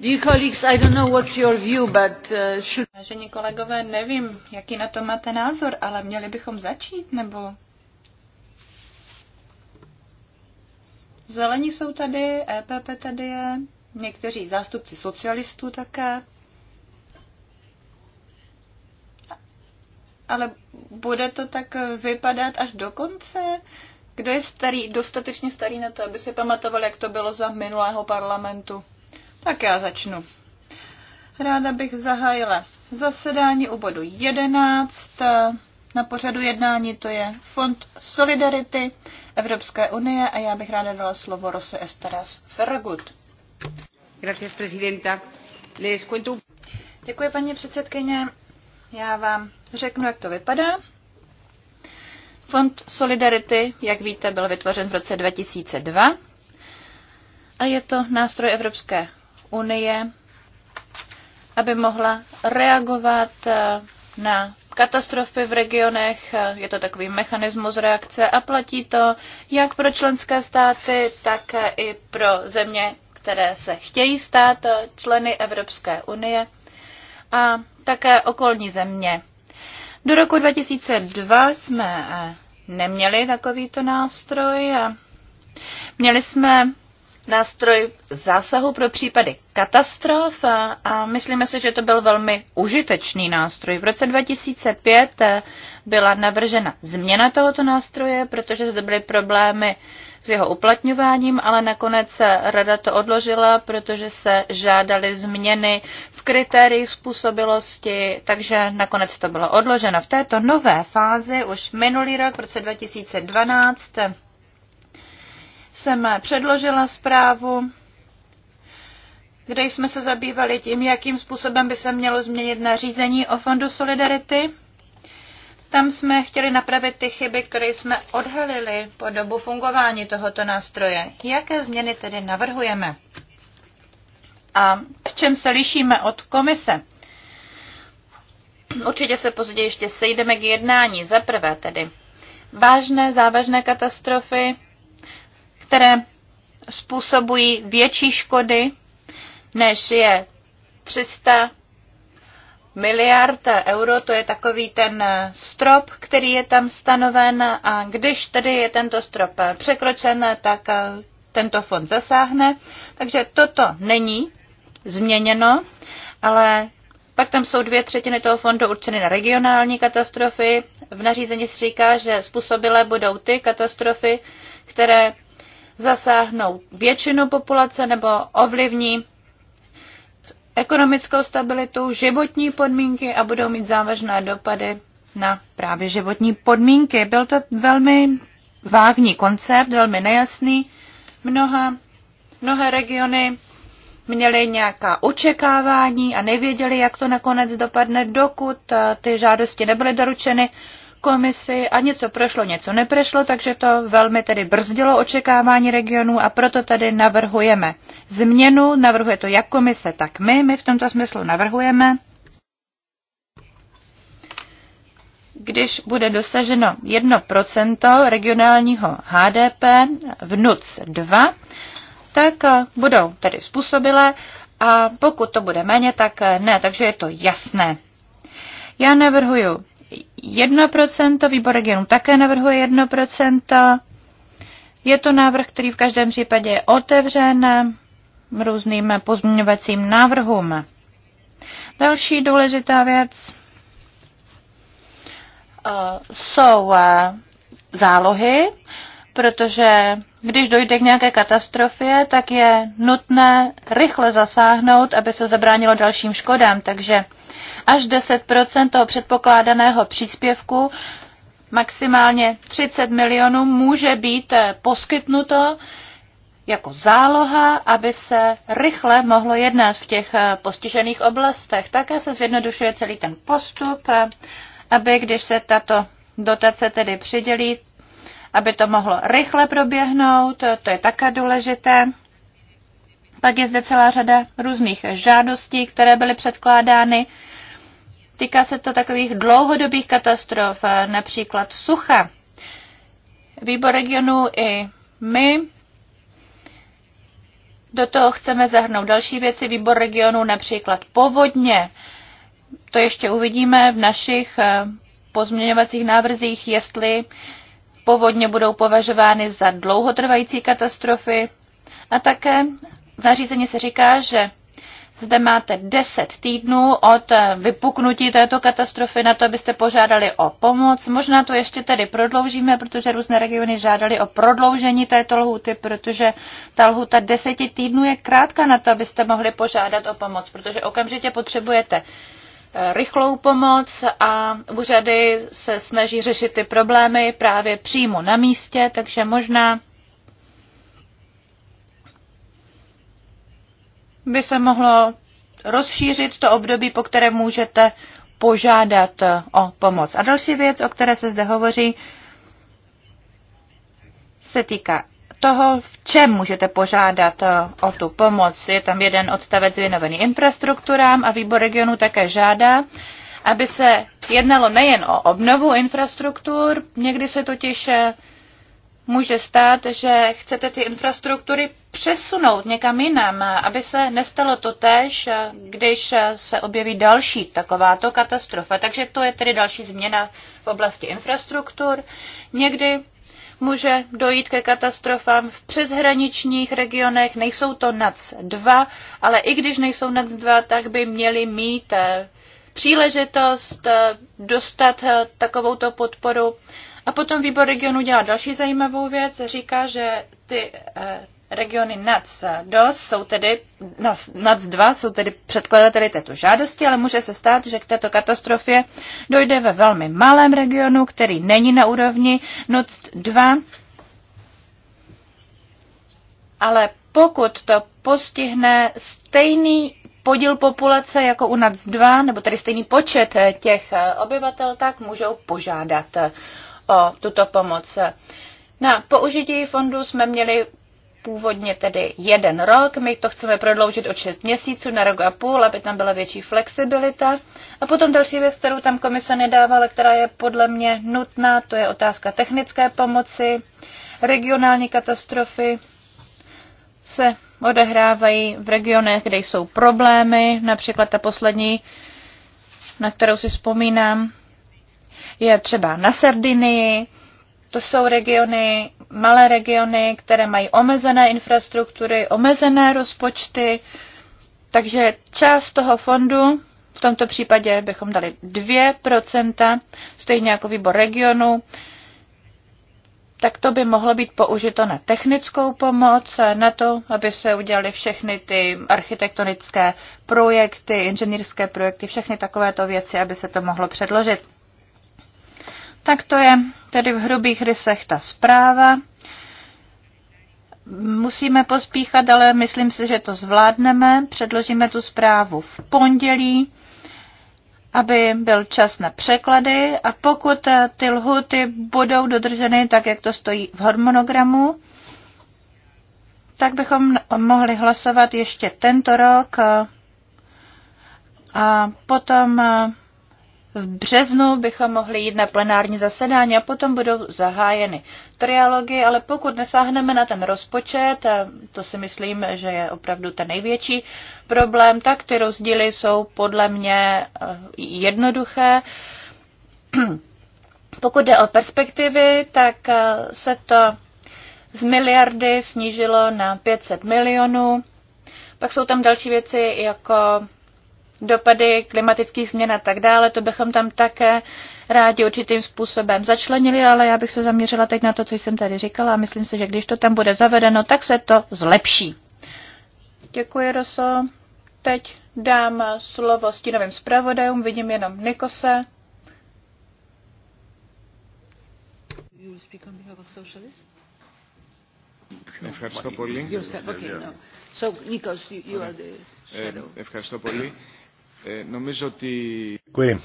Uh, Vážení kolegové, nevím, jaký na to máte názor, ale měli bychom začít, nebo? Zelení jsou tady, EPP tady je, někteří zástupci socialistů také. Ale bude to tak vypadat až do konce? Kdo je starý, dostatečně starý na to, aby si pamatoval, jak to bylo za minulého parlamentu? Tak já začnu. Ráda bych zahájila zasedání u bodu 11. Na pořadu jednání to je Fond Solidarity Evropské unie a já bych ráda dala slovo Rose Esteras Ferragut. Gracias, presidenta. Les cuento... Děkuji, paní předsedkyně. Já vám řeknu, jak to vypadá. Fond Solidarity, jak víte, byl vytvořen v roce 2002 a je to nástroj Evropské unie, aby mohla reagovat eh, na katastrofy v regionech, je to takový mechanismus reakce a platí to jak pro členské státy, tak i pro země, které se chtějí stát členy Evropské unie a také okolní země. Do roku 2002 jsme eh, neměli takovýto nástroj a měli jsme nástroj zásahu pro případy katastrof a myslíme si, že to byl velmi užitečný nástroj. V roce 2005 eh, byla navržena změna tohoto nástroje, protože zde byly problémy s jeho uplatňováním, ale nakonec se eh, rada to odložila, protože se žádaly změny v kritériích způsobilosti, takže nakonec to bylo odloženo. V této nové fázi už minulý rok, v roce 2012, jsem předložila zprávu, kde jsme se zabývali tím, jakým způsobem by se mělo změnit nařízení o Fondu Solidarity. Tam jsme chtěli napravit ty chyby, které jsme odhalili po dobu fungování tohoto nástroje. Jaké změny tedy navrhujeme? A v čem se lišíme od komise? Určitě se později ještě sejdeme k jednání. Za prvé tedy vážné, závažné katastrofy, které způsobují větší škody, než je 300 miliard euro, to je takový ten strop, který je tam stanoven a když tedy je tento strop překročen, tak tento fond zasáhne. Takže toto není změněno, ale pak tam jsou dvě třetiny toho fondu určeny na regionální katastrofy. V nařízení se říká, že způsobilé budou ty katastrofy, které zasáhnou většinu populace nebo ovlivní ekonomickou stabilitu, životní podmínky a budou mít závažné dopady na právě životní podmínky. Byl to velmi vágní koncept, velmi nejasný. Mnoha, mnohé regiony měly nějaká očekávání a nevěděli, jak to nakonec dopadne, dokud eh, ty žádosti nebyly doručeny komisi a něco prošlo, něco neprošlo, takže to velmi tedy brzdilo očekávání regionů a proto tady navrhujeme změnu. Navrhuje to jak komise, tak my. My v tomto smyslu navrhujeme, když bude dosaženo 1% regionálního HDP v NUC 2, tak eh, budou tedy způsobilé a pokud to bude méně, tak eh, ne, takže je to jasné. Já navrhuji 1%, výbor regionu také navrhuje 1%. Je to návrh, který v každém případě je otevřen různým pozměňovacím návrhům. Další důležitá věc eh, jsou eh, zálohy, protože když dojde k nějaké katastrofě, tak je nutné rychle zasáhnout, aby se zabránilo dalším škodám. Takže až 10 toho předpokládaného příspěvku, maximálně 30 milionů, může být eh, poskytnuto jako záloha, aby se rychle mohlo jednat v těch eh, postižených oblastech. Také se zjednodušuje celý ten postup, eh, aby když se tato dotace tedy přidělí, aby to mohlo rychle proběhnout, to je také důležité. Pak je zde celá řada různých žádostí, které byly předkládány. Týká se to takových dlouhodobých katastrof, eh, například sucha. Výbor regionu i my do toho chceme zahrnout další věci. Výbor regionu například povodně. To ještě uvidíme v našich eh, pozměňovacích návrzích, jestli povodně budou považovány za dlouhotrvající katastrofy. A také v nařízení se říká, že zde máte 10 týdnů od vypuknutí této katastrofy na to, abyste požádali o pomoc. Možná to ještě tedy prodloužíme, protože různé regiony žádali o prodloužení této lhuty, protože ta lhuta 10 týdnů je krátká na to, abyste mohli požádat o pomoc, protože okamžitě potřebujete eh, rychlou pomoc a úřady se snaží řešit ty problémy právě přímo na místě, takže možná by se mohlo rozšířit to období, po které můžete požádat o pomoc. A další věc, o které se zde hovoří, se týká toho, v čem můžete požádat eh, o tu pomoc. Je tam jeden odstavec věnovaný infrastrukturám a výbor regionu také žádá, aby se jednalo nejen o obnovu infrastruktur, někdy se totiž eh, může stát, že chcete ty infrastruktury přesunout někam jinam, aby se nestalo to tež, když se objeví další takováto katastrofa. Takže to je tedy další změna v oblasti infrastruktur. Někdy může dojít ke katastrofám v přeshraničních regionech, nejsou to NAC 2, ale i když nejsou NAC 2, tak by měli mít příležitost dostat takovouto podporu a potom výbor regionu dělá další zajímavou věc, říká, že ty eh, regiony NAC DOS jsou tedy, NAC 2 jsou tedy předkladateli této žádosti, ale může se stát, že k této katastrofě dojde ve velmi malém regionu, který není na úrovni NAC 2, ale pokud to postihne stejný podíl populace jako u NAC 2, nebo tedy stejný počet eh, těch eh, obyvatel, tak můžou požádat o tuto pomoc. Na použití fondu jsme měli původně tedy jeden rok, my to chceme prodloužit o 6 měsíců na rok a půl, aby tam byla větší flexibilita. A potom další věc, kterou tam komise nedává, ale která je podle mě nutná, to je otázka technické pomoci. Regionální katastrofy se odehrávají v regionech, kde jsou problémy, například ta poslední, na kterou si vzpomínám, je třeba na Sardinii, to jsou regiony, malé regiony, které mají omezené infrastruktury, omezené rozpočty, takže část toho fondu, v tomto případě bychom dali 2%, stejně jako výbor regionu, tak to by mohlo být použito na technickou pomoc, na to, aby se udělali všechny ty architektonické projekty, inženýrské projekty, všechny takovéto věci, aby se to mohlo předložit. Tak to je tedy v hrubých rysech ta zpráva. Musíme pospíchat, ale myslím si, že to zvládneme. Předložíme tu zprávu v pondělí, aby byl čas na překlady a pokud ty lhuty budou dodrženy tak, jak to stojí v harmonogramu, tak bychom mohli hlasovat ještě tento rok a potom v březnu bychom mohli jít na plenární zasedání a potom budou zahájeny trialogy, ale pokud nesáhneme na ten rozpočet, a to si myslím, že je opravdu ten největší problém, tak ty rozdíly jsou podle mě eh, jednoduché. Pokud jde o perspektivy, tak eh, se to z miliardy snížilo na 500 milionů. Pak jsou tam další věci jako dopady klimatických změn a tak dále. To bychom tam také rádi určitým způsobem začlenili, ale já bych se zaměřila teď na to, co jsem tady říkala a myslím si, že když to tam bude zavedeno, tak se to zlepší. Děkuji, Roso. Teď dám slovo stínovým zpravodajům, vidím jenom Nikose. Ευχαριστώ πολύ. Ευχαριστώ πολύ. Eh, no Děkuji.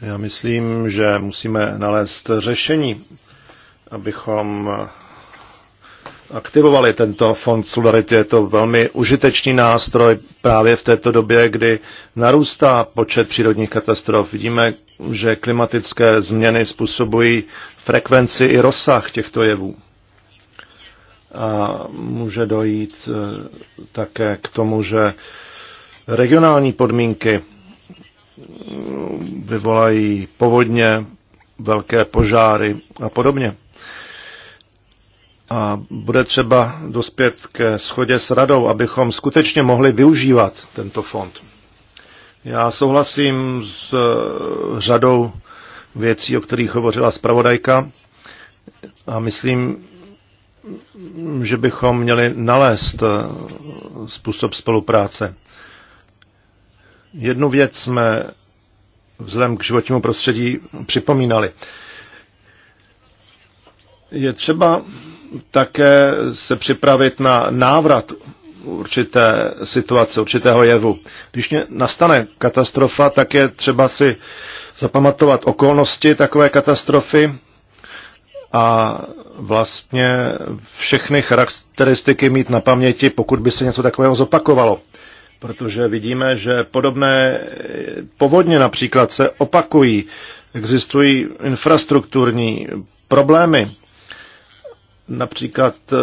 Já myslím, že musíme nalézt řešení, abychom aktivovali tento fond Solidarity. Je to velmi užitečný nástroj právě v této době, kdy narůstá počet přírodních katastrof. Vidíme, že klimatické změny způsobují frekvenci i rozsah těchto jevů a může dojít e, také k tomu, že regionální podmínky vyvolají povodně, velké požáry a podobně. A bude třeba dospět ke schodě s radou, abychom skutečně mohli využívat tento fond. Já souhlasím s e, řadou věcí, o kterých hovořila zpravodajka a myslím, že bychom měli nalézt eh, způsob spolupráce. Jednu věc jsme vzhledem k životnímu prostředí připomínali. Je třeba také se připravit na návrat určité situace, určitého jevu. Když nastane katastrofa, tak je třeba si zapamatovat okolnosti takové katastrofy a vlastně všechny charakteristiky mít na paměti, pokud by se něco takového zopakovalo. Protože vidíme, že podobné povodně například se opakují, existují infrastrukturní problémy. Například eh,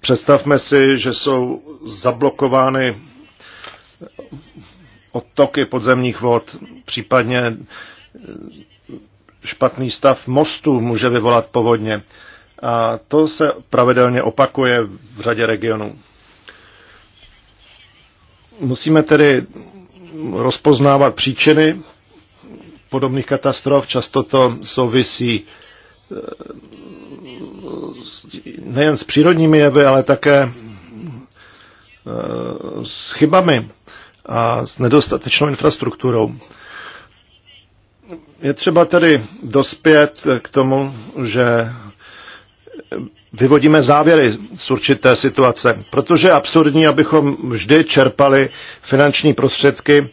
představme si, že jsou zablokovány odtoky podzemních vod, případně špatný stav mostu může vyvolat povodně. A to se pravidelně opakuje v řadě regionů. Musíme tedy rozpoznávat příčiny podobných katastrof. Často to souvisí eh, nejen s přírodními jevy, ale také eh, s chybami a s nedostatečnou infrastrukturou. Je třeba tedy dospět k tomu, že vyvodíme závěry z určité situace, protože je absurdní, abychom vždy čerpali finanční prostředky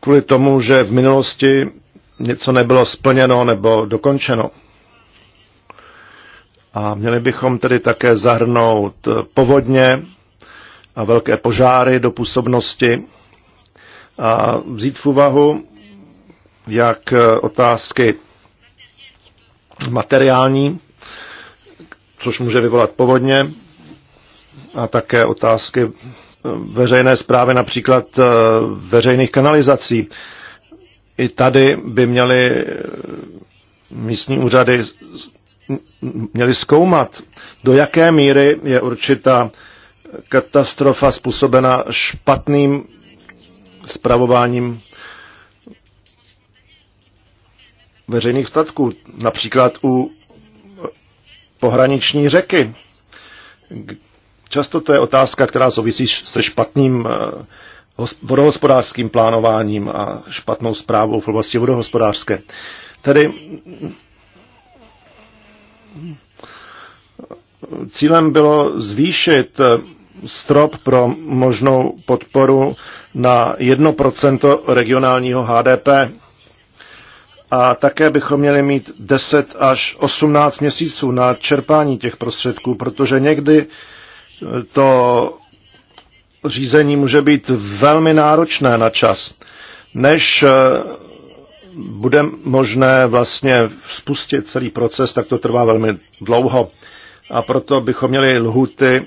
kvůli tomu, že v minulosti něco nebylo splněno nebo dokončeno. A měli bychom tedy také zahrnout povodně a velké požáry do působnosti a vzít v úvahu jak eh, otázky materiální, což může vyvolat povodně, a také otázky eh, veřejné zprávy, například eh, veřejných kanalizací. I tady by měly místní úřady měly zkoumat, do jaké míry je určitá katastrofa způsobena špatným spravováním veřejných statků, například u eh, pohraniční řeky. Často to je otázka, která souvisí se špatným eh, vodohospodářským plánováním a špatnou zprávou v oblasti vodohospodářské. Tedy eh, cílem bylo zvýšit strop pro možnou podporu na 1% regionálního HDP a také bychom měli mít 10 až 18 měsíců na čerpání těch prostředků, protože někdy eh, to řízení může být velmi náročné na čas, než eh, bude možné vlastně spustit celý proces, tak to trvá velmi dlouho. A proto bychom měli lhuty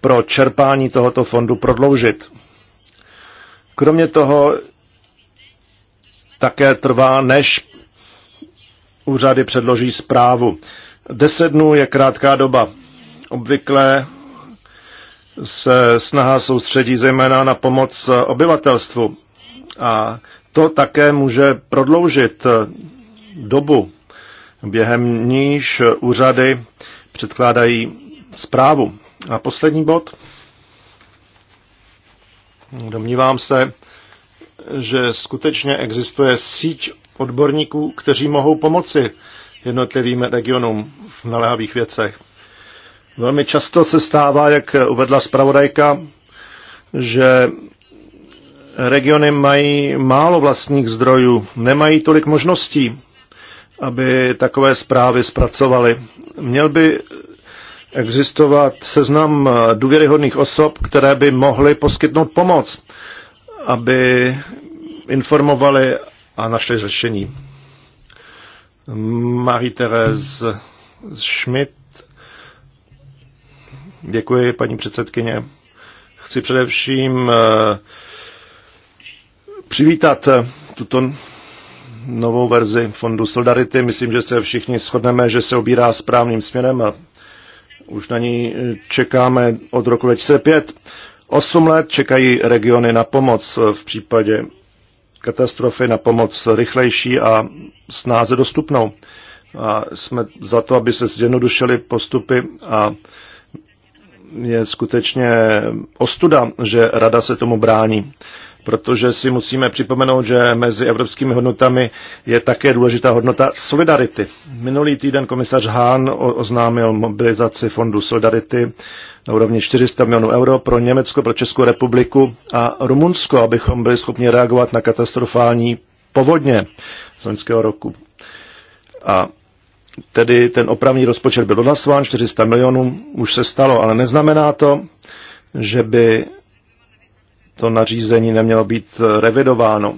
pro čerpání tohoto fondu prodloužit. Kromě toho také trvá, než úřady předloží zprávu. Deset dnů je krátká doba. Obvykle se snaha soustředí zejména na pomoc obyvatelstvu. A to také může prodloužit dobu, během níž úřady předkládají zprávu. A poslední bod. Domnívám se, že skutečně existuje síť odborníků, kteří mohou pomoci jednotlivým regionům v naléhavých věcech. Velmi často se stává, jak uvedla zpravodajka, že regiony mají málo vlastních zdrojů, nemají tolik možností, aby takové zprávy zpracovaly. Měl by existovat seznam důvěryhodných osob, které by mohly poskytnout pomoc, aby informovali a našli řešení. Marie-Thérèse Schmidt. Děkuji, paní předsedkyně. Chci především eh, přivítat eh, tuto novou verzi Fondu Solidarity. Myslím, že se všichni shodneme, že se obírá správným směrem a už na ní eh, čekáme od roku 2005. Osm let čekají regiony na pomoc v případě katastrofy na pomoc rychlejší a snáze dostupnou. A jsme za to, aby se zjednodušily postupy a je skutečně ostuda, že rada se tomu brání protože si musíme připomenout, že mezi evropskými hodnotami je také důležitá hodnota solidarity. Minulý týden komisař Hahn oznámil mobilizaci fondu Solidarity na úrovni 400 milionů euro pro Německo, pro Českou republiku a Rumunsko, abychom byli schopni reagovat na katastrofální povodně z loňského roku. A tedy ten opravní rozpočet byl odhlasován, 400 milionů už se stalo, ale neznamená to, že by to nařízení nemělo být eh, revidováno.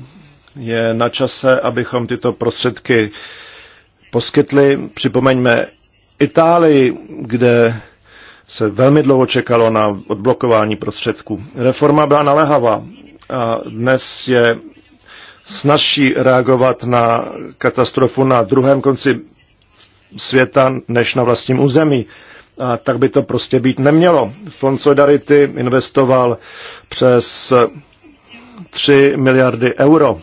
Je na čase, abychom tyto prostředky poskytli. Připomeňme Itálii, kde se velmi dlouho čekalo na odblokování prostředků. Reforma byla naléhavá a dnes je snažší reagovat na katastrofu na druhém konci světa než na vlastním území a tak by to prostě být nemělo. Fond Solidarity investoval přes 3 miliardy euro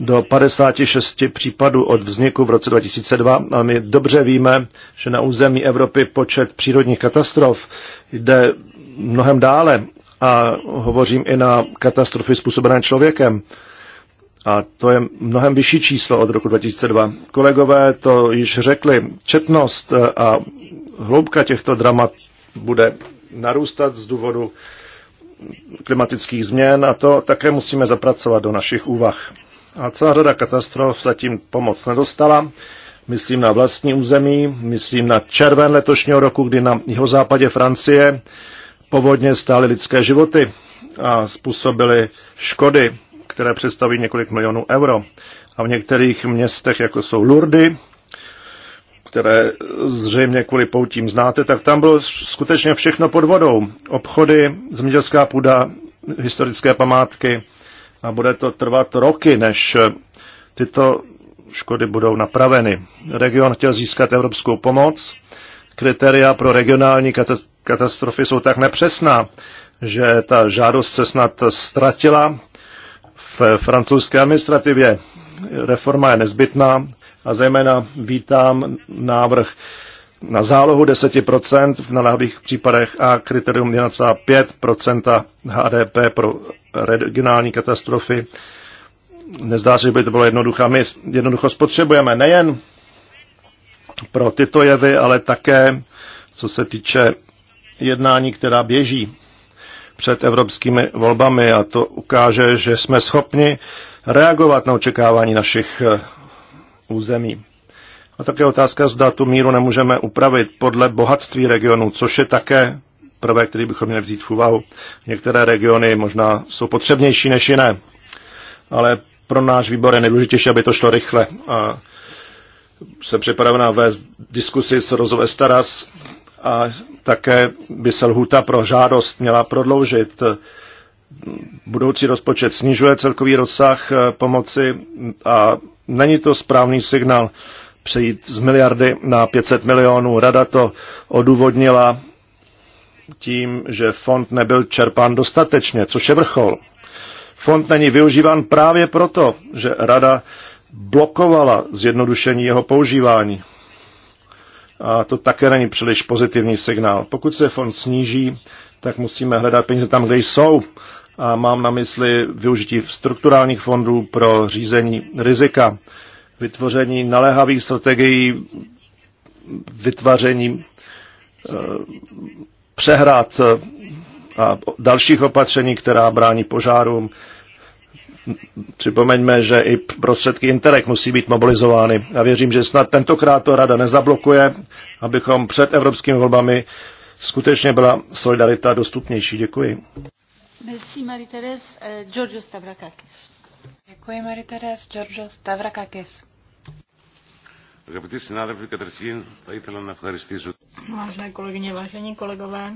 do 56 případů od vzniku v roce 2002, ale my dobře víme, že na území Evropy počet přírodních katastrof jde mnohem dále a hovořím i na katastrofy způsobené člověkem. A to je mnohem vyšší číslo od roku 2002. Kolegové to již řekli, četnost a hloubka těchto dramat bude narůstat z důvodu klimatických změn a to také musíme zapracovat do našich úvah. A celá řada katastrof zatím pomoc nedostala. Myslím na vlastní území, myslím na červen letošního roku, kdy na jihozápadě Francie povodně stály lidské životy a způsobily škody, které představují několik milionů euro. A v některých městech, jako jsou Lourdes, které zřejmě kvůli poutím znáte, tak tam bylo skutečně všechno pod vodou. Obchody, zemědělská půda, historické památky a bude to trvat roky, než eh, tyto škody budou napraveny. Region chtěl získat evropskou pomoc. Kritéria pro regionální katastrofy jsou tak nepřesná, že ta žádost se snad ztratila v francouzské administrativě. Reforma je nezbytná, a zejména vítám návrh na zálohu 10% v naléhavých případech a kritérium 1,5% HDP pro regionální katastrofy. Nezdá se, že by to bylo jednoduché. My jednoducho spotřebujeme nejen pro tyto jevy, ale také co se týče jednání, která běží před evropskými volbami a to ukáže, že jsme schopni reagovat na očekávání našich území. A také otázka, zda tu míru nemůžeme upravit podle bohatství regionu, což je také prvek, který bychom měli vzít v úvahu. Některé regiony možná jsou potřebnější než jiné, ale pro náš výbor je nejdůležitější, aby to šlo rychle. A jsem připravená vést diskusi s Rozové Staras a také by se lhuta pro žádost měla prodloužit budoucí rozpočet snižuje celkový rozsah eh, pomoci a není to správný signál přejít z miliardy na 500 milionů. Rada to odůvodnila tím, že fond nebyl čerpán dostatečně, což je vrchol. Fond není využíván právě proto, že rada blokovala zjednodušení jeho používání. A to také není příliš pozitivní signál. Pokud se fond sníží, tak musíme hledat peníze tam, kde jsou a mám na mysli využití strukturálních fondů pro řízení rizika, vytvoření naléhavých strategií, vytváření eh, přehrad eh, a dalších opatření, která brání požárům. Připomeňme, že i prostředky Interreg musí být mobilizovány. A věřím, že snad tentokrát to rada nezablokuje, abychom před evropskými volbami skutečně byla solidarita dostupnější. Děkuji marie euh, Giorgio Stavrakakis. Děkuji, Marie-Thérèse. Giorgio Stavrakakis. Αγαπητοί συνάδελφοι, καταρχήν θα ήθελα να ευχαριστήσω. Vážené kolegyně, vážení kolegové,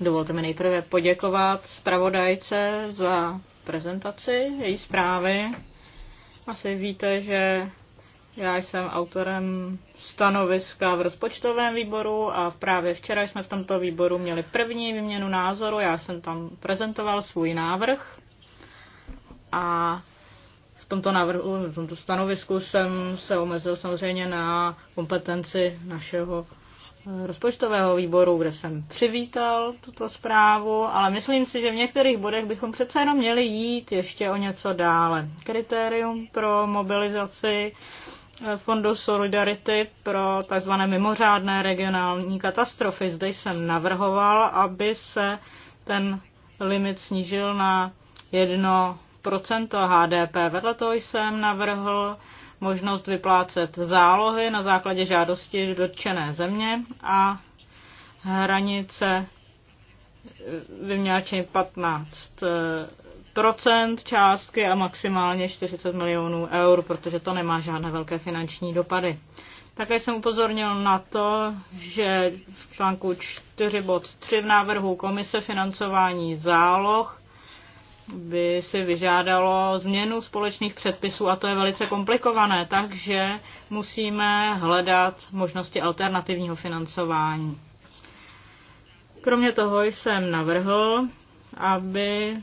dovolte mi nejprve poděkovat zpravodajce za prezentaci její zprávy. Asi víte, že já jsem autorem stanoviska v rozpočtovém výboru a právě včera jsme v tomto výboru měli první výměnu názoru. Já jsem tam prezentoval svůj návrh a v tomto návrhu, v tomto stanovisku jsem se omezil samozřejmě na kompetenci našeho eh, rozpočtového výboru, kde jsem přivítal tuto zprávu, ale myslím si, že v některých bodech bychom přece jenom měli jít ještě o něco dále. Kritérium pro mobilizaci Fondu Solidarity pro tzv. mimořádné regionální katastrofy. Zde jsem navrhoval, aby se ten limit snížil na 1% HDP. Vedle toho jsem navrhl možnost vyplácet zálohy na základě žádosti dotčené země a hranice by měla činit 15 částky a maximálně 40 milionů eur, protože to nemá žádné velké finanční dopady. Také jsem upozornil na to, že v článku 4 bod 3 v návrhu komise financování záloh by si vyžádalo změnu společných předpisů a to je velice komplikované, takže musíme hledat možnosti alternativního financování. Kromě toho jsem navrhl, aby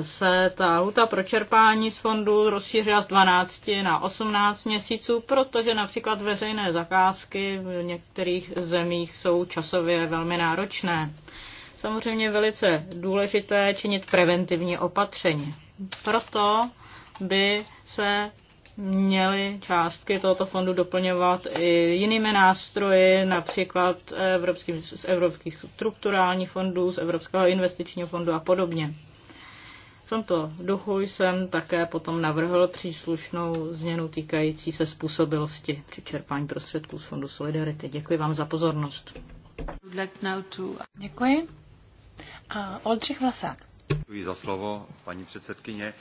se ta lhuta pro čerpání z fondu rozšířila z 12 na 18 měsíců, protože například veřejné zakázky v některých zemích jsou časově velmi náročné. Samozřejmě velice důležité činit preventivní opatření. Proto by se měly částky tohoto fondu doplňovat i jinými nástroji, například z evropských strukturálních fondů, z Evropského investičního fondu a podobně tomto duchu jsem také potom navrhl příslušnou změnu týkající se způsobilosti při čerpání prostředků z Fondu Solidarity. Děkuji vám za pozornost. Děkuji. A Oldřich Vlasák. Děkuji za slovo, paní předsedkyně.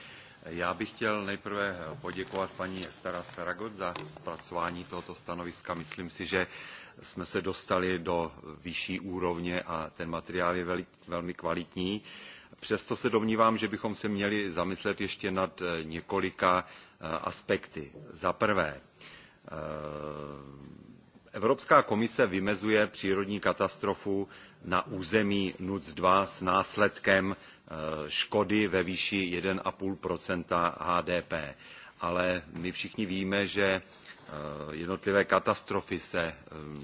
Já bych chtěl nejprve poděkovat paní Estara Saragot za zpracování tohoto stanoviska. Myslím si, že jsme se dostali do vyšší úrovně a ten materiál je velmi kvalitní. Přesto se domnívám, že bychom se měli zamyslet ještě nad eh, několika eh, aspekty. Za prvé, eh, Evropská komise vymezuje přírodní katastrofu na území NUC 2 s následkem škody ve výši 1,5 HDP. Ale my všichni víme, že Eh, jednotlivé katastrofy se eh,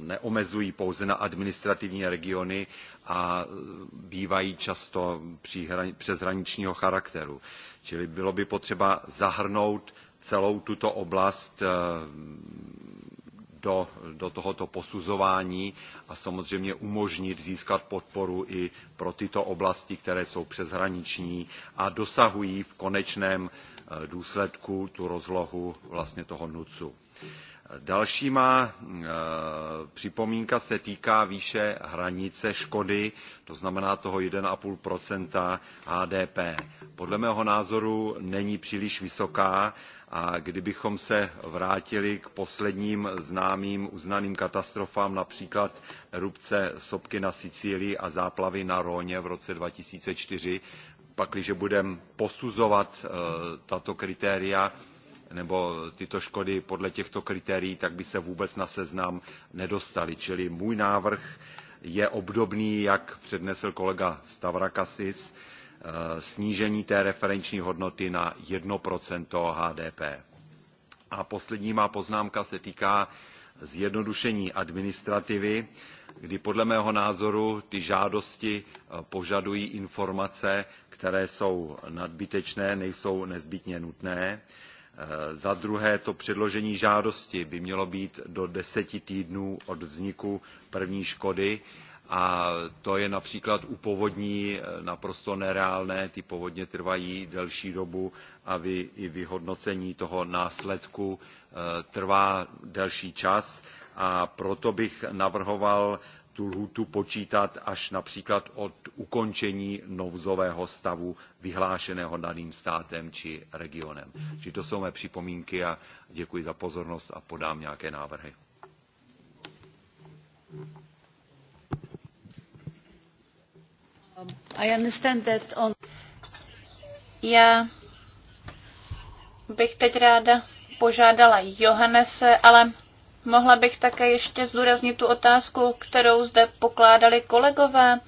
neomezují pouze na administrativní regiony a eh, bývají často přeshraničního charakteru. Čili bylo by potřeba zahrnout celou tuto oblast do, do tohoto posuzování a samozřejmě umožnit získat podporu i pro tyto oblasti, které jsou přeshraniční a dosahují v konečném důsledku tu rozlohu vlastně toho NUCu. Další má eh, připomínka se týká výše hranice škody, to znamená toho 1,5 HDP. Podle mého názoru není příliš vysoká a kdybychom se vrátili k posledním známým uznaným katastrofám, například erupce sopky na Sicílii a záplavy na Róně v roce 2004, pakliže budeme posuzovat eh, tato kritéria, nebo tyto škody podle těchto kritérií, tak by se vůbec na seznam nedostaly. Čili můj návrh je obdobný, jak přednesl kolega Stavrakasis, eh, snížení té referenční hodnoty na 1% HDP. A poslední má poznámka se týká zjednodušení administrativy, kdy podle mého názoru ty žádosti eh, požadují informace, které jsou nadbytečné, nejsou nezbytně nutné. Eh, za druhé, to předložení žádosti by mělo být do deseti týdnů od vzniku první škody a to je například u povodní eh, naprosto nereálné, ty povodně trvají delší dobu a vy, i vyhodnocení toho následku eh, trvá delší čas a proto bych navrhoval tu lhůtu počítat až například od ukončení nouzového stavu vyhlášeného daným státem či regionem. Či to jsou mé připomínky a děkuji za pozornost a podám nějaké návrhy. I understand that on... Já bych teď ráda požádala Johannese, ale Mohla bych také ještě zdůraznit tu otázku, kterou zde pokládali kolegové.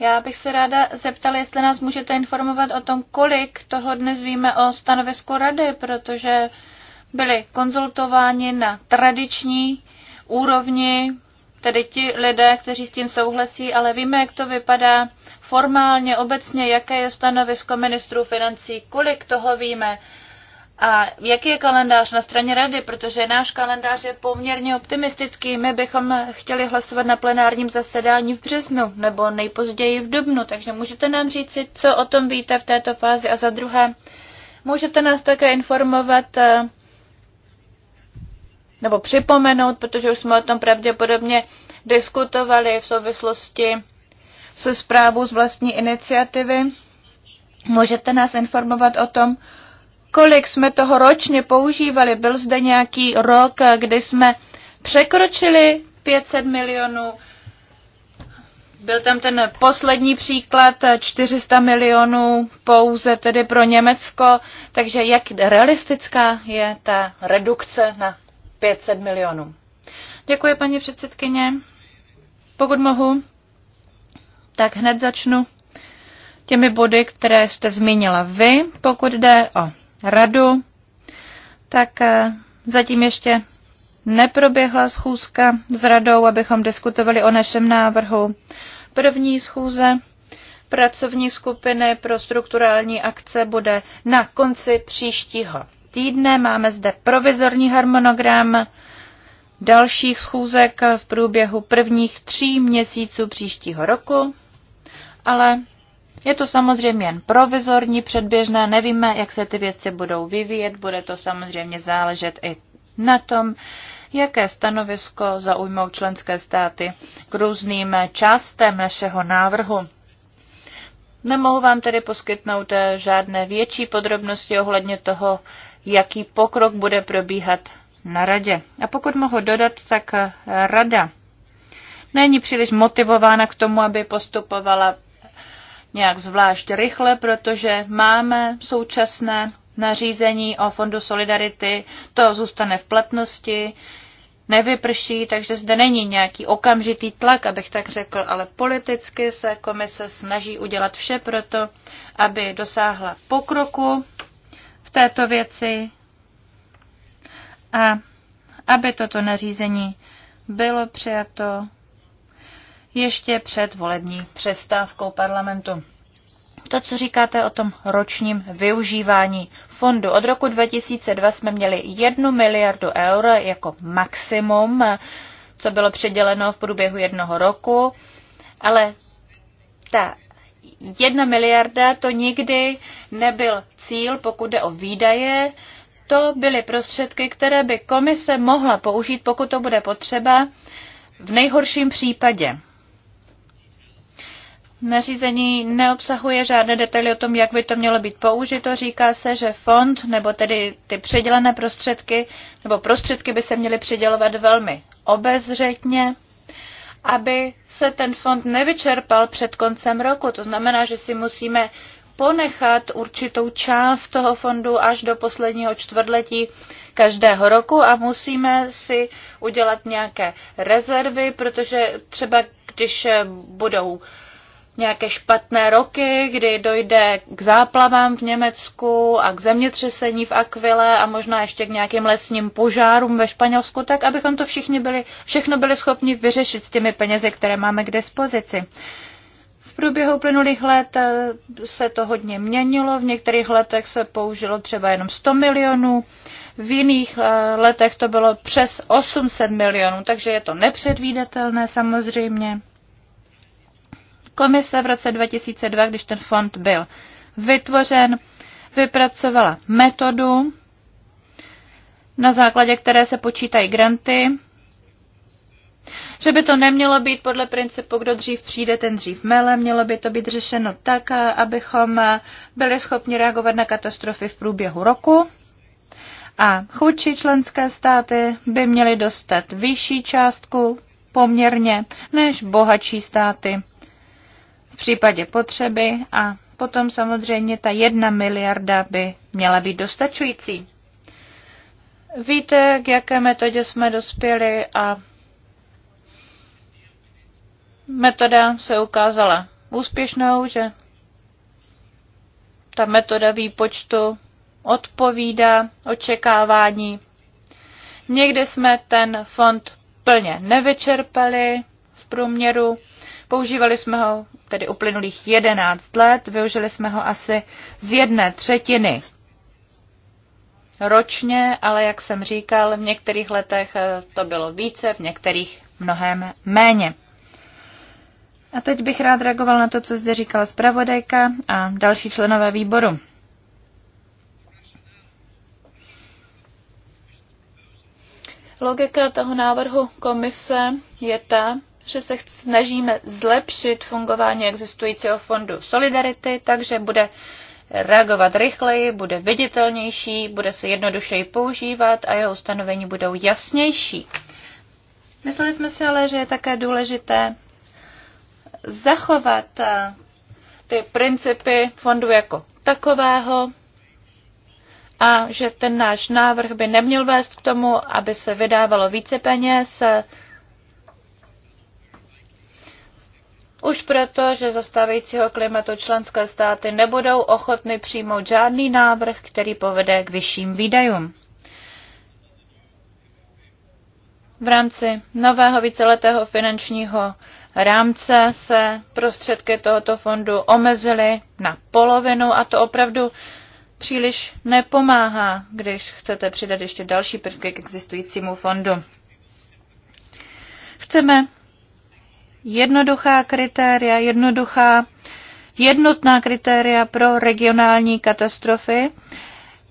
Já bych se ráda zeptala, jestli nás můžete informovat o tom, kolik toho dnes víme o stanovisku rady, protože byli konzultováni na tradiční úrovni, tedy ti lidé, kteří s tím souhlasí, ale víme, jak to vypadá formálně, obecně, jaké je stanovisko ministrů financí, kolik toho víme a jaký je kalendář na straně rady? Protože náš kalendář je poměrně optimistický. My bychom chtěli hlasovat na plenárním zasedání v březnu nebo nejpozději v dubnu. Takže můžete nám říci, co o tom víte v této fázi. A za druhé, můžete nás také informovat eh, nebo připomenout, protože už jsme o tom pravděpodobně diskutovali v souvislosti se zprávou z vlastní iniciativy. Můžete nás informovat o tom, kolik jsme toho ročně používali. Byl zde nějaký rok, kdy jsme překročili 500 milionů. Byl tam ten poslední příklad 400 milionů pouze tedy pro Německo, takže jak realistická je ta redukce na 500 milionů? Děkuji, paní předsedkyně. Pokud mohu, tak hned začnu těmi body, které jste zmínila vy, pokud jde o radu, tak eh, zatím ještě neproběhla schůzka s radou, abychom diskutovali o našem návrhu. První schůze pracovní skupiny pro strukturální akce bude na konci příštího týdne. Máme zde provizorní harmonogram dalších schůzek v průběhu prvních tří měsíců příštího roku, ale je to samozřejmě jen provizorní, předběžné, nevíme, jak se ty věci budou vyvíjet, bude to samozřejmě záležet i na tom, jaké stanovisko zaujmou členské státy k různým částem našeho návrhu. Nemohu vám tedy poskytnout eh, žádné větší podrobnosti ohledně toho, jaký pokrok bude probíhat na radě. A pokud mohu dodat, tak eh, rada není příliš motivována k tomu, aby postupovala nějak zvlášť rychle, protože máme současné nařízení o Fondu Solidarity, to zůstane v platnosti, nevyprší, takže zde není nějaký okamžitý tlak, abych tak řekl, ale politicky se komise snaží udělat vše proto, aby dosáhla pokroku v této věci a aby toto nařízení bylo přijato ještě před volební přestávkou parlamentu. To, co říkáte o tom ročním využívání fondu. Od roku 2002 jsme měli 1 miliardu eur jako maximum, co bylo předěleno v průběhu jednoho roku, ale ta jedna miliarda to nikdy nebyl cíl, pokud jde o výdaje. To byly prostředky, které by komise mohla použít, pokud to bude potřeba, v nejhorším případě. Nařízení neobsahuje žádné detaily o tom, jak by to mělo být použito. Říká se, že fond, nebo tedy ty předělené prostředky, nebo prostředky by se měly předělovat velmi obezřetně, aby se ten fond nevyčerpal před koncem roku. To znamená, že si musíme ponechat určitou část toho fondu až do posledního čtvrtletí každého roku a musíme si udělat nějaké rezervy, protože třeba když budou nějaké špatné roky, kdy dojde k záplavám v Německu a k zemětřesení v Akvile a možná ještě k nějakým lesním požárům ve Španělsku, tak abychom to všichni byli, všechno byli schopni vyřešit s těmi penězi, které máme k dispozici. V průběhu plynulých let eh, se to hodně měnilo, v některých letech se použilo třeba jenom 100 milionů, v jiných eh, letech to bylo přes 800 milionů, takže je to nepředvídatelné samozřejmě. Komise v roce 2002, když ten fond byl vytvořen, vypracovala metodu, na základě které se počítají granty, že by to nemělo být podle principu, kdo dřív přijde, ten dřív mele, mělo by to být řešeno tak, abychom byli schopni reagovat na katastrofy v průběhu roku. A chudší členské státy by měly dostat vyšší částku poměrně než bohatší státy v případě potřeby a potom samozřejmě ta jedna miliarda by měla být dostačující. Víte, k jaké metodě jsme dospěli a metoda se ukázala úspěšnou, že ta metoda výpočtu odpovídá očekávání. Někde jsme ten fond plně nevyčerpali v průměru, používali jsme ho tedy uplynulých 11 let, využili jsme ho asi z jedné třetiny ročně, ale jak jsem říkal, v některých letech eh, to bylo více, v některých mnohem méně. A teď bych rád reagoval na to, co zde říkala zpravodajka a další členové výboru. Logika toho návrhu komise je ta, že se snažíme zlepšit fungování existujícího fondu Solidarity, takže bude reagovat rychleji, bude viditelnější, bude se jednodušeji používat a jeho ustanovení budou jasnější. Mysleli jsme si ale, že je také důležité zachovat eh, ty principy fondu jako takového a že ten náš návrh by neměl vést k tomu, aby se vydávalo více peněz Už proto, že za stávajícího klimatu členské státy nebudou ochotny přijmout žádný návrh, který povede k vyšším výdajům. V rámci nového víceletého finančního rámce se prostředky tohoto fondu omezily na polovinu a to opravdu příliš nepomáhá, když chcete přidat ještě další prvky k existujícímu fondu. Chceme jednoduchá kritéria, jednoduchá, jednotná kritéria pro regionální katastrofy.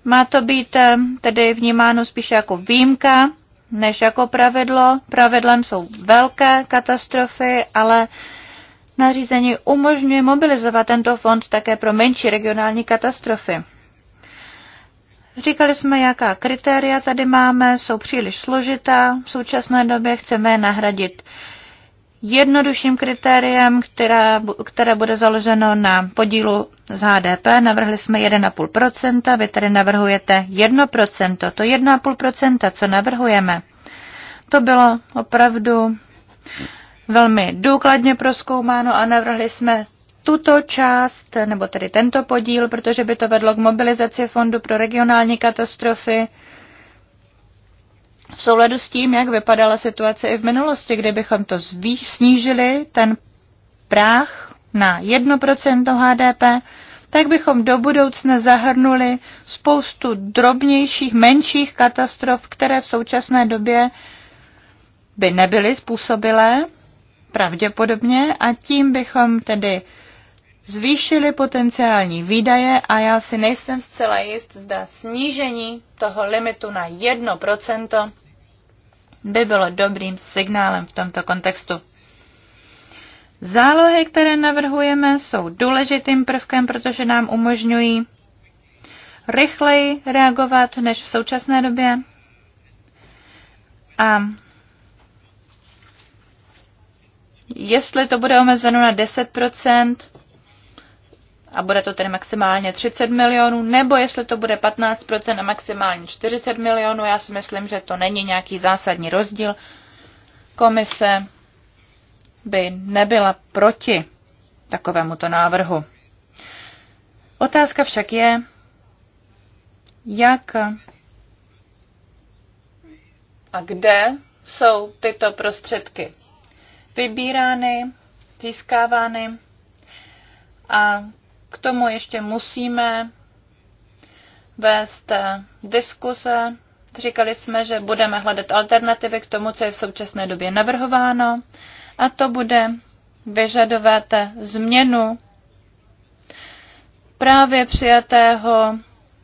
Má to být eh, tedy vnímáno spíše jako výjimka, než jako pravidlo. Pravidlem jsou velké katastrofy, ale nařízení umožňuje mobilizovat tento fond také pro menší regionální katastrofy. Říkali jsme, jaká kritéria tady máme, jsou příliš složitá. V současné době chceme je nahradit jednodušším kritériem, které, které bude založeno na podílu z HDP. Navrhli jsme 1,5%, vy tedy navrhujete 1%. To 1,5%, co navrhujeme, to bylo opravdu velmi důkladně proskoumáno a navrhli jsme tuto část, nebo tedy tento podíl, protože by to vedlo k mobilizaci Fondu pro regionální katastrofy v souladu s tím, jak vypadala situace i v minulosti, kdybychom to zvýš, snížili, ten práh na 1% HDP, tak bychom do budoucna zahrnuli spoustu drobnějších, menších katastrof, které v současné době by nebyly způsobilé, pravděpodobně, a tím bychom tedy zvýšili potenciální výdaje a já si nejsem zcela jist, zda snížení toho limitu na 1% by bylo dobrým signálem v tomto kontextu. Zálohy, které navrhujeme, jsou důležitým prvkem, protože nám umožňují rychleji reagovat než v současné době. A jestli to bude omezeno na 10 a bude to tedy maximálně 30 milionů, nebo jestli to bude 15% a maximálně 40 milionů. Já si myslím, že to není nějaký zásadní rozdíl. Komise by nebyla proti takovémuto návrhu. Otázka však je, jak a kde jsou tyto prostředky vybírány, získávány a k tomu ještě musíme vést diskuse. Říkali jsme, že budeme hledat alternativy k tomu, co je v současné době navrhováno a to bude vyžadovat změnu právě přijatého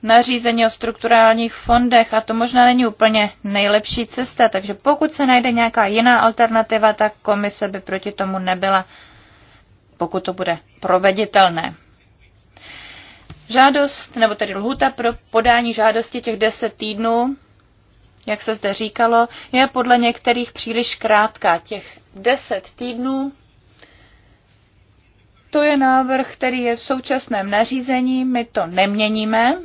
nařízení o strukturálních fondech a to možná není úplně nejlepší cesta, takže pokud se najde nějaká jiná alternativa, tak komise by proti tomu nebyla, pokud to bude proveditelné. Žádost, nebo tedy lhuta pro podání žádosti těch 10 týdnů, jak se zde říkalo, je podle některých příliš krátká. Těch 10 týdnů to je návrh, který je v současném nařízení, my to neměníme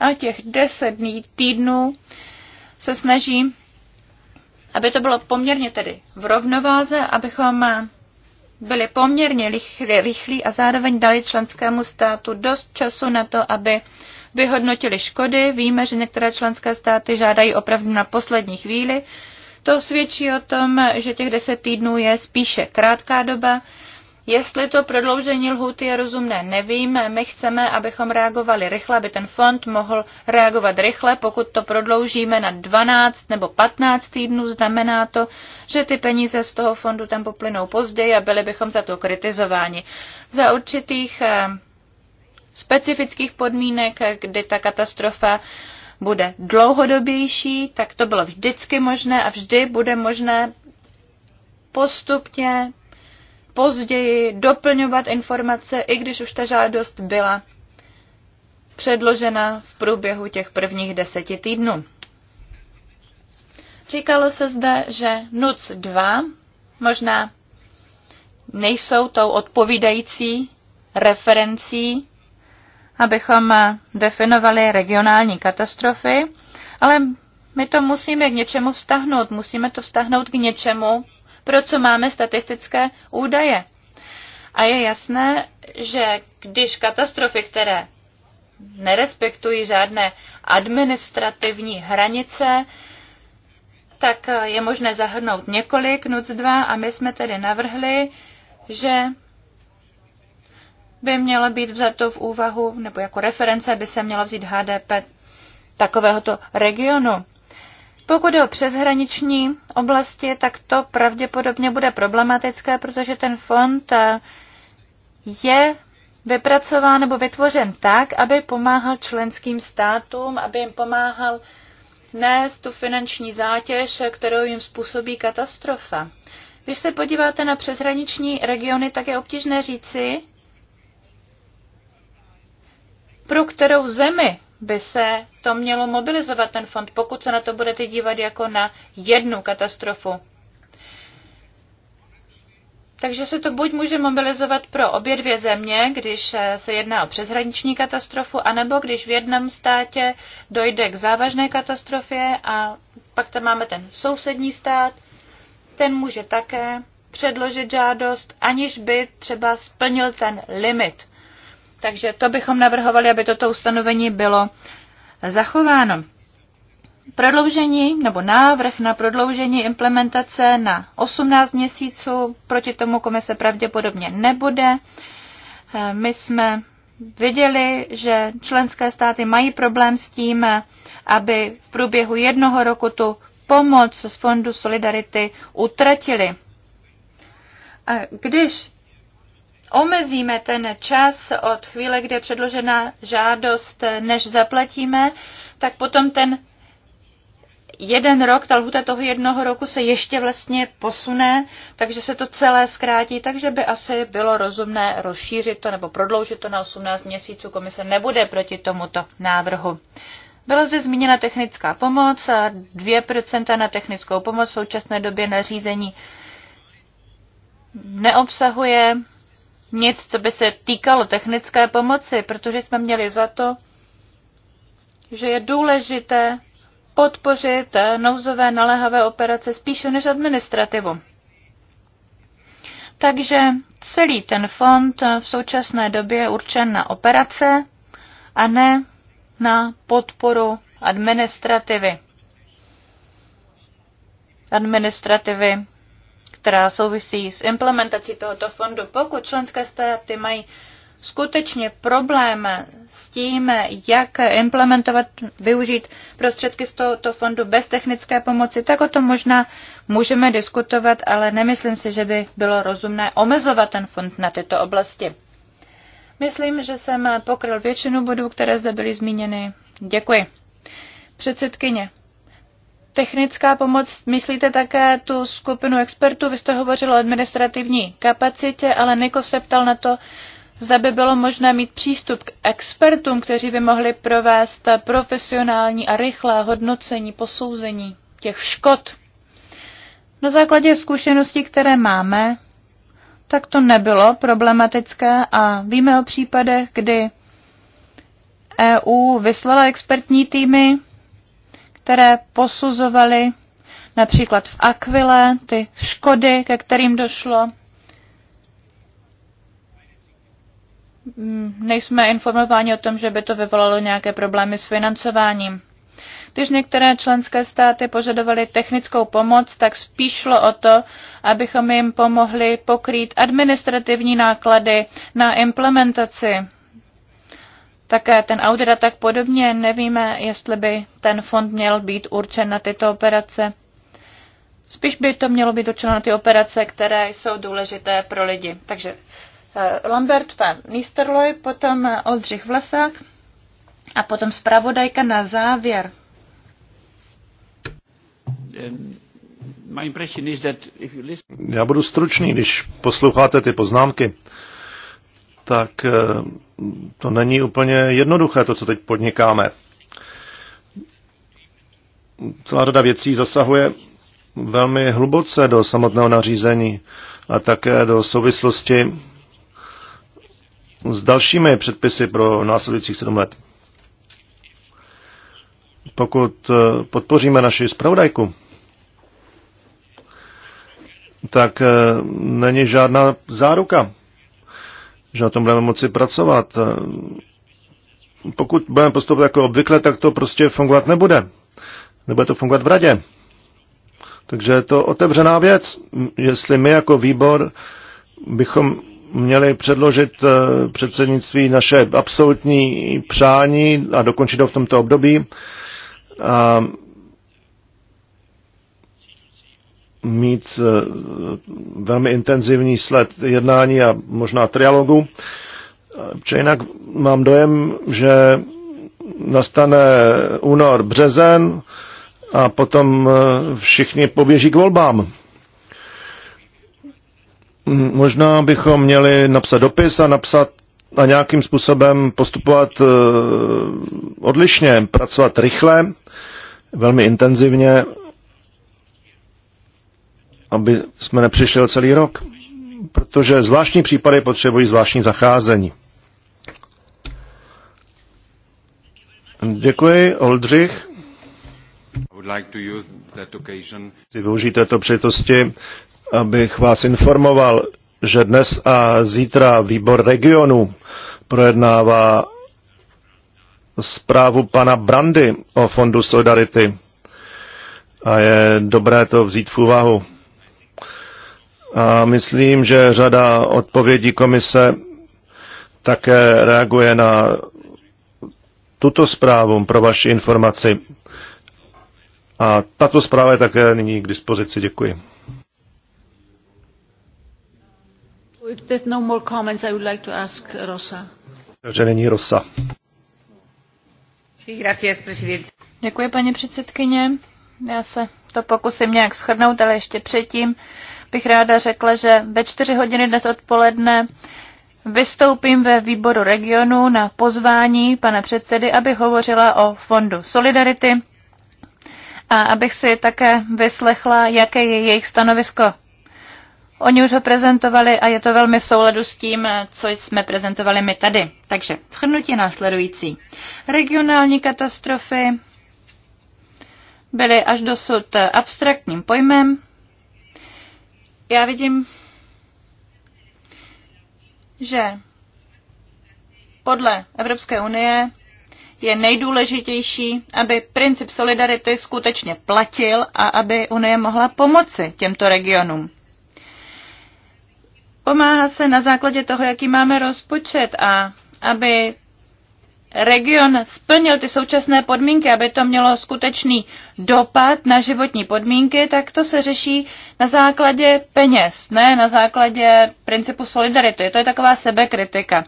a těch 10 dní týdnů se snaží, aby to bylo poměrně tedy v rovnováze, abychom byli poměrně rychlí a zároveň dali členskému státu dost času na to, aby vyhodnotili škody. Víme, že některé členské státy žádají opravdu na poslední chvíli. To svědčí o tom, že těch deset týdnů je spíše krátká doba Jestli to prodloužení lhuty je rozumné, nevím. My chceme, abychom reagovali rychle, aby ten fond mohl reagovat rychle. Pokud to prodloužíme na 12 nebo 15 týdnů, znamená to, že ty peníze z toho fondu tam poplynou později a byli bychom za to kritizováni. Za určitých eh, specifických podmínek, kdy ta katastrofa bude dlouhodobější, tak to bylo vždycky možné a vždy bude možné postupně později doplňovat informace, i když už ta žádost byla předložena v průběhu těch prvních deseti týdnů. Říkalo se zde, že NUC 2 možná nejsou tou odpovídající referencí, abychom definovali regionální katastrofy, ale my to musíme k něčemu vztahnout. Musíme to vztahnout k něčemu, pro co máme statistické údaje. A je jasné, že když katastrofy, které nerespektují žádné administrativní hranice, tak je možné zahrnout několik NUC 2 a my jsme tedy navrhli, že by mělo být vzato v úvahu, nebo jako reference by se mělo vzít HDP takovéhoto regionu. Pokud je o přeshraniční oblasti, tak to pravděpodobně bude problematické, protože ten fond eh, je vypracován nebo vytvořen tak, aby pomáhal členským státům, aby jim pomáhal nést tu finanční zátěž, kterou jim způsobí katastrofa. Když se podíváte na přeshraniční regiony, tak je obtížné říci, pro kterou zemi by se to mělo mobilizovat, ten fond, pokud se na to budete dívat jako na jednu katastrofu. Takže se to buď může mobilizovat pro obě dvě země, když se jedná o přeshraniční katastrofu, anebo když v jednom státě dojde k závažné katastrofě a pak tam máme ten sousední stát, ten může také předložit žádost, aniž by třeba splnil ten limit takže to bychom navrhovali, aby toto ustanovení bylo zachováno. Prodloužení nebo návrh na prodloužení implementace na 18 měsíců, proti tomu komise pravděpodobně nebude. Eh, my jsme viděli, že členské státy mají problém s tím, aby v průběhu jednoho roku tu pomoc z Fondu Solidarity utratili. A když omezíme ten čas od chvíle, kdy je předložena žádost, než zaplatíme, tak potom ten jeden rok, ta lhuta toho jednoho roku se ještě vlastně posune, takže se to celé zkrátí, takže by asi bylo rozumné rozšířit to nebo prodloužit to na 18 měsíců. Komise nebude proti tomuto návrhu. Byla zde zmíněna technická pomoc a 2% na technickou pomoc v současné době nařízení neobsahuje nic, co by se týkalo technické pomoci, protože jsme měli za to, že je důležité podpořit nouzové naléhavé operace spíše než administrativu. Takže celý ten fond v současné době je určen na operace a ne na podporu administrativy. Administrativy která souvisí s implementací tohoto fondu, pokud členské státy mají skutečně problém s tím, jak implementovat, využít prostředky z tohoto fondu bez technické pomoci, tak o tom možná můžeme diskutovat, ale nemyslím si, že by bylo rozumné omezovat ten fond na tyto oblasti. Myslím, že jsem pokryl většinu bodů, které zde byly zmíněny. Děkuji. Předsedkyně, Technická pomoc, myslíte také tu skupinu expertů? Vy jste hovořil o administrativní kapacitě, ale Niko se ptal na to, zda by bylo možné mít přístup k expertům, kteří by mohli provést profesionální a rychlé hodnocení, posouzení těch škod. Na základě zkušeností, které máme, tak to nebylo problematické a víme o případech, kdy EU vyslala expertní týmy, které posuzovaly například v Aquile ty škody, ke kterým došlo. Hmm, nejsme informováni o tom, že by to vyvolalo nějaké problémy s financováním. Když některé členské státy požadovaly technickou pomoc, tak spíš šlo o to, abychom jim pomohli pokrýt administrativní náklady na implementaci také ten audit a tak podobně nevíme, jestli by ten fond měl být určen na tyto operace. Spíš by to mělo být určeno na ty operace, které jsou důležité pro lidi. Takže eh, Lambert van Nisterloy, potom eh, Oldřich Vlasák a potom zpravodajka na závěr. Eh, Já budu stručný, když posloucháte ty poznámky tak eh, to není úplně jednoduché, to, co teď podnikáme. Celá řada věcí zasahuje velmi hluboce do samotného nařízení a také do souvislosti s dalšími předpisy pro následujících sedm let. Pokud eh, podpoříme naši zpravodajku, tak eh, není žádná záruka že na tom budeme moci pracovat. Pokud budeme postupovat jako obvykle, tak to prostě fungovat nebude. Nebude to fungovat v radě. Takže je to otevřená věc. Jestli my jako výbor bychom měli předložit eh, předsednictví naše absolutní přání a dokončit ho v tomto období, a mít eh, velmi intenzivní sled jednání a možná trialogu. Protože jinak mám dojem, že nastane únor, březen a potom eh, všichni poběží k volbám. Možná bychom měli napsat dopis a napsat a nějakým způsobem postupovat eh, odlišně, pracovat rychle, velmi intenzivně aby jsme nepřišli o celý rok, protože zvláštní případy potřebují zvláštní zacházení. Děkuji, Oldřich. Chci využít této přitosti, abych vás informoval, že dnes a zítra výbor regionu projednává zprávu pana Brandy o Fondu Solidarity. A je dobré to vzít v úvahu. A myslím, že řada odpovědí komise také reaguje na tuto zprávu pro vaši informaci. A tato zpráva je také nyní k dispozici. Děkuji. No Takže není Rosa. Děkuji, paní předsedkyně. Já se to pokusím nějak shrnout, ale ještě předtím bych ráda řekla, že ve čtyři hodiny dnes odpoledne vystoupím ve výboru regionu na pozvání pana předsedy, abych hovořila o fondu Solidarity a abych si také vyslechla, jaké je jejich stanovisko. Oni už ho prezentovali a je to velmi v souladu s tím, co jsme prezentovali my tady. Takže shrnutí následující. Regionální katastrofy byly až dosud abstraktním pojmem, já vidím, že podle Evropské unie je nejdůležitější, aby princip solidarity skutečně platil a aby Unie mohla pomoci těmto regionům. Pomáhá se na základě toho, jaký máme rozpočet a aby region splnil ty současné podmínky, aby to mělo skutečný dopad na životní podmínky, tak to se řeší na základě peněz, ne na základě principu solidarity. To je taková sebekritika.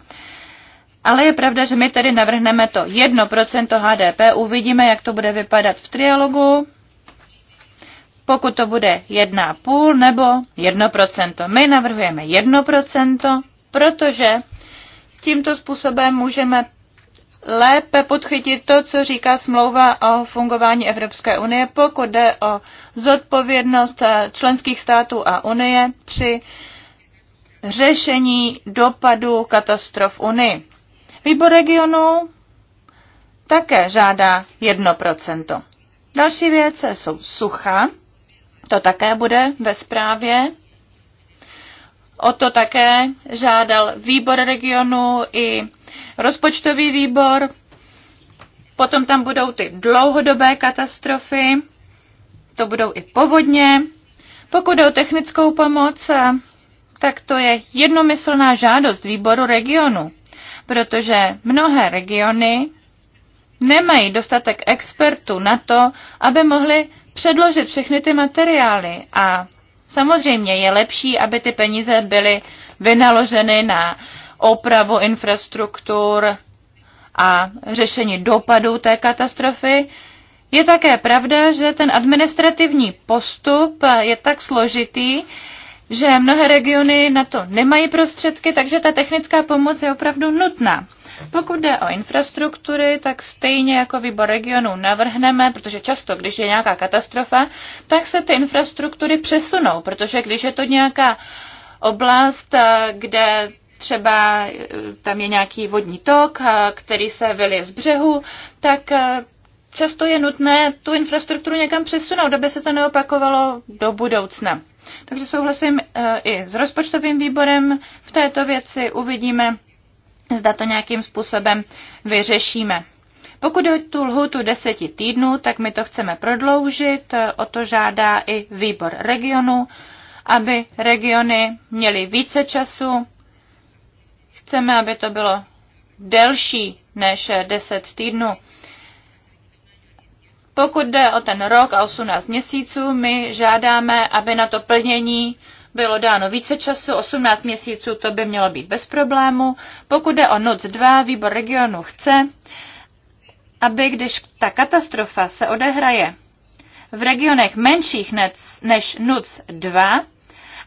Ale je pravda, že my tedy navrhneme to 1% HDP, uvidíme, jak to bude vypadat v trialogu, pokud to bude 1,5 nebo 1%. My navrhujeme 1%, protože tímto způsobem můžeme lépe podchytit to, co říká smlouva o fungování Evropské unie, pokud jde o zodpovědnost členských států a unie při řešení dopadu katastrof Unii. Výbor regionů také žádá 1%. Další věce jsou sucha. To také bude ve zprávě. O to také žádal výbor regionu i rozpočtový výbor, potom tam budou ty dlouhodobé katastrofy, to budou i povodně. Pokud jde o technickou pomoc, tak to je jednomyslná žádost výboru regionu, protože mnohé regiony nemají dostatek expertů na to, aby mohli předložit všechny ty materiály. A samozřejmě je lepší, aby ty peníze byly vynaloženy na opravu infrastruktur a řešení dopadů té katastrofy. Je také pravda, že ten administrativní postup je tak složitý, že mnohé regiony na to nemají prostředky, takže ta technická pomoc je opravdu nutná. Pokud jde o infrastruktury, tak stejně jako výbor regionu navrhneme, protože často, když je nějaká katastrofa, tak se ty infrastruktury přesunou, protože když je to nějaká oblast, eh, kde třeba eh, tam je nějaký vodní tok, eh, který se vylije z břehu, tak eh, často je nutné tu infrastrukturu někam přesunout, aby se to neopakovalo do budoucna. Takže souhlasím i s rozpočtovým výborem v této věci. Uvidíme, zda to nějakým způsobem vyřešíme. Pokud je tu lhutu deseti týdnů, tak my to chceme prodloužit. O to žádá i výbor regionu, aby regiony měly více času Chceme, aby to bylo delší než 10 týdnů. Pokud jde o ten rok a 18 měsíců, my žádáme, aby na to plnění bylo dáno více času, 18 měsíců to by mělo být bez problému. Pokud jde o NOC 2, výbor regionu chce, aby když ta katastrofa se odehraje v regionech menších než NUC 2,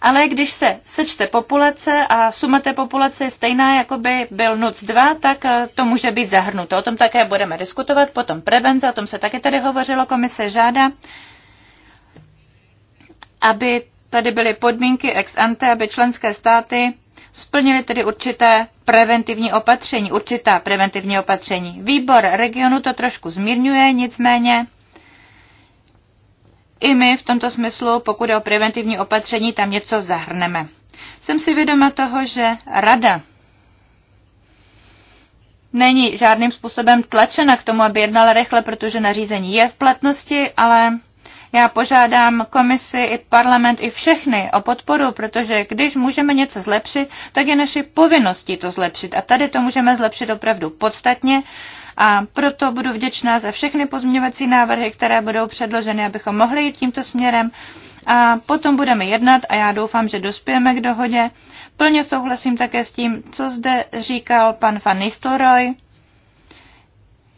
ale když se sečte populace a suma té populace je stejná, jako by byl NUC 2, tak eh, to může být zahrnuto. O tom také budeme diskutovat, potom prevence, o tom se také tady hovořilo, komise žádá, aby tady byly podmínky ex ante, aby členské státy splnili tedy určité preventivní opatření, určitá preventivní opatření. Výbor regionu to trošku zmírňuje, nicméně i my v tomto smyslu, pokud je o preventivní opatření, tam něco zahrneme. Jsem si vědoma toho, že rada není žádným způsobem tlačena k tomu, aby jednala rychle, protože nařízení je v platnosti, ale já požádám komisi i parlament i všechny o podporu, protože když můžeme něco zlepšit, tak je naši povinností to zlepšit. A tady to můžeme zlepšit opravdu podstatně a proto budu vděčná za všechny pozměňovací návrhy, které budou předloženy, abychom mohli jít tímto směrem a potom budeme jednat a já doufám, že dospějeme k dohodě. Plně souhlasím také s tím, co zde říkal pan Van Nistelrooy.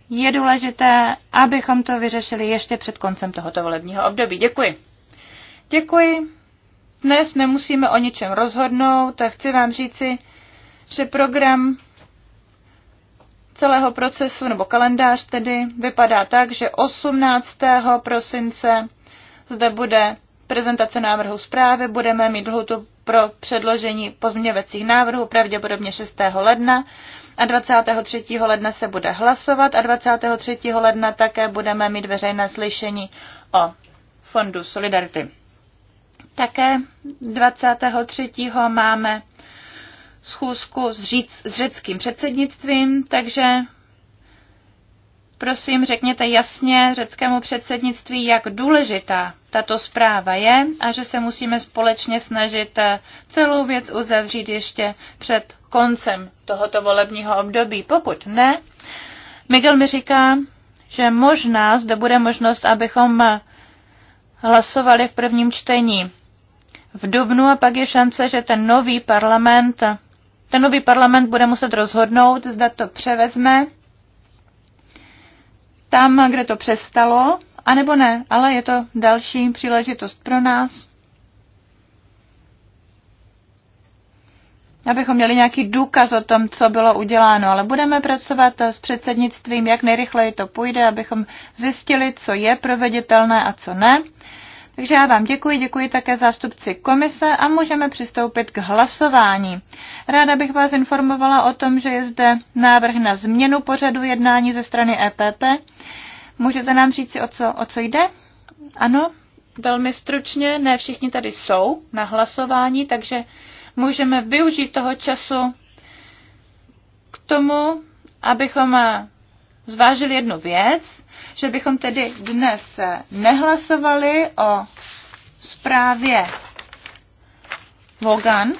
Je důležité, abychom to vyřešili ještě před koncem tohoto volebního období. Děkuji. Děkuji. Dnes nemusíme o ničem rozhodnout, tak chci vám říci, že program celého procesu, nebo kalendář tedy, vypadá tak, že 18. prosince zde bude prezentace návrhu zprávy, budeme mít lhutu pro předložení pozměňovacích návrhů, pravděpodobně 6. ledna a 23. ledna se bude hlasovat a 23. ledna také budeme mít veřejné slyšení o Fondu Solidarity. Také 23. máme schůzku s, říc, s řeckým předsednictvím, takže prosím řekněte jasně řeckému předsednictví, jak důležitá tato zpráva je a že se musíme společně snažit eh, celou věc uzavřít ještě před koncem tohoto volebního období. Pokud ne, Miguel mi říká, že možná zde bude možnost, abychom eh, hlasovali v prvním čtení v dubnu a pak je šance, že ten nový parlament ten nový parlament bude muset rozhodnout, zda to převezme tam, kde to přestalo, anebo ne, ale je to další příležitost pro nás, abychom měli nějaký důkaz o tom, co bylo uděláno, ale budeme pracovat s předsednictvím, jak nejrychleji to půjde, abychom zjistili, co je proveditelné a co ne. Takže já vám děkuji, děkuji také zástupci komise a můžeme přistoupit k hlasování. Ráda bych vás informovala o tom, že je zde návrh na změnu pořadu jednání ze strany EPP. Můžete nám říct, o co, o co jde? Ano? Velmi stručně, ne všichni tady jsou na hlasování, takže můžeme využít toho času k tomu, abychom zvážil jednu věc, že bychom tedy dnes nehlasovali o zprávě Vogan.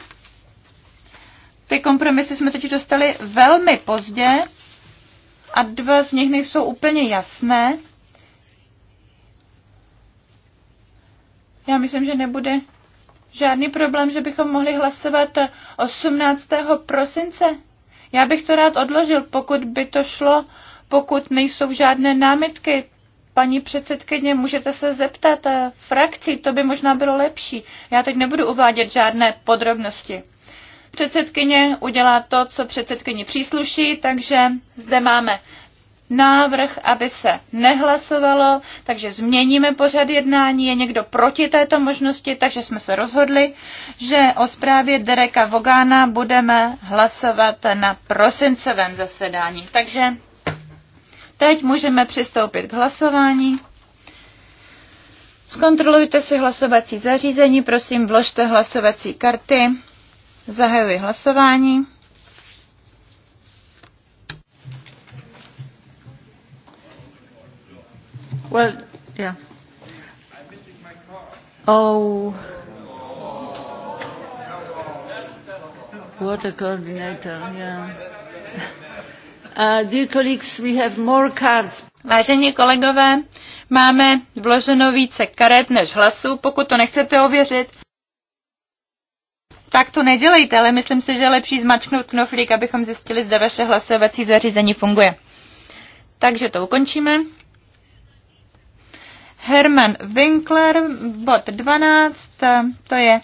Ty kompromisy jsme totiž dostali velmi pozdě a dva z nich nejsou úplně jasné. Já myslím, že nebude žádný problém, že bychom mohli hlasovat 18. prosince. Já bych to rád odložil, pokud by to šlo pokud nejsou žádné námitky, paní předsedkyně, můžete se zeptat eh, frakcí, to by možná bylo lepší. Já teď nebudu uvádět žádné podrobnosti. Předsedkyně udělá to, co předsedkyni přísluší, takže zde máme návrh, aby se nehlasovalo, takže změníme pořad jednání, je někdo proti této možnosti, takže jsme se rozhodli, že o zprávě Dereka Vogána budeme hlasovat na prosincovém zasedání. Takže Teď můžeme přistoupit k hlasování. Zkontrolujte si hlasovací zařízení, prosím vložte hlasovací karty. Zahajuji hlasování. Well, yeah. Oh. What a coordinator, yeah. Uh, Vážení kolegové, máme vloženo více karet než hlasů. Pokud to nechcete ověřit, tak to nedělejte, ale myslím si, že je lepší zmačknout knoflík, abychom zjistili, zda vaše hlasovací zařízení funguje. Takže to ukončíme. Herman Winkler, bod 12, to je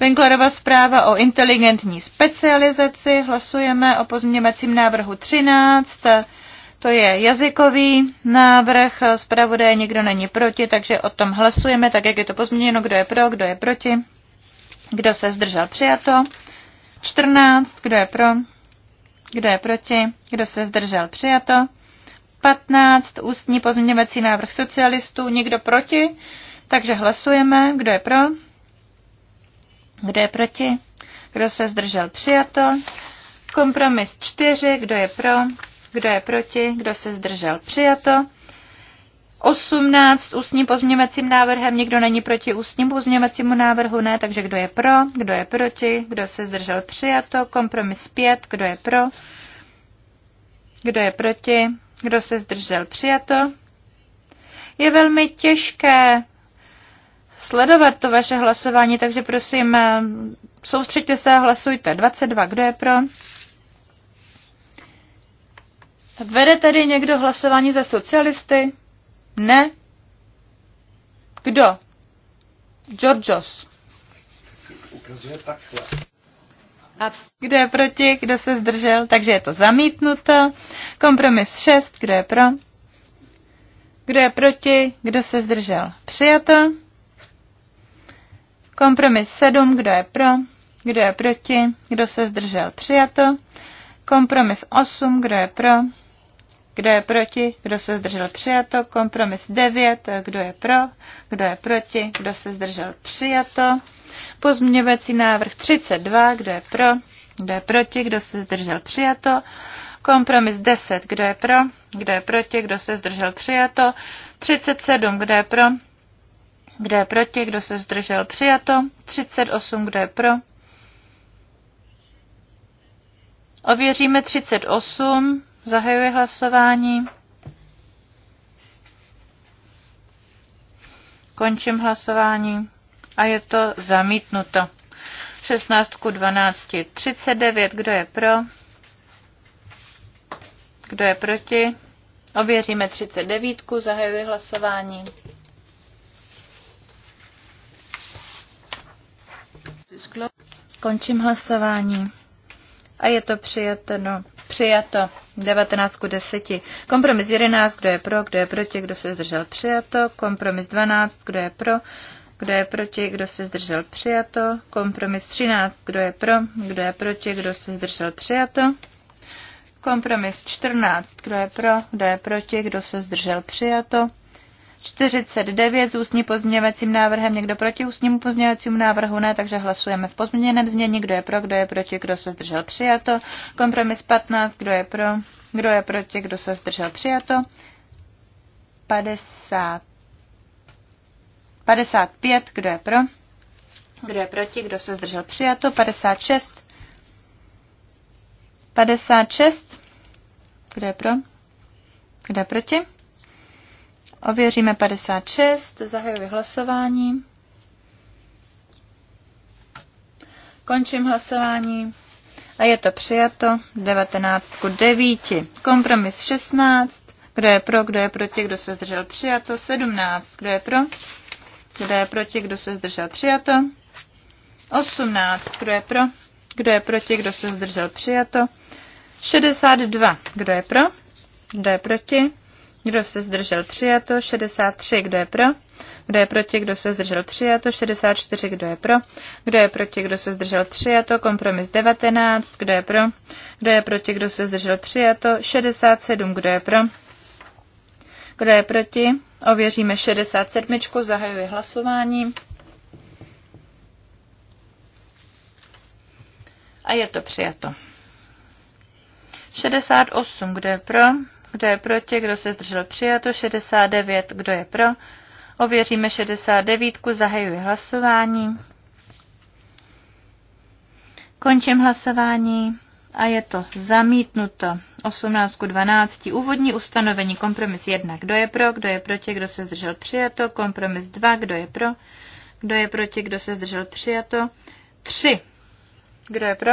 Winklerova zpráva o inteligentní specializaci. Hlasujeme o pozměňovacím návrhu 13. To je jazykový návrh, zpravodaje nikdo není proti, takže o tom hlasujeme, tak jak je to pozměněno, kdo je pro, kdo je proti, kdo se zdržel přijato. 14, kdo je pro, kdo je proti, kdo se zdržel přijato. 15, ústní pozměňovací návrh socialistů, nikdo proti, takže hlasujeme, kdo je pro, kdo je proti? Kdo se zdržel? Přijato. Kompromis 4. Kdo je pro? Kdo je proti? Kdo se zdržel? Přijato. 18 ústním pozměňovacím návrhem. Nikdo není proti ústním pozměňovacímu návrhu, ne, takže kdo je pro, kdo je proti, kdo se zdržel přijato, kompromis 5, kdo je pro, kdo je proti, kdo se zdržel přijato. Je velmi těžké sledovat to vaše hlasování, takže prosím, eh, soustřeďte se a hlasujte. 22, kdo je pro? Vede tady někdo hlasování za socialisty? Ne? Kdo? Georgios. Ukazuje takhle. A kdo je proti, kdo se zdržel, takže je to zamítnuto. Kompromis 6, kdo je pro? Kdo je proti, kdo se zdržel? Přijato. Kompromis 7, kdo je pro, kdo je proti, kdo se zdržel, přijato. Kompromis 8, kdo je pro, kdo je proti, kdo se zdržel, přijato. Kompromis 9, kdo je pro, kdo je proti, kdo se zdržel, přijato. Pozměňovací návrh 32, kdo je pro, kdo je proti, kdo se zdržel, přijato. Kompromis 10, kdo je pro, kdo je proti, kdo se zdržel, přijato. 37, kdo je pro, kdo je proti? Kdo se zdržel? Přijato. 38. Kdo je pro? Ověříme 38. Zahajuje hlasování. Končím hlasování. A je to zamítnuto. 16 ku 12. 39. Kdo je pro? Kdo je proti? Ověříme 39. Zahajuje hlasování. Končím hlasování. A je to přijato, no, přijato 19 k 10. Kompromis 11, kdo je pro, kdo je proti, kdo se zdržel přijato. Kompromis 12, kdo je pro, kdo je proti, kdo se zdržel přijato. Kompromis 13, kdo je pro, kdo je proti, kdo se zdržel přijato. Kompromis 14, kdo je pro, kdo je proti, kdo se zdržel přijato. 49 s ústním pozměňovacím návrhem, někdo proti ústnímu pozměňovacímu návrhu ne, takže hlasujeme v pozměněném znění, kdo je pro, kdo je proti, kdo se zdržel přijato. Kompromis 15, kdo je pro, kdo je proti, kdo se zdržel přijato. 50. 55, kdo je pro, kdo je proti, kdo se zdržel přijato. 56. 56, kdo je pro, kdo je proti. Ověříme 56, zahajuji hlasování. Končím hlasování a je to přijato 19 k 9. Kompromis 16, kdo je pro, kdo je proti, kdo se zdržel přijato, 17, kdo je pro, kdo je proti, kdo se zdržel přijato, 18, kdo je pro, kdo je proti, kdo se zdržel přijato, 62, kdo je pro, kdo je proti, kdo se zdržel přijato? 63. Kdo je pro? Kdo je proti? Kdo se zdržel přijato? 64. Kdo je pro? Kdo je proti? Kdo se zdržel přijato? Kompromis 19. Kdo je pro? Kdo je proti? Kdo se zdržel přijato? 67. Kdo je pro? Kdo je proti? Ověříme 67. Zahajuji hlasování. A je to přijato. 68. Kdo je pro? Kdo je proti? Kdo se zdržel? Přijato. 69. Kdo je pro? Ověříme 69. Zahajuji hlasování. Končím hlasování a je to zamítnuto. 18 k 12. Úvodní ustanovení. Kompromis 1. Kdo je pro? Kdo je proti? Kdo se zdržel? Přijato. Kompromis 2. Kdo je pro? Kdo je proti? Kdo se zdržel? Přijato. 3. Kdo je pro?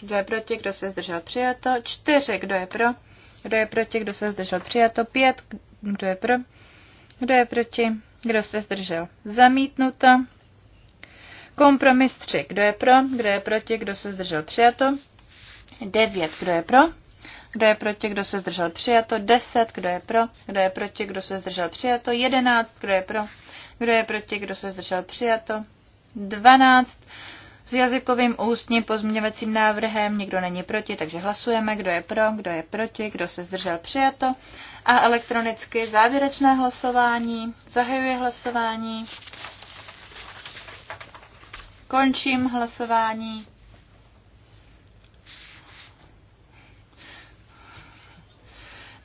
Kdo je proti? Kdo se zdržel? Přijato. 4. Kdo je pro? Kdo je proti? Kdo se zdržel? Přijato. 5. Kdo je pro? Kdo je proti? Kdo se zdržel? Zamítnuto. Kompromis 3. Kdo je pro? Kdo je proti? Kdo se zdržel? Přijato. 9. Kdo je pro? Kdo je proti? Kdo se zdržel? Přijato. 10. Kdo je pro? Kdo je proti? Kdo se zdržel? Přijato. 11. Kdo je pro? Kdo je proti? Kdo se zdržel? Přijato. 12 s jazykovým ústním pozměňovacím návrhem. Nikdo není proti, takže hlasujeme, kdo je pro, kdo je proti, kdo se zdržel přijato. A elektronicky závěrečné hlasování. Zahajuje hlasování. Končím hlasování.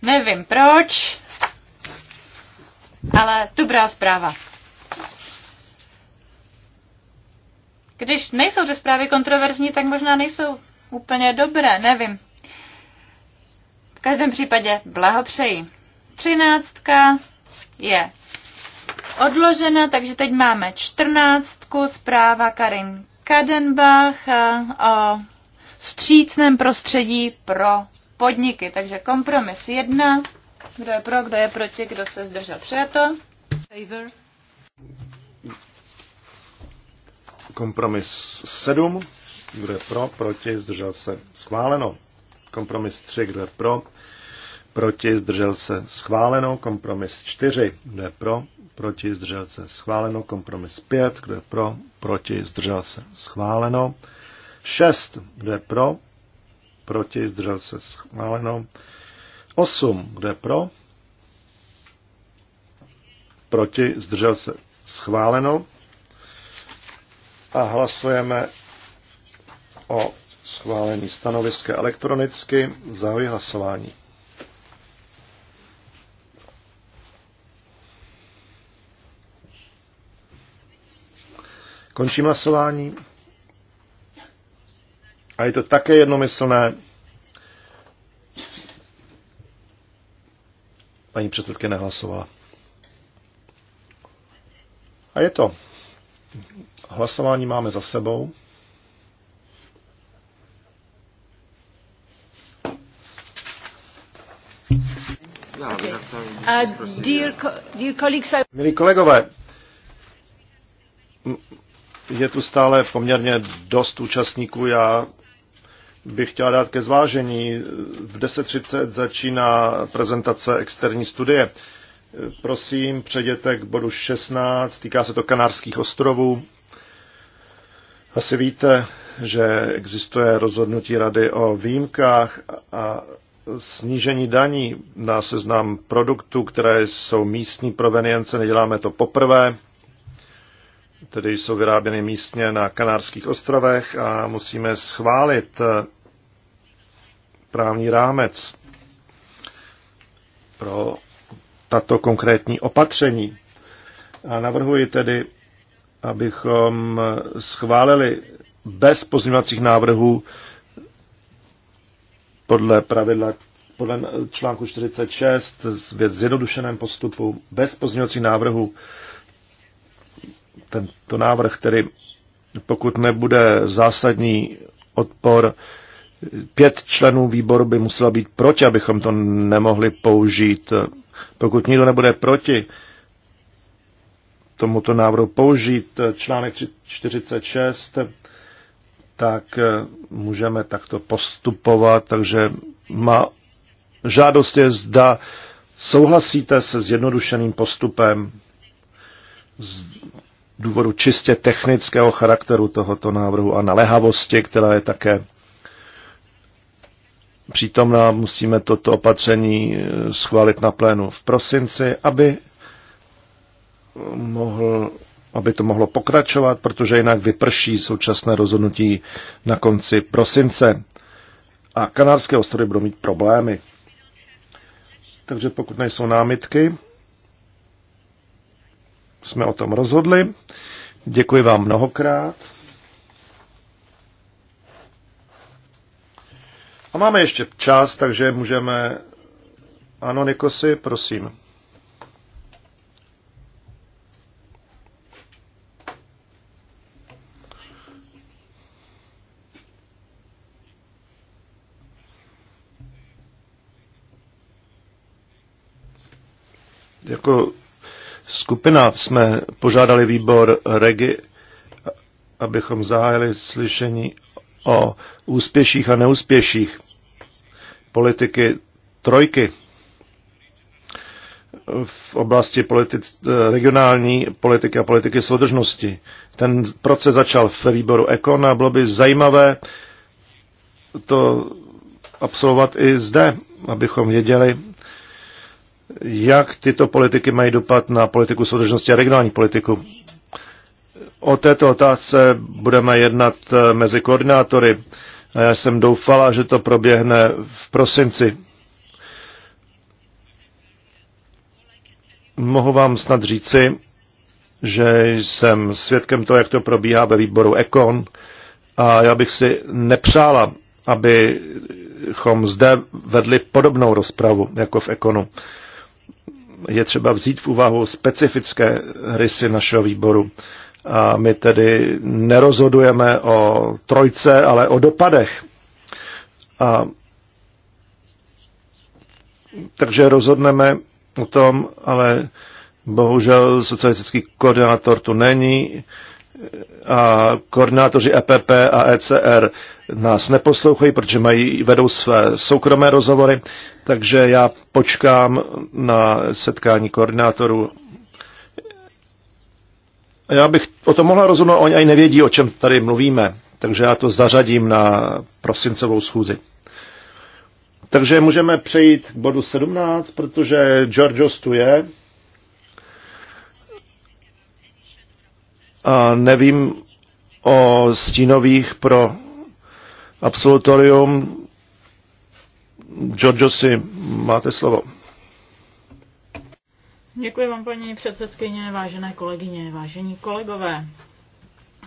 Nevím proč, ale dobrá zpráva. Když nejsou ty zprávy kontroverzní, tak možná nejsou úplně dobré, nevím. V každém případě blahopřeji. Třináctka je odložena, takže teď máme čtrnáctku, zpráva Karin Kadenbach eh, o vstřícném prostředí pro podniky. Takže kompromis jedna, kdo je pro, kdo je proti, kdo se zdržel přijato. Favor. Kompromis 7, kdo je pro, proti, zdržel se, schváleno. Kompromis 3, kdo je pro, proti, zdržel se, schváleno. Kompromis 4, kdo je pro, proti, zdržel se, schváleno. Kompromis 5, kdo je pro, proti, zdržel se, schváleno. 6, kdo je pro, proti, zdržel se, schváleno. 8, kdo je pro, proti, zdržel se, schváleno a hlasujeme o schválení stanoviska elektronicky. Zahajuji hlasování. Končím hlasování. A je to také jednomyslné. Paní předsedkyně nehlasovala. A je to. Hlasování máme za sebou. Milí kolegové, je tu stále poměrně dost účastníků. Já bych chtěl dát ke zvážení. V 10.30 začíná prezentace externí studie. Prosím, přejděte k bodu 16, týká se to Kanárských ostrovů. Asi víte, že existuje rozhodnutí rady o výjimkách a snížení daní na seznam produktů, které jsou místní provenience, neděláme to poprvé, tedy jsou vyráběny místně na Kanárských ostrovech a musíme schválit právní rámec pro tato konkrétní opatření. A navrhuji tedy abychom schválili bez pozměňovacích návrhů podle pravidla podle článku 46 věc zjednodušeném postupu bez pozměňovacích návrhů tento návrh, který pokud nebude zásadní odpor, pět členů výboru by muselo být proti, abychom to nemohli použít. Pokud nikdo nebude proti, tomuto návrhu použít eh, článek 46, tak eh, můžeme takto postupovat. Takže má žádost je, zda souhlasíte se zjednodušeným postupem z důvodu čistě technického charakteru tohoto návrhu a naléhavosti, která je také přítomná. Musíme toto opatření eh, schválit na plénu v prosinci, aby mohl, aby to mohlo pokračovat, protože jinak vyprší současné rozhodnutí na konci prosince a kanárské ostrovy budou mít problémy. Takže pokud nejsou námitky, jsme o tom rozhodli. Děkuji vám mnohokrát. A máme ještě čas, takže můžeme... Ano, Nikosi, prosím. jako skupina jsme požádali výbor REGI, abychom zahájili slyšení o úspěších a neúspěších politiky trojky v oblasti politic, regionální politiky a politiky soudržnosti. Ten proces začal v výboru Ekon a bylo by zajímavé to absolvovat i zde, abychom věděli, jak tyto politiky mají dopad na politiku soudržnosti a regionální politiku. O této otázce budeme jednat eh, mezi koordinátory. A já jsem doufala, že to proběhne v prosinci. Mohu vám snad říci, že jsem svědkem toho, jak to probíhá ve výboru Ekon a já bych si nepřála, abychom zde vedli podobnou rozpravu jako v Ekonu je třeba vzít v úvahu specifické rysy našeho výboru. A my tedy nerozhodujeme o trojce, ale o dopadech. A takže rozhodneme o tom, ale bohužel socialistický koordinátor tu není, a koordinátoři EPP a ECR nás neposlouchají, protože mají, vedou své soukromé rozhovory, takže já počkám na setkání koordinátorů. Já bych o tom mohla rozumět, oni ani nevědí, o čem tady mluvíme, takže já to zařadím na prosincovou schůzi. Takže můžeme přejít k bodu 17, protože Georgios tu je. A nevím o stínových pro absolutorium. Giorgio, si máte slovo. Děkuji vám, paní předsedkyně, vážené kolegyně, vážení kolegové.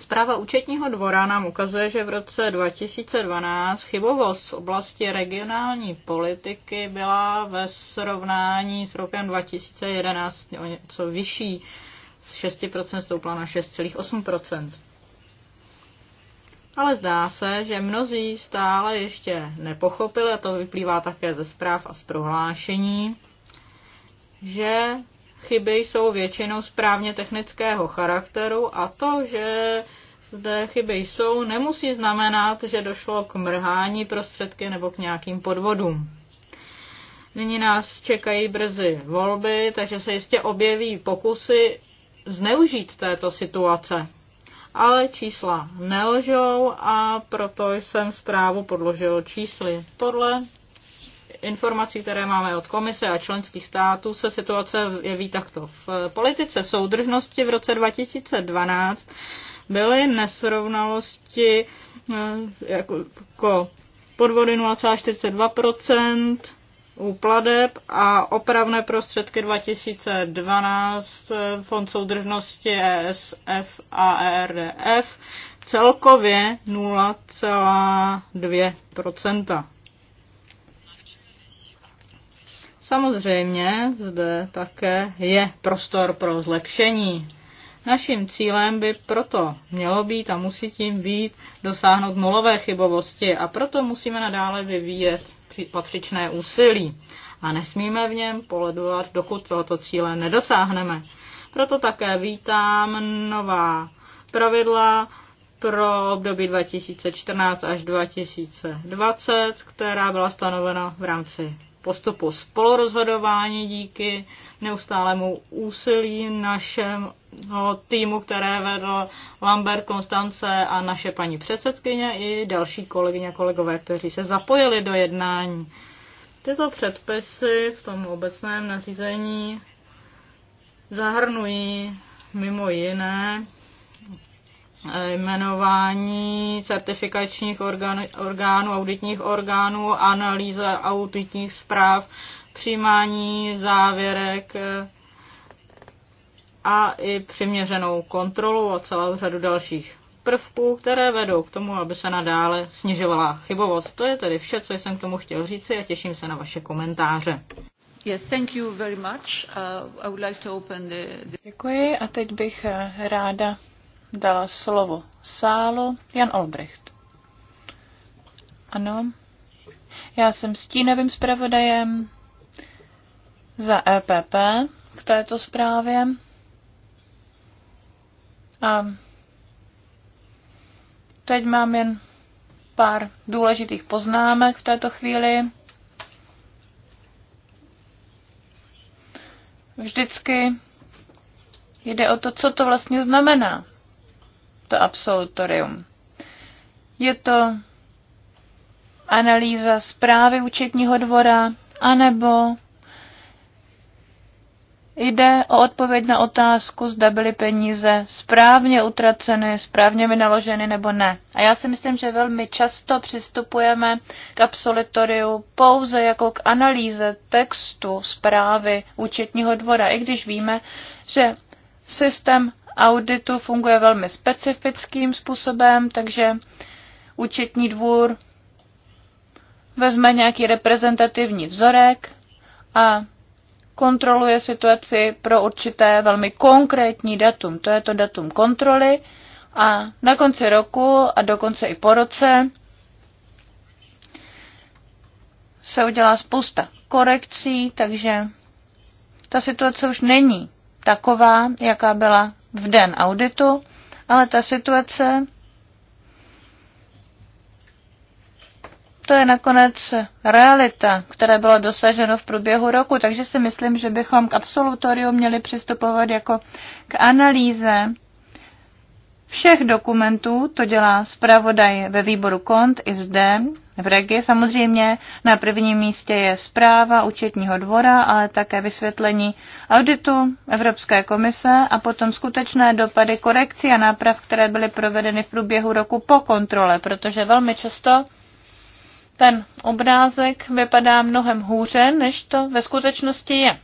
Zpráva účetního dvora nám ukazuje, že v roce 2012 chybovost v oblasti regionální politiky byla ve srovnání s rokem 2011 o něco vyšší z 6% stoupla na 6,8%. Ale zdá se, že mnozí stále ještě nepochopili, a to vyplývá také ze zpráv a z prohlášení, že chyby jsou většinou správně technického charakteru a to, že zde chyby jsou, nemusí znamenat, že došlo k mrhání prostředky nebo k nějakým podvodům. Nyní nás čekají brzy volby, takže se jistě objeví pokusy zneužít této situace. Ale čísla nelžou a proto jsem zprávu podložil čísly. Podle informací, které máme od komise a členských států, se situace jeví takto. V politice soudržnosti v roce 2012 byly nesrovnalosti eh, jako podvody 0,42%, u pladeb a opravné prostředky 2012 Fond soudržnosti ESF a ERDF celkově 0,2 Samozřejmě zde také je prostor pro zlepšení. Naším cílem by proto mělo být a musí tím být dosáhnout nulové chybovosti a proto musíme nadále vyvíjet patřičné úsilí a nesmíme v něm poledovat, dokud tohoto cíle nedosáhneme. Proto také vítám nová pravidla pro období 2014 až 2020, která byla stanovena v rámci postupu spolurozhodování díky neustálému úsilí našeho týmu, které vedl Lambert Konstance a naše paní předsedkyně i další kolegyně a kolegové, kteří se zapojili do jednání. Tyto předpisy v tom obecném nařízení zahrnují mimo jiné jmenování certifikačních orgán, orgánů, auditních orgánů, analýza auditních zpráv, přijímání závěrek eh, a i přiměřenou kontrolu a celou řadu dalších prvků, které vedou k tomu, aby se nadále snižovala chybovost. To je tedy vše, co jsem k tomu chtěl říci a těším se na vaše komentáře. Uh, Děkuji a teď bych eh, ráda dala slovo sálu. Jan Olbricht. Ano. Já jsem stínovým zpravodajem za EPP k této zprávě. A teď mám jen pár důležitých poznámek v této chvíli. Vždycky jde o to, co to vlastně znamená to absolutorium. Je to analýza zprávy účetního dvora, anebo jde o odpověď na otázku, zda byly peníze správně utraceny, správně vynaloženy nebo ne. A já si myslím, že velmi často přistupujeme k absolutoriu pouze jako k analýze textu zprávy účetního dvora, i když víme, že systém auditu funguje velmi specifickým způsobem, takže účetní dvůr vezme nějaký reprezentativní vzorek a kontroluje situaci pro určité velmi konkrétní datum. To je to datum kontroly a na konci roku a dokonce i po roce se udělá spousta korekcí, takže ta situace už není taková, jaká byla v den auditu, ale ta situace, to je nakonec realita, které bylo dosaženo v průběhu roku, takže si myslím, že bychom k absolutoriu měli přistupovat jako k analýze všech dokumentů, to dělá zpravodaj ve výboru KONT i zde v regi. Samozřejmě na prvním místě je zpráva účetního dvora, ale také vysvětlení auditu Evropské komise a potom skutečné dopady korekcí a náprav, které byly provedeny v průběhu roku po kontrole, protože velmi často ten obrázek vypadá mnohem hůře, než to ve skutečnosti je.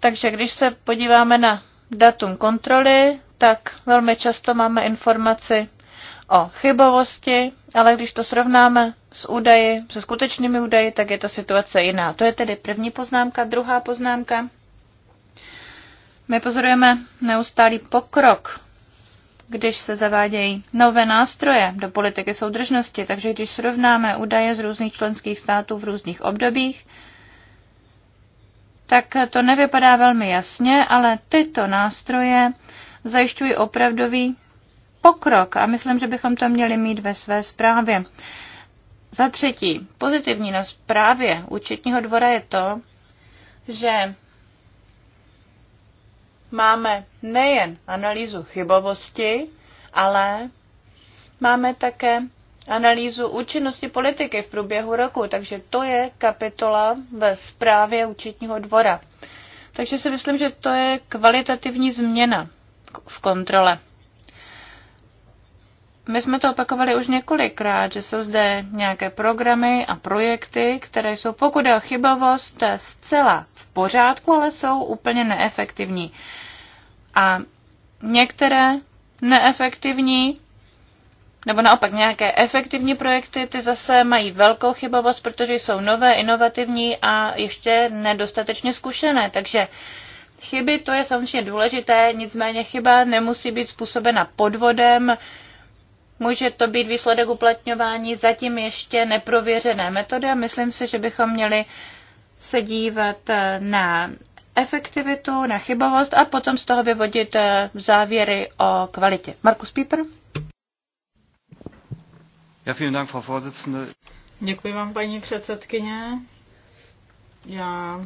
Takže když se podíváme na datum kontroly, tak velmi často máme informaci o chybovosti, ale když to srovnáme s údaji, se skutečnými údaji, tak je ta situace jiná. To je tedy první poznámka. Druhá poznámka. My pozorujeme neustálý pokrok, když se zavádějí nové nástroje do politiky soudržnosti, takže když srovnáme údaje z různých členských států v různých obdobích, tak to nevypadá velmi jasně, ale tyto nástroje zajišťují opravdový pokrok a myslím, že bychom to měli mít ve své zprávě. Za třetí, pozitivní na zprávě účetního dvora je to, že máme nejen analýzu chybovosti, ale máme také analýzu účinnosti politiky v průběhu roku, takže to je kapitola ve zprávě účetního dvora. Takže si myslím, že to je kvalitativní změna v kontrole. My jsme to opakovali už několikrát, že jsou zde nějaké programy a projekty, které jsou, pokud je o chybovost, zcela v pořádku, ale jsou úplně neefektivní. A některé neefektivní, nebo naopak nějaké efektivní projekty, ty zase mají velkou chybovost, protože jsou nové, inovativní a ještě nedostatečně zkušené. Takže chyby, to je samozřejmě důležité, nicméně chyba nemusí být způsobena podvodem, Může to být výsledek uplatňování zatím ještě neprověřené metody a myslím si, že bychom měli se dívat eh, na efektivitu, na chybovost a potom z toho vyvodit eh, závěry o kvalitě. Markus Pieper? Ja, vielen Dank, Frau Vorsitzende. Děkuji vám, paní předsedkyně. Já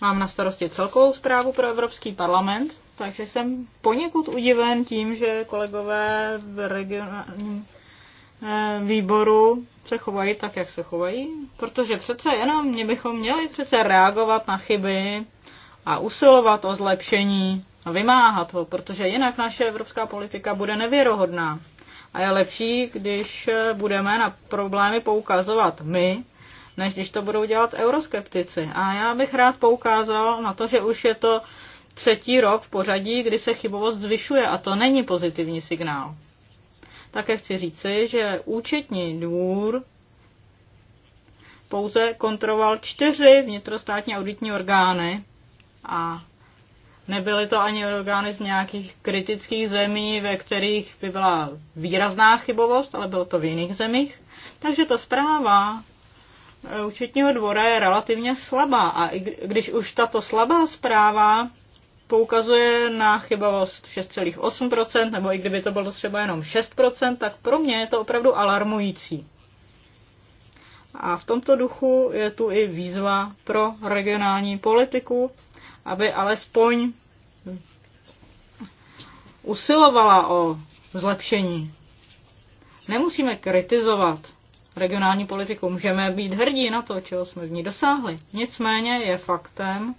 mám na starosti celkovou zprávu pro Evropský parlament takže jsem poněkud udiven tím, že kolegové v regionálním eh, výboru se chovají tak, jak se chovají, protože přece jenom mě bychom měli přece reagovat na chyby a usilovat o zlepšení a vymáhat ho, protože jinak naše evropská politika bude nevěrohodná. A je lepší, když eh, budeme na problémy poukazovat my, než když to budou dělat euroskeptici. A já bych rád poukázal na to, že už je to třetí rok v pořadí, kdy se chybovost zvyšuje a to není pozitivní signál. Také chci říci, že účetní dvůr pouze kontroloval čtyři vnitrostátní auditní orgány a nebyly to ani orgány z nějakých kritických zemí, ve kterých by byla výrazná chybovost, ale bylo to v jiných zemích. Takže ta zpráva eh, účetního dvora je relativně slabá a když už tato slabá zpráva poukazuje na chybovost 6,8%, nebo i kdyby to bylo třeba jenom 6%, tak pro mě je to opravdu alarmující. A v tomto duchu je tu i výzva pro regionální politiku, aby alespoň usilovala o zlepšení. Nemusíme kritizovat regionální politiku, můžeme být hrdí na to, čeho jsme v ní dosáhli. Nicméně je faktem,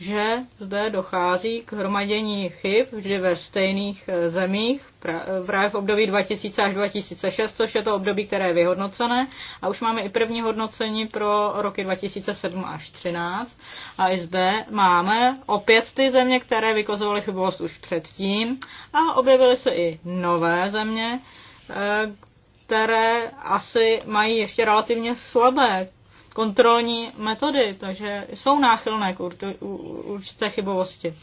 že zde dochází k hromadění chyb vždy ve stejných eh, zemích, eh, právě v období 2000 až 2006, což je to období, které je vyhodnocené. A už máme i první hodnocení pro roky 2007 až 2013. A i zde máme opět ty země, které vykazovaly chybovost už předtím. A objevily se i nové země, eh, které asi mají ještě relativně slabé kontrolní metody, takže jsou náchylné k určité chybovosti.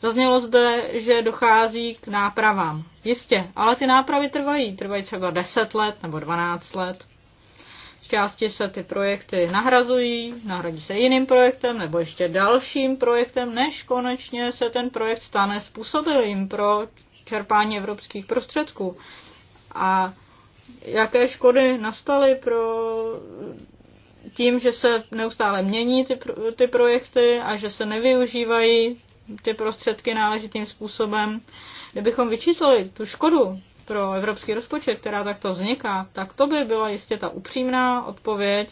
Zaznělo zde, že dochází k nápravám. Jistě, ale ty nápravy trvají. Trvají třeba 10 let nebo 12 let. V části se ty projekty nahrazují, nahradí se jiným projektem nebo ještě dalším projektem, než konečně se ten projekt stane způsobilým pro čerpání evropských prostředků. A jaké škody nastaly pro tím, že se neustále mění ty, ty projekty a že se nevyužívají ty prostředky náležitým způsobem, kdybychom vyčíslili tu škodu pro evropský rozpočet, která takto vzniká, tak to by byla jistě ta upřímná odpověď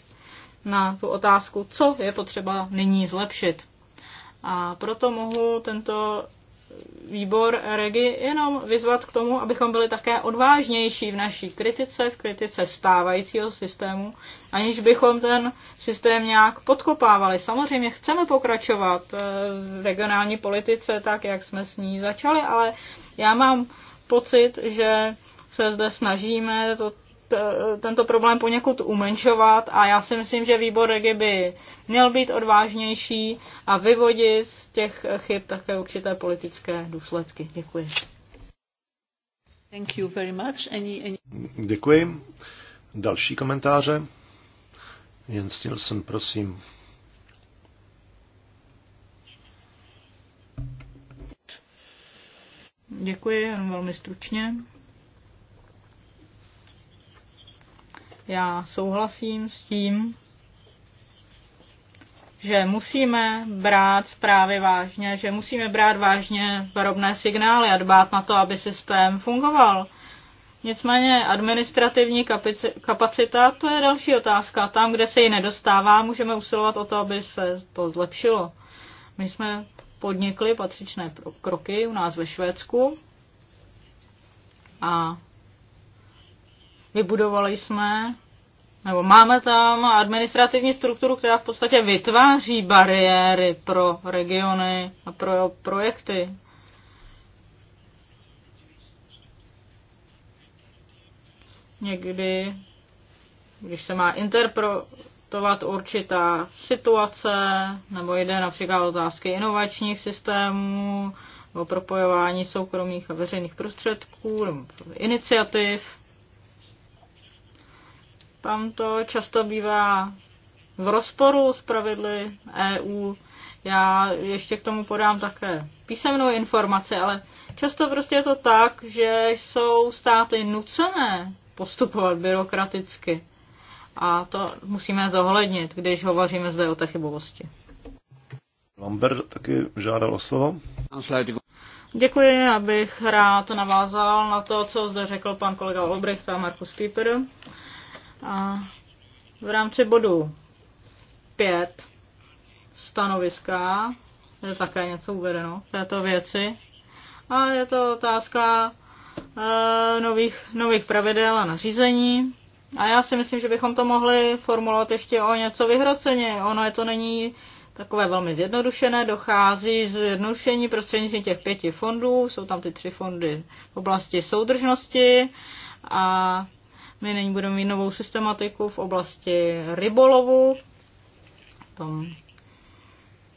na tu otázku, co je potřeba nyní zlepšit. A proto mohu tento výbor Regi jenom vyzvat k tomu, abychom byli také odvážnější v naší kritice, v kritice stávajícího systému, aniž bychom ten systém nějak podkopávali. Samozřejmě chceme pokračovat eh, v regionální politice tak, jak jsme s ní začali, ale já mám pocit, že se zde snažíme to tento problém poněkud umenšovat a já si myslím, že výbor regi by měl být odvážnější a vyvodit z těch chyb také určité politické důsledky. Děkuji. Thank you very much. Any, any... Děkuji. Další komentáře? Jens Nielsen, prosím. Děkuji, jenom velmi stručně. Já souhlasím s tím, že musíme brát zprávy vážně, že musíme brát vážně varovné signály a dbát na to, aby systém fungoval. Nicméně administrativní kapacita, to je další otázka. Tam, kde se ji nedostává, můžeme usilovat o to, aby se to zlepšilo. My jsme podnikli patřičné kroky u nás ve Švédsku a Vybudovali jsme, nebo máme tam administrativní strukturu, která v podstatě vytváří bariéry pro regiony a pro projekty. Někdy, když se má interpretovat určitá situace, nebo jde například otázky inovačních systémů, nebo propojování soukromých a veřejných prostředků, nebo iniciativ. Tam to často bývá v rozporu s pravidly EU. Já ještě k tomu podám také písemnou informaci, ale často prostě je to tak, že jsou státy nucené postupovat byrokraticky. A to musíme zohlednit, když hovoříme zde o té chybovosti. Lambert taky žádal o slovo. Děkuji, abych rád navázal na to, co zde řekl pan kolega Olbrecht a Markus Pieper. A v rámci bodu 5 stanoviska je také něco uvedeno v této věci. A je to otázka e, nových, nových pravidel a nařízení. A já si myslím, že bychom to mohli formulovat ještě o něco vyhroceně. Ono je to není takové velmi zjednodušené, dochází zjednodušení prostřednictvím těch pěti fondů, jsou tam ty tři fondy v oblasti soudržnosti a my nyní budeme mít novou systematiku v oblasti rybolovu, v tom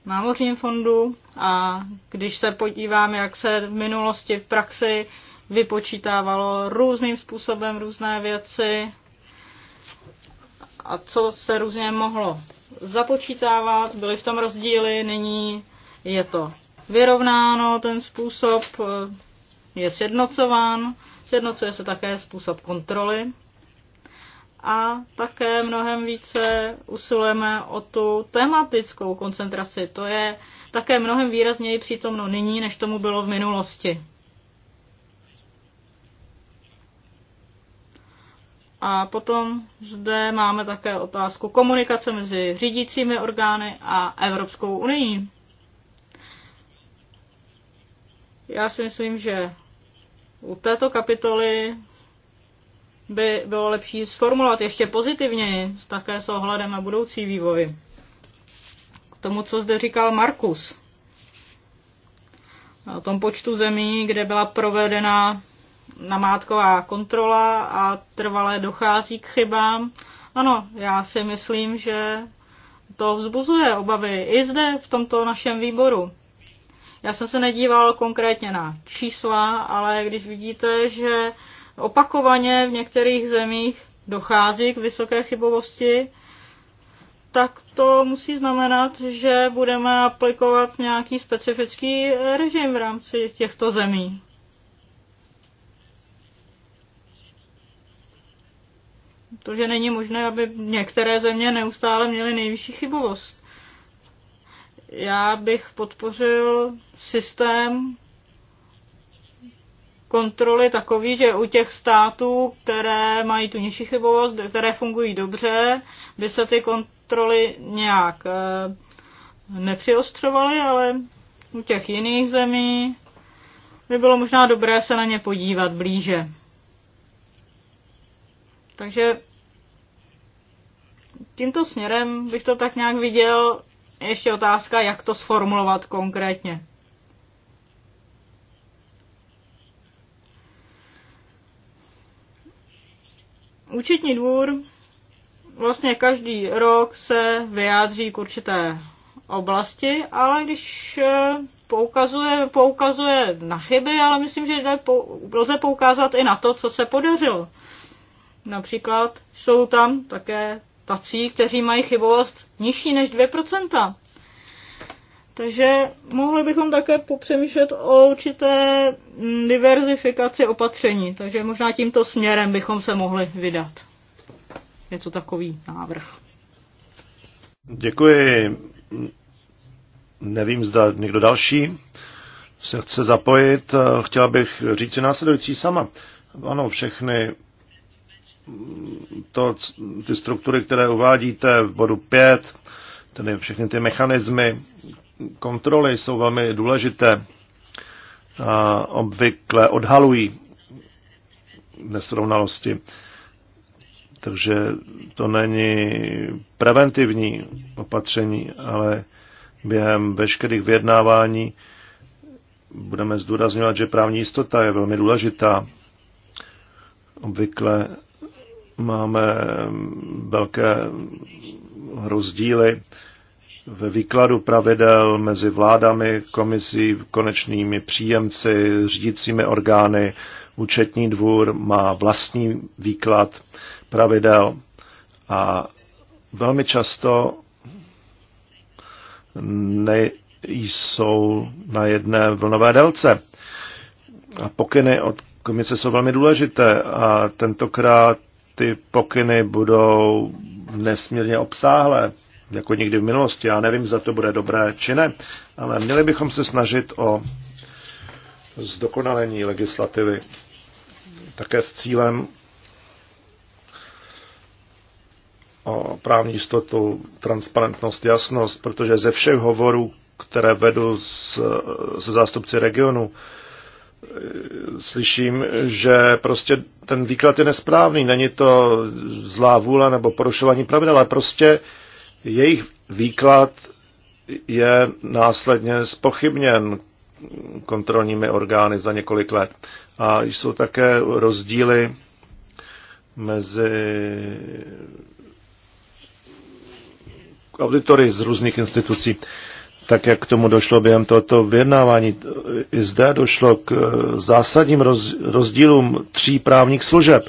námořním fondu a když se podívám, jak se v minulosti v praxi vypočítávalo různým způsobem různé věci a co se různě mohlo započítávat, byly v tom rozdíly, nyní je to vyrovnáno, ten způsob eh, je sjednocován, sjednocuje se také způsob kontroly a také mnohem více usilujeme o tu tematickou koncentraci. To je také mnohem výrazněji přítomno nyní, než tomu bylo v minulosti. A potom zde máme také otázku komunikace mezi řídícími orgány a Evropskou unii. Já si myslím, že u této kapitoly by bylo lepší sformulovat ještě pozitivněji, také s ohledem na budoucí vývoj. K tomu, co zde říkal Markus. O tom počtu zemí, kde byla provedena namátková kontrola a trvalé dochází k chybám. Ano, já si myslím, že to vzbuzuje obavy i zde v tomto našem výboru. Já jsem se nedíval konkrétně na čísla, ale když vidíte, že opakovaně v některých zemích dochází k vysoké chybovosti, tak to musí znamenat, že budeme aplikovat nějaký specifický režim v rámci těchto zemí. Protože není možné, aby některé země neustále měly nejvyšší chybovost. Já bych podpořil systém kontroly takový, že u těch států, které mají tu nižší chybovost, které fungují dobře, by se ty kontroly nějak eh, nepřiostřovaly, ale u těch jiných zemí by bylo možná dobré se na ně podívat blíže. Takže tímto směrem bych to tak nějak viděl. Ještě otázka, jak to sformulovat konkrétně. Účetní dvůr vlastně každý rok se vyjádří k určité oblasti, ale když eh, poukazuje, poukazuje na chyby, ale myslím, že lze poukázat i na to, co se podařilo. Například jsou tam také tací, kteří mají chybovost nižší než takže mohli bychom také popřemýšlet o určité mm, diverzifikaci opatření, takže možná tímto směrem bychom se mohli vydat. Je to takový návrh. Děkuji. Nevím, zda někdo další se chce zapojit. Chtěla bych říct si následující sama. Ano, všechny to, ty struktury, které uvádíte v bodu 5, tedy všechny ty mechanismy, kontroly jsou velmi důležité a obvykle odhalují nesrovnalosti. Takže to není preventivní opatření, ale během veškerých vyjednávání budeme zdůrazňovat, že právní jistota je velmi důležitá. Obvykle máme velké rozdíly ve výkladu pravidel mezi vládami, komisí, konečnými příjemci, řídícími orgány. Účetní dvůr má vlastní výklad pravidel a velmi často nejsou na jedné vlnové délce. A pokyny od komise jsou velmi důležité a tentokrát ty pokyny budou nesmírně obsáhlé jako někdy v minulosti. Já nevím, zda to bude dobré či ne, ale měli bychom se snažit o zdokonalení legislativy také s cílem o právní jistotu, transparentnost, jasnost, protože ze všech hovorů, které vedu se zástupci regionu, slyším, že prostě ten výklad je nesprávný. Není to zlá vůle nebo porušování pravidel, ale prostě jejich výklad je následně spochybněn kontrolními orgány za několik let. A jsou také rozdíly mezi auditory z různých institucí, tak jak k tomu došlo během tohoto vyjednávání. I zde došlo k zásadním rozdílům tří právních služeb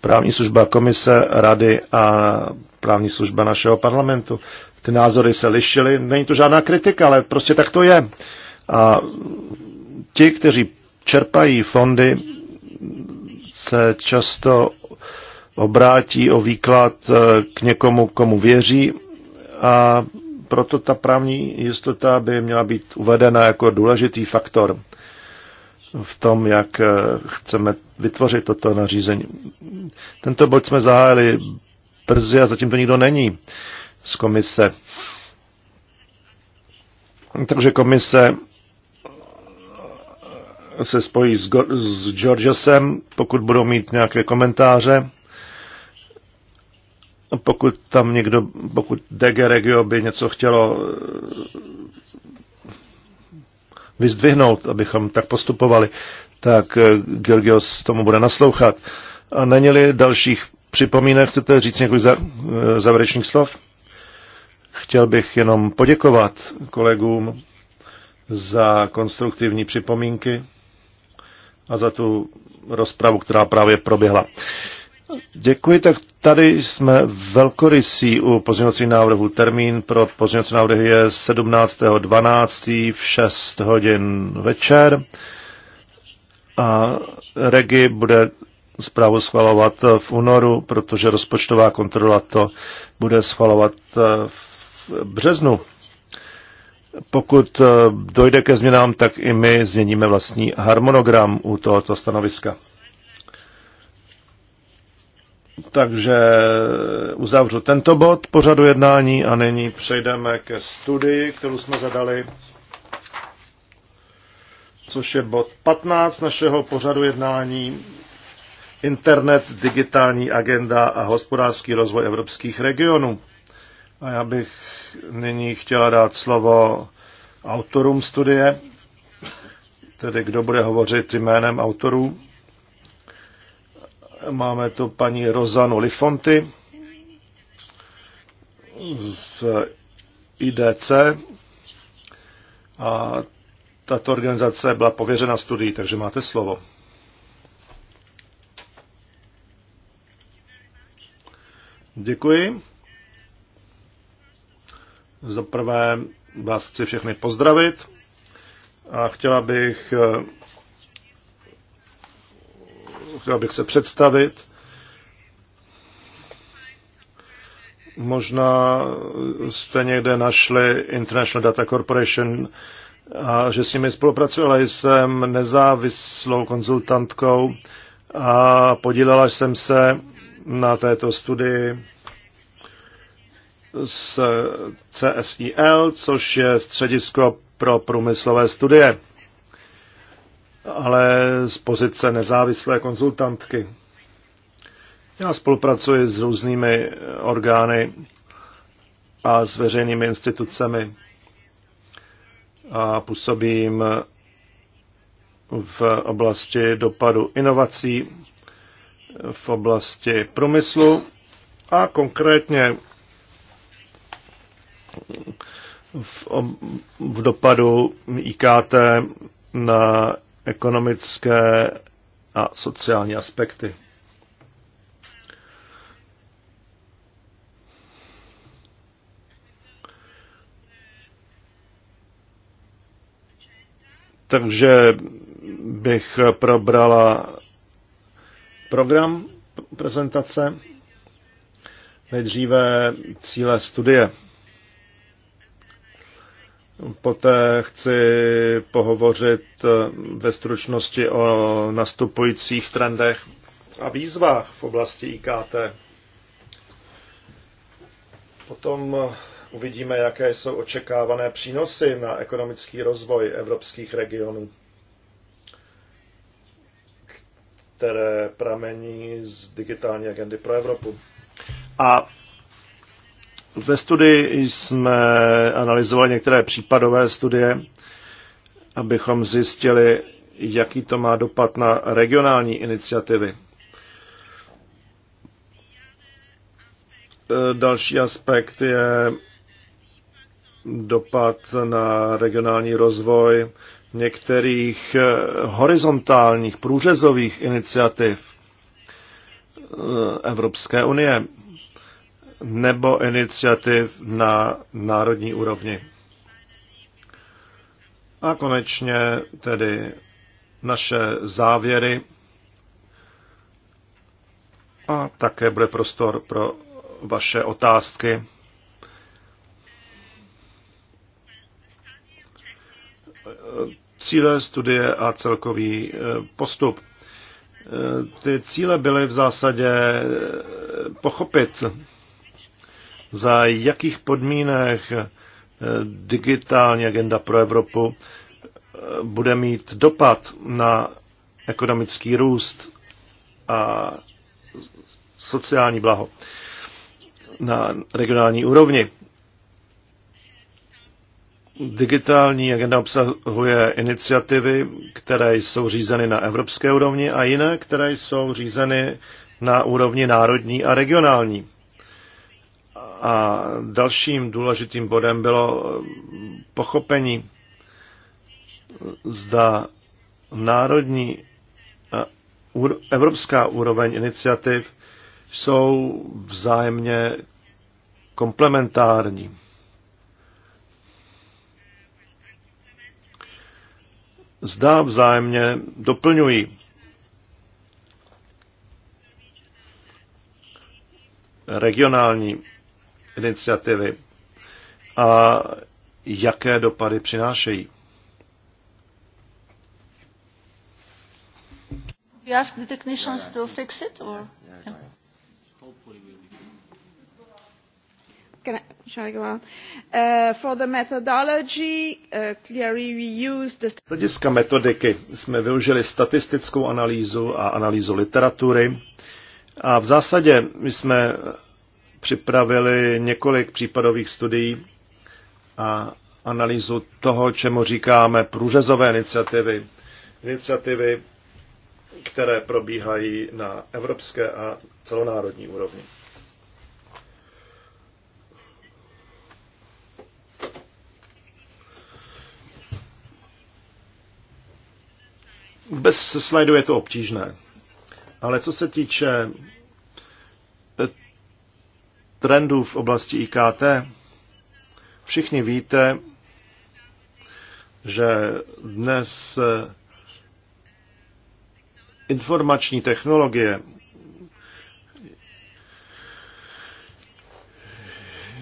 právní služba komise, rady a právní služba našeho parlamentu. Ty názory se lišily, není to žádná kritika, ale prostě tak to je. A ti, kteří čerpají fondy, se často obrátí o výklad eh, k někomu, komu věří a proto ta právní jistota by měla být uvedena jako důležitý faktor v tom, jak eh, chceme vytvořit toto nařízení. Tento bod jsme zahájili brzy a zatím to nikdo není z komise. Takže komise se spojí s, Go- s Georgesem, pokud budou mít nějaké komentáře. Pokud tam někdo, pokud DG Regio by něco chtělo eh, vyzdvihnout, abychom tak postupovali, tak eh, Georgios tomu bude naslouchat. A není-li dalších připomínek, chcete říct několik eh, závěrečných slov? Chtěl bych jenom poděkovat kolegům za konstruktivní připomínky a za tu rozpravu, která právě proběhla. Děkuji, tak tady jsme velkorysí u pozměňovací návrhu Termín pro pozměňovací návrhy je 17.12. v 6 hodin večer a Regi bude zprávu schvalovat v únoru, protože rozpočtová kontrola to bude schvalovat eh, v březnu. Pokud eh, dojde ke změnám, tak i my změníme vlastní harmonogram u tohoto stanoviska. Takže uzavřu tento bod pořadu jednání a nyní přejdeme ke studii, kterou jsme zadali, což je bod 15 našeho pořadu jednání. Internet, digitální agenda a hospodářský rozvoj evropských regionů. A já bych nyní chtěla dát slovo autorům studie, tedy kdo bude hovořit jménem autorů. Máme tu paní Rozanu Lifonty z IDC a tato organizace byla pověřena studií, takže máte slovo. Děkuji. Za prvé vás chci všechny pozdravit a chtěla bych eh, chtěl bych se představit. Možná jste někde našli International Data Corporation a že s nimi spolupracuji, ale jsem nezávislou konzultantkou a podílela jsem se na této studii s CSIL, což je Středisko pro průmyslové studie ale z pozice nezávislé konzultantky. Já spolupracuji s různými orgány a s veřejnými institucemi a působím v oblasti dopadu inovací, v oblasti průmyslu a konkrétně v, v dopadu IKT na ekonomické a sociální aspekty. Takže bych probrala program prezentace, nejdříve cíle studie. Poté chci pohovořit eh, ve stručnosti o nastupujících trendech a výzvách v oblasti IKT. Potom eh, uvidíme, jaké jsou očekávané přínosy na ekonomický rozvoj evropských regionů, které pramení z digitální agendy pro Evropu. A ve studii jsme analyzovali některé případové studie, abychom zjistili, jaký to má dopad na regionální iniciativy. E, další aspekt je dopad na regionální rozvoj některých e, horizontálních průřezových iniciativ e, Evropské unie nebo iniciativ na národní úrovni. A konečně tedy naše závěry a také bude prostor pro vaše otázky. Cíle studie a celkový eh, postup. Eh, ty cíle byly v zásadě eh, pochopit za jakých podmínek eh, digitální agenda pro Evropu eh, bude mít dopad na ekonomický růst a sociální blaho na regionální úrovni. Digitální agenda obsahuje iniciativy, které jsou řízeny na evropské úrovni a jiné, které jsou řízeny na úrovni národní a regionální. A dalším důležitým bodem bylo eh, pochopení, zda národní a eh, evropská úroveň iniciativ jsou vzájemně komplementární. Zda vzájemně doplňují. Regionální iniciativy a jaké dopady přinášejí. You ask the technicians to fix it or? Can I, shall I go on? Uh, for the methodology, uh, clearly we the... Z hlediska metodiky jsme využili statistickou analýzu a analýzu literatury. A v zásadě my jsme připravili několik případových studií a analýzu toho, čemu říkáme průřezové iniciativy. Iniciativy, které probíhají na evropské a celonárodní úrovni. Bez slajdu je to obtížné. Ale co se týče trendů v oblasti IKT, všichni víte, že dnes eh, informační technologie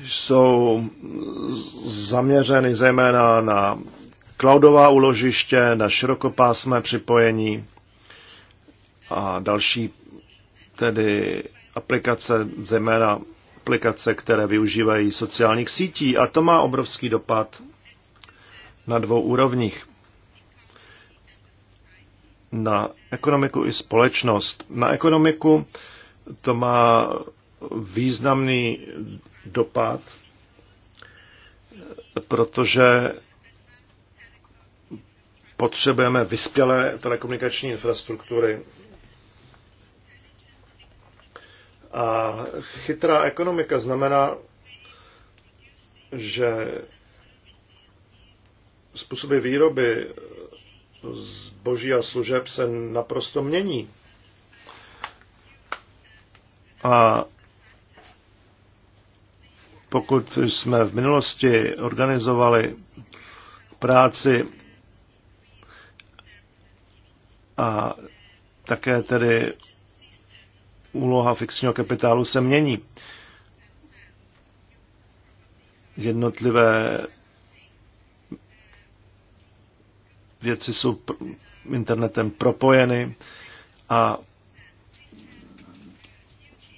jsou zaměřeny zejména na cloudová uložiště, na širokopásmé připojení a další tedy aplikace zejména aplikace, které využívají sociálních sítí a to má obrovský dopad na dvou úrovních. Na ekonomiku i společnost. Na ekonomiku to má významný dopad, protože potřebujeme vyspělé telekomunikační infrastruktury A chytrá ekonomika znamená, že způsoby výroby zboží a služeb se naprosto mění. A pokud jsme v minulosti organizovali práci a také tedy úloha fixního kapitálu se mění. Jednotlivé věci jsou internetem propojeny a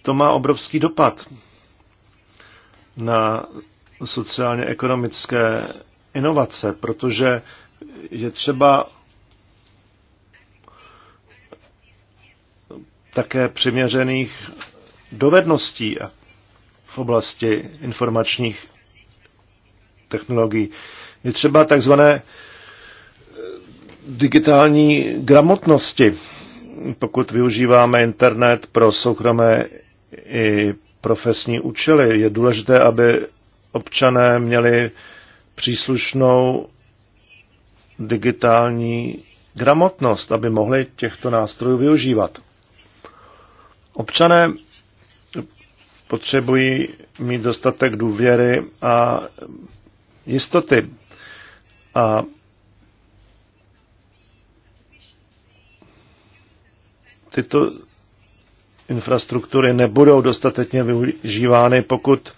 to má obrovský dopad na sociálně-ekonomické inovace, protože je třeba také přiměřených dovedností v oblasti informačních technologií. Je třeba takzvané eh, digitální gramotnosti, pokud využíváme internet pro soukromé i profesní účely. Je důležité, aby občané měli příslušnou digitální gramotnost, aby mohli těchto nástrojů využívat. Občané potřebují mít dostatek důvěry a jistoty. A tyto infrastruktury nebudou dostatečně využívány, pokud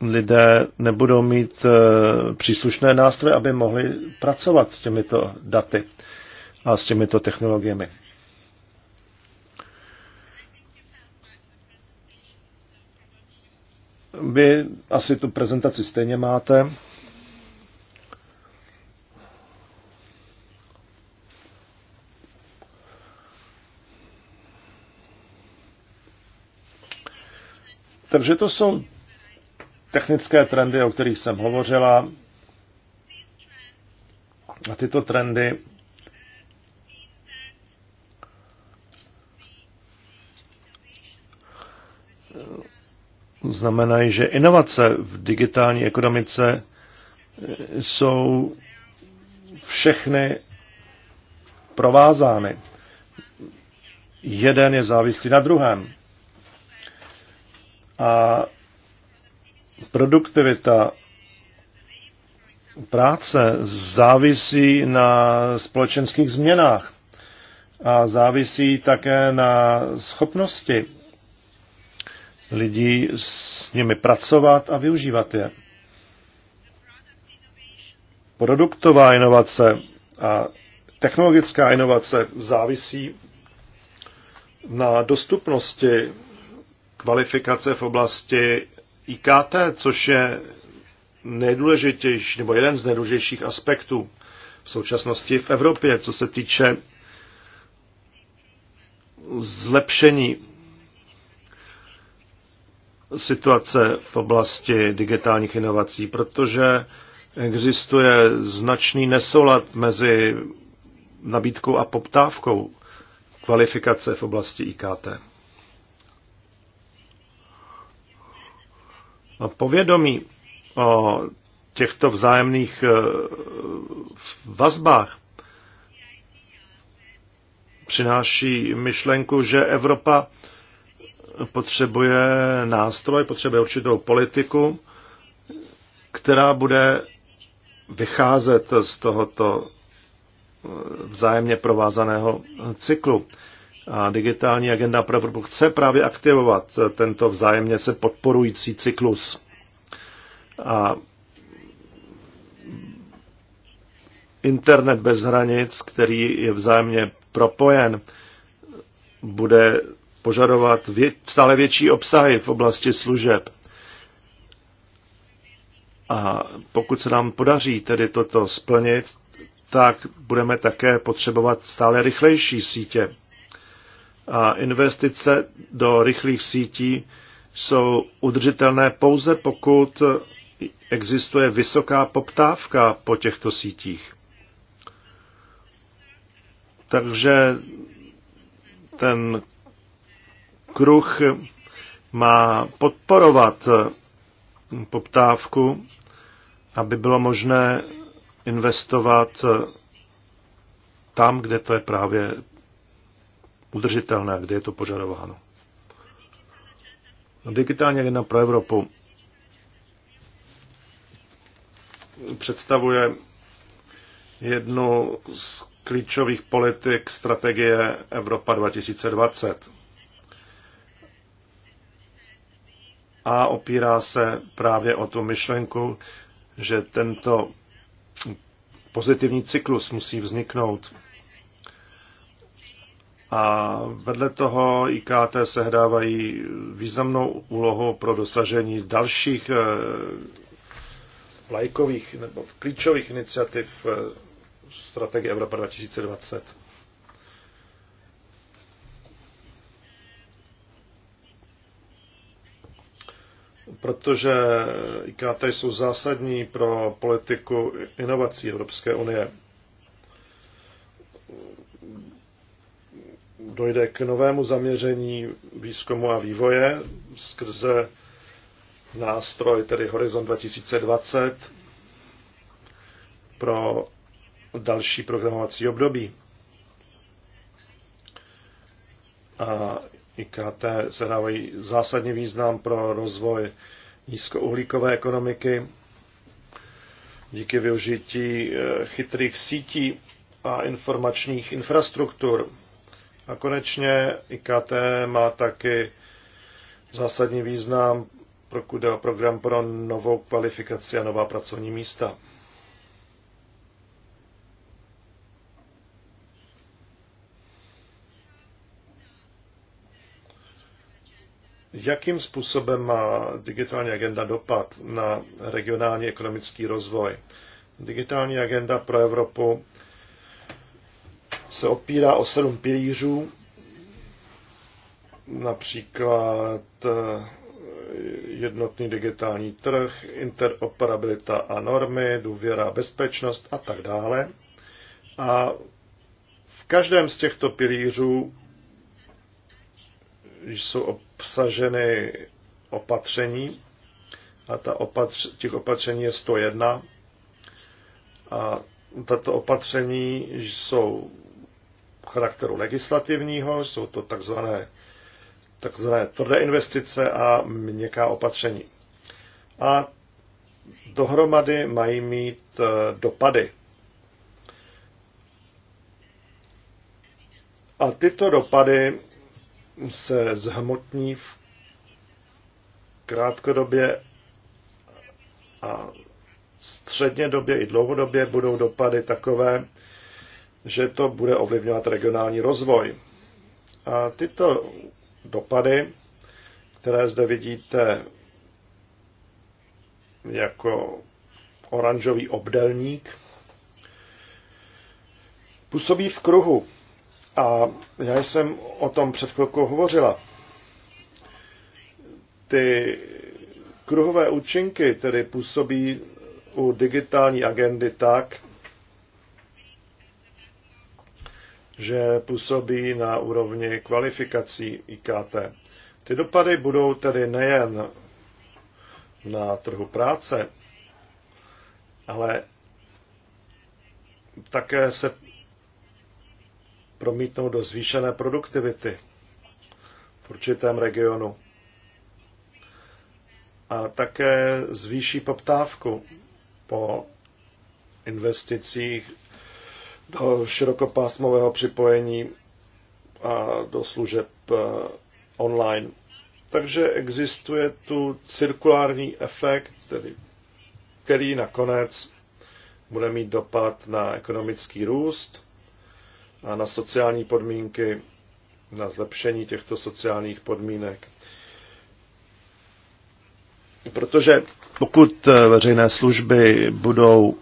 lidé nebudou mít eh, příslušné nástroje, aby mohli pracovat s těmito daty a s těmito technologiemi. Vy asi tu prezentaci stejně máte. Takže to jsou technické trendy, o kterých jsem hovořila. A tyto trendy znamenají, že inovace v digitální ekonomice e, jsou všechny provázány. Jeden je závislý na druhém. A produktivita práce závisí na společenských změnách a závisí také na schopnosti lidí s nimi pracovat a využívat je. Produktová inovace a technologická inovace závisí na dostupnosti kvalifikace v oblasti IKT, což je nejdůležitější, nebo jeden z nejdůležitějších aspektů v současnosti v Evropě, co se týče zlepšení situace v oblasti digitálních inovací, protože existuje značný nesoulad mezi nabídkou a poptávkou kvalifikace v oblasti IKT. A povědomí o těchto vzájemných eh, vazbách přináší myšlenku, že Evropa potřebuje nástroj, potřebuje určitou politiku, která bude vycházet z tohoto eh, vzájemně provázaného cyklu. A digitální agenda pro Evropu chce právě aktivovat tento vzájemně se podporující cyklus. A internet bez hranic, který je vzájemně propojen, bude požadovat vě, stále větší obsahy v oblasti služeb. A pokud se nám podaří tedy toto splnit, tak budeme také potřebovat stále rychlejší sítě. A investice do rychlých sítí jsou udržitelné pouze pokud existuje vysoká poptávka po těchto sítích. Takže ten kruh má podporovat poptávku, aby bylo možné investovat tam, kde to je právě udržitelné, kde je to požadováno. No, digitální agenda pro Evropu představuje jednu z klíčových politik strategie Evropa 2020 a opírá se právě o tu myšlenku, že tento pozitivní cyklus musí vzniknout. A vedle toho IKT sehrávají významnou úlohu pro dosažení dalších eh, lajkových nebo klíčových iniciativ eh, strategie Evropa 2020. protože IKT jsou zásadní pro politiku inovací Evropské unie. Dojde k novému zaměření výzkumu a vývoje skrze nástroj, tedy Horizon 2020, pro další programovací období. A IKT sehrávají zásadní význam pro rozvoj nízkouhlíkové ekonomiky díky využití eh, chytrých sítí a informačních infrastruktur. A konečně IKT má taky zásadní význam, pokud jde program pro novou kvalifikaci a nová pracovní místa. Jakým způsobem má digitální agenda dopad na regionální ekonomický rozvoj? Digitální agenda pro Evropu se opírá o sedm pilířů, například eh, jednotný digitální trh, interoperabilita a normy, důvěra, bezpečnost a tak dále. A v každém z těchto pilířů jsou obsaženy opatření a ta opatř- těch opatření je 101 a tato opatření jsou charakteru legislativního, jsou to takzvané, takzvané tvrdé investice a měkká opatření. A dohromady mají mít e, dopady. A tyto dopady se zhmotní v krátkodobě a středně době i dlouhodobě budou dopady takové, že to bude ovlivňovat regionální rozvoj. A tyto dopady, které zde vidíte jako oranžový obdelník, působí v kruhu a já jsem o tom před chvilkou hovořila. Ty kruhové účinky tedy působí u digitální agendy tak, že působí na úrovni kvalifikací IKT. Ty dopady budou tedy nejen na trhu práce, ale také se promítnout do zvýšené produktivity v určitém regionu. A také zvýší poptávku po investicích do širokopásmového připojení a do služeb eh, online. Takže existuje tu cirkulární efekt, tedy, který nakonec bude mít dopad na ekonomický růst a na sociální podmínky, na zlepšení těchto sociálních podmínek. Protože pokud eh, veřejné služby budou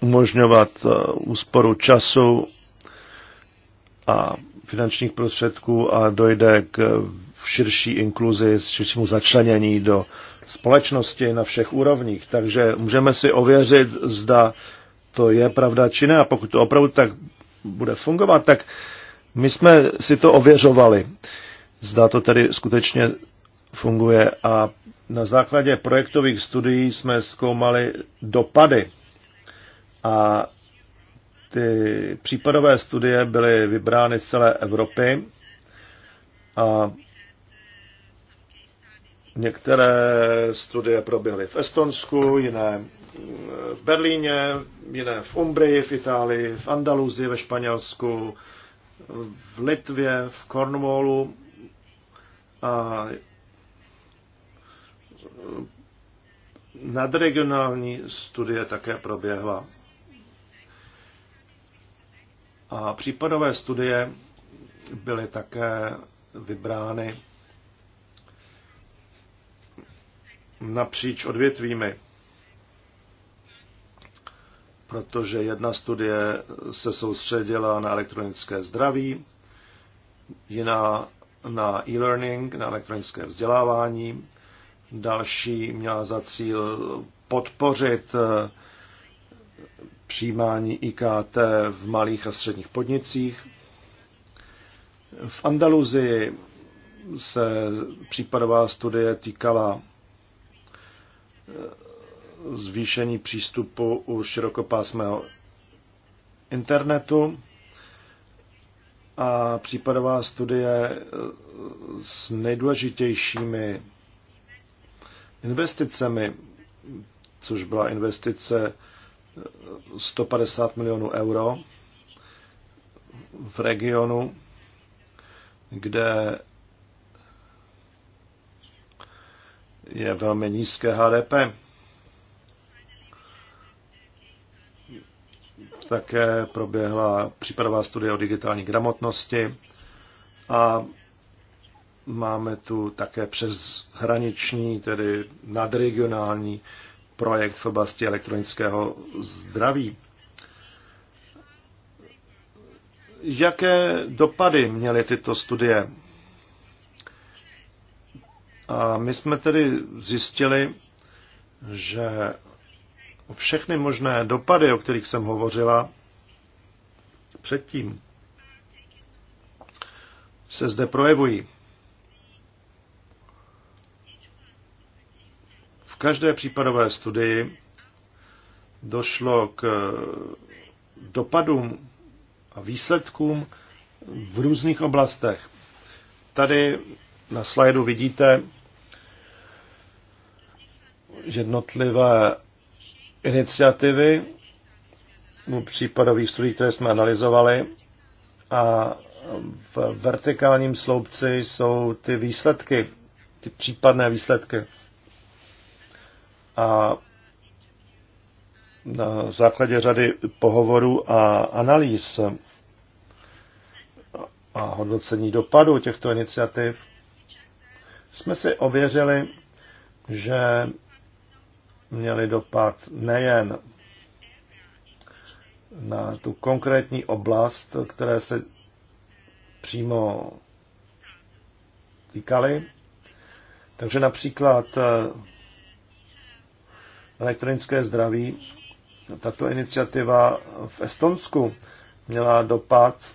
umožňovat eh, úsporu času a finančních prostředků a dojde k širší inkluzi, širšímu začlenění do společnosti na všech úrovních. Takže můžeme si ověřit, zda to je pravda či ne. A pokud to opravdu tak bude fungovat, tak my jsme si to ověřovali. Zda to tedy skutečně funguje a na základě projektových studií jsme zkoumali dopady a ty případové studie byly vybrány z celé Evropy a některé studie proběhly v Estonsku, jiné v Berlíně, jiné v Umbrii, v Itálii, v Andaluzii, ve Španělsku, v Litvě, v Cornwallu a nadregionální studie také proběhla. A případové studie byly také vybrány napříč odvětvími protože jedna studie se soustředila na elektronické zdraví, jiná na e-learning, na elektronické vzdělávání, další měla za cíl podpořit eh, přijímání IKT v malých a středních podnicích. V Andaluzii se případová studie týkala eh, zvýšení přístupu u širokopásmého internetu a případová studie eh, s nejdůležitějšími investicemi, což byla investice 150 eh, milionů euro v regionu, kde je velmi nízké HDP. Také proběhla případová studie o digitální gramotnosti a máme tu také přeshraniční, tedy nadregionální projekt v oblasti elektronického zdraví. Jaké dopady měly tyto studie? A my jsme tedy zjistili, že všechny možné dopady, o kterých jsem hovořila předtím, se zde projevují. V každé případové studii došlo k dopadům a výsledkům v různých oblastech. Tady na slajdu vidíte jednotlivé iniciativy, no, případových studií, které jsme analyzovali a v vertikálním sloupci jsou ty výsledky, ty případné výsledky. A na základě řady pohovorů a analýz a hodnocení dopadu těchto iniciativ jsme si ověřili, že měly dopad nejen na tu konkrétní oblast, které se přímo týkaly. Takže například eh, elektronické zdraví, tato iniciativa v Estonsku měla dopad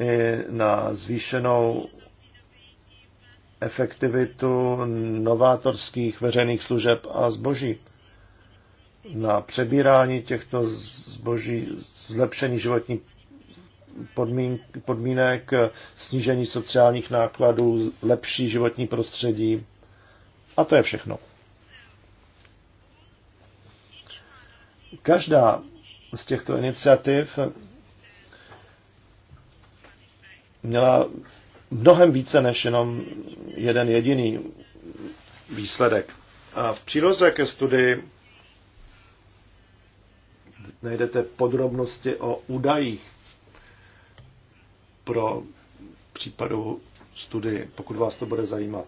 i na zvýšenou efektivitu novátorských veřejných služeb a zboží. Na přebírání těchto zboží, zlepšení životní podmínek, snížení sociálních nákladů, lepší životní prostředí. A to je všechno. Každá z těchto iniciativ měla mnohem více než jenom jeden jediný výsledek. A v příloze ke studii najdete podrobnosti o údajích pro případu studii, pokud vás to bude zajímat.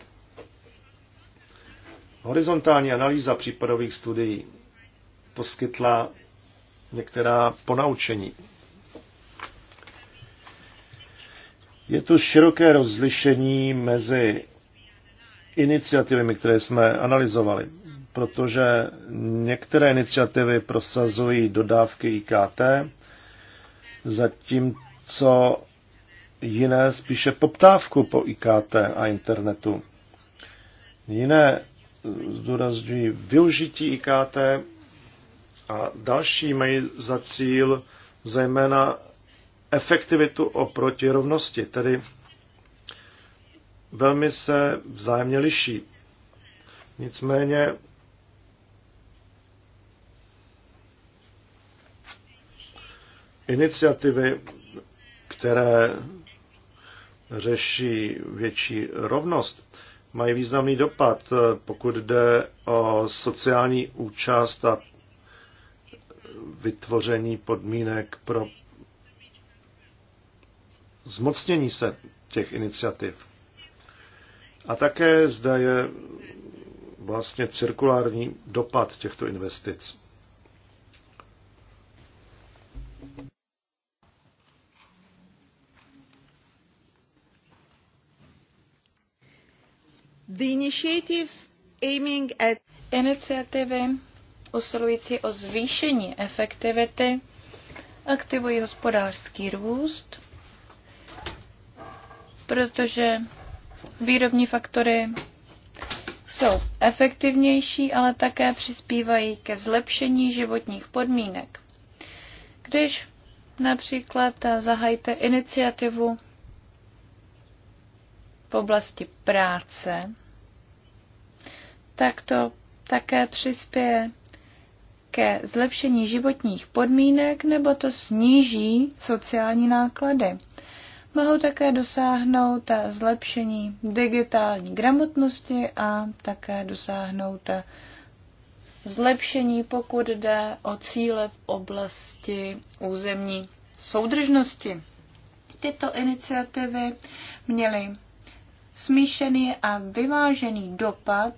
Horizontální analýza případových studií poskytla některá ponaučení Je tu široké rozlišení mezi iniciativami, které jsme analyzovali, protože některé iniciativy prosazují dodávky IKT, zatímco jiné spíše poptávku po IKT a internetu. Jiné eh, zdůrazňují využití IKT a další mají za cíl zejména efektivitu oproti rovnosti, tedy velmi se vzájemně liší. Nicméně iniciativy, které řeší větší rovnost, mají významný dopad, pokud jde o sociální účast a vytvoření podmínek pro zmocnění se těch iniciativ. A také zde je vlastně cirkulární dopad těchto investic. The initiatives aiming at iniciativy usilující o zvýšení efektivity aktivují hospodářský růst protože výrobní faktory jsou efektivnější, ale také přispívají ke zlepšení životních podmínek. Když například zahajte iniciativu v oblasti práce, tak to také přispěje ke zlepšení životních podmínek nebo to sníží sociální náklady mohou také dosáhnout zlepšení digitální gramotnosti a také dosáhnout zlepšení, pokud jde o cíle v oblasti územní soudržnosti. Tyto iniciativy měly smíšený a vyvážený dopad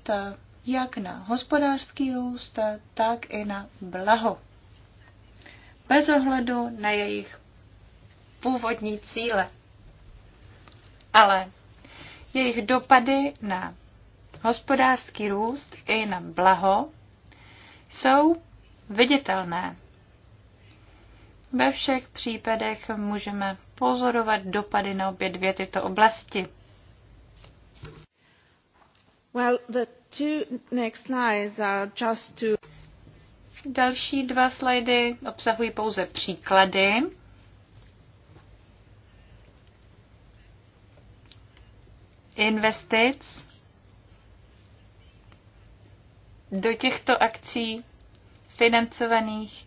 jak na hospodářský růst, tak i na blaho. Bez ohledu na jejich původní cíle ale jejich dopady na hospodářský růst i na blaho jsou viditelné. Ve všech případech můžeme pozorovat dopady na obě dvě tyto oblasti. Well, the two next slides are just to... Další dva slajdy obsahují pouze příklady investic do těchto akcí financovaných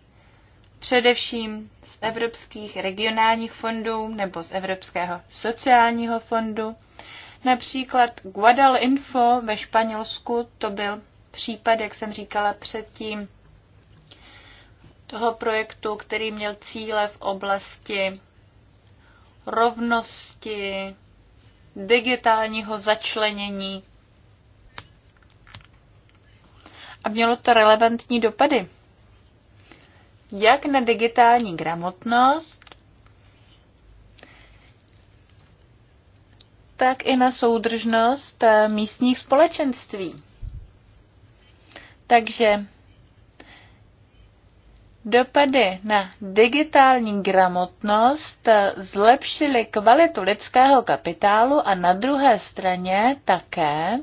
především z evropských regionálních fondů nebo z Evropského sociálního fondu. Například Guadalinfo ve Španělsku, to byl případ, jak jsem říkala předtím, toho projektu, který měl cíle v oblasti rovnosti, digitálního začlenění. A mělo to relevantní dopady. Jak na digitální gramotnost, tak i na soudržnost eh, místních společenství. Takže dopady na digitální gramotnost eh, zlepšily kvalitu lidského kapitálu a na druhé straně také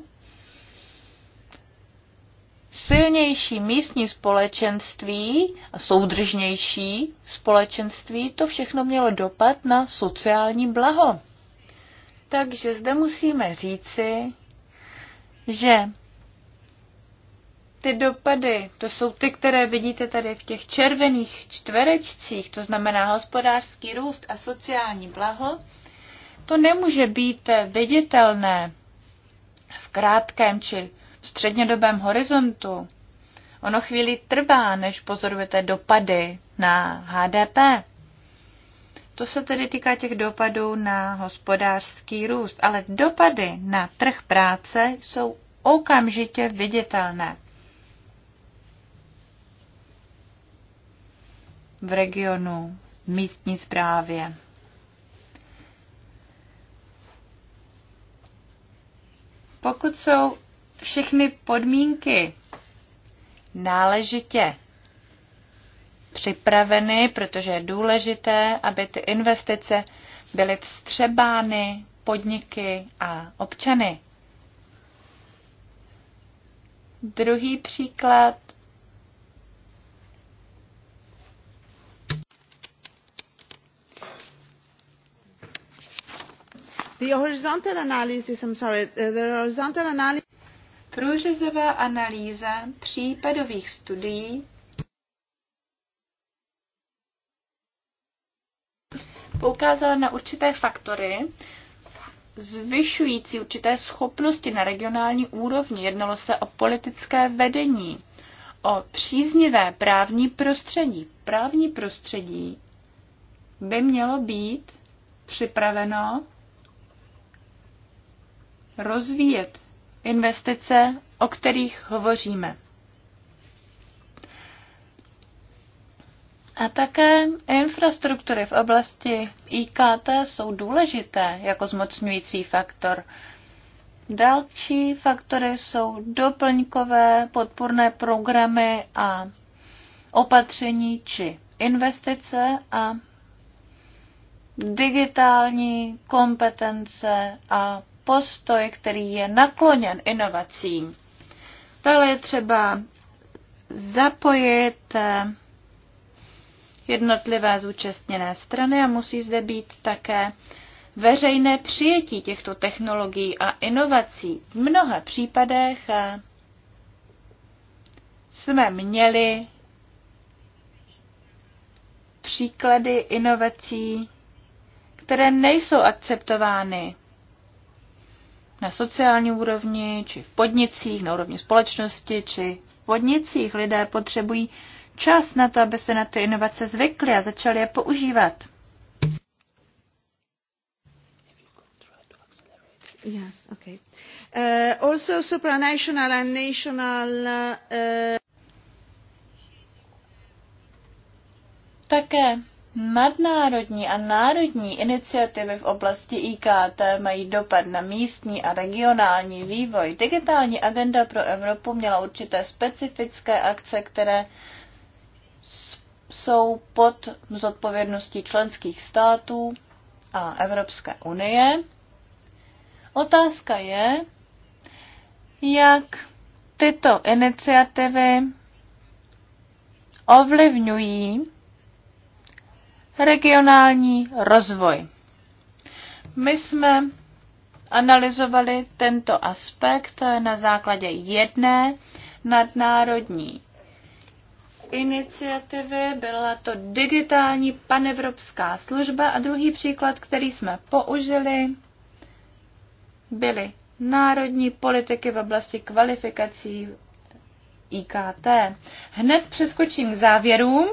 silnější místní společenství a soudržnější společenství, to všechno mělo dopad na sociální blaho. Takže zde musíme říci, že ty dopady, to jsou ty, které vidíte tady v těch červených čtverečcích, to znamená hospodářský růst a sociální blaho, to nemůže být viditelné v krátkém či v střednědobém horizontu. Ono chvíli trvá, než pozorujete dopady na HDP. To se tedy týká těch dopadů na hospodářský růst, ale dopady na trh práce jsou okamžitě viditelné. v regionu, místní zprávě. Pokud jsou všechny podmínky náležitě připraveny, protože je důležité, aby ty investice byly vstřebány podniky a občany. Druhý příklad Uh, Průřezová analýza případových studií poukázala na určité faktory, zvyšující určité schopnosti na regionální úrovni. Jednalo se o politické vedení, o příznivé právní prostředí. Právní prostředí by mělo být připraveno rozvíjet investice, o kterých hovoříme. A také infrastruktury v oblasti IKT jsou důležité jako zmocňující faktor. Další faktory jsou doplňkové podporné programy a opatření či investice a digitální kompetence a postoj, který je nakloněn inovacím. Tohle je třeba zapojit eh, jednotlivé zúčastněné strany a musí zde být také veřejné přijetí těchto technologií a inovací. V mnoha případech eh, jsme měli příklady inovací, které nejsou akceptovány na sociální úrovni, či v podnicích, na úrovni společnosti, či v podnicích. Lidé potřebují čas na to, aby se na ty inovace zvykli a začali je používat. Yes, okay. Uh, also supranational and national uh, také Nadnárodní a národní iniciativy v oblasti IKT mají dopad na místní a regionální vývoj. Digitální agenda pro Evropu měla určité specifické akce, které jsou pod zodpovědností členských států a Evropské unie. Otázka je, jak tyto iniciativy ovlivňují Regionální rozvoj. My jsme analyzovali tento aspekt na základě jedné nadnárodní iniciativy. Byla to digitální panevropská služba a druhý příklad, který jsme použili, byly národní politiky v oblasti kvalifikací IKT. Hned přeskočím k závěrům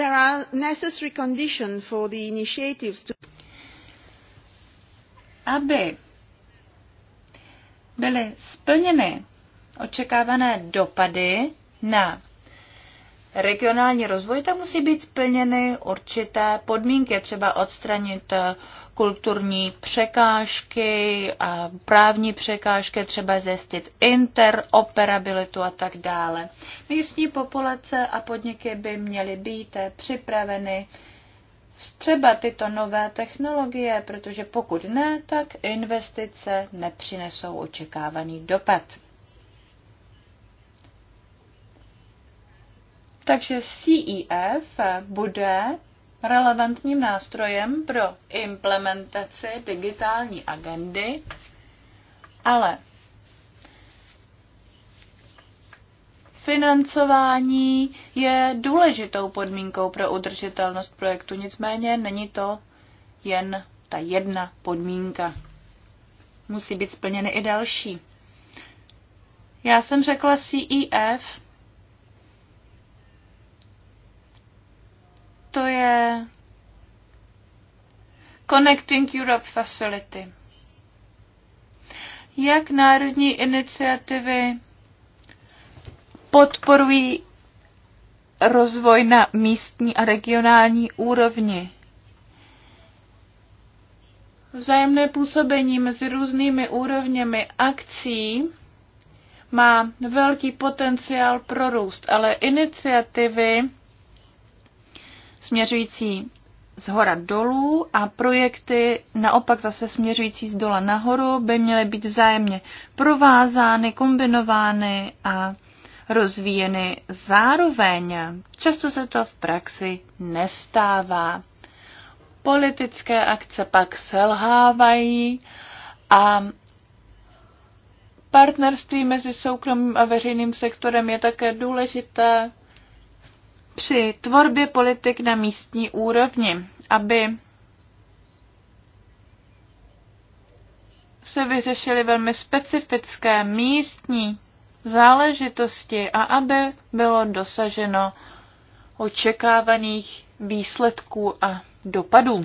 there are necessary conditions for the initiatives to aby byly splněny očekávané dopady na regionální rozvoj, tak musí být splněny určité podmínky, třeba odstranit eh, kulturní překážky, a právní překážky, třeba zjistit interoperabilitu a tak dále. Místní populace a podniky by měly být eh, připraveny třeba tyto nové technologie, protože pokud ne, tak investice nepřinesou očekávaný dopad. Takže CEF bude relevantním nástrojem pro implementaci digitální agendy, ale financování je důležitou podmínkou pro udržitelnost projektu, nicméně není to jen ta jedna podmínka. Musí být splněny i další. Já jsem řekla CEF, to je Connecting Europe Facility. Jak národní iniciativy podporují rozvoj na místní a regionální úrovni. Vzájemné působení mezi různými úrovněmi akcí má velký potenciál pro růst, ale iniciativy směřující z hora dolů a projekty naopak zase směřující z dola nahoru by měly být vzájemně provázány, kombinovány a rozvíjeny zároveň. Často se to v praxi nestává. Politické akce pak selhávají a partnerství mezi soukromým a veřejným sektorem je také důležité při tvorbě politik na místní úrovni, aby se vyřešily velmi specifické místní záležitosti a aby bylo dosaženo očekávaných výsledků a dopadů.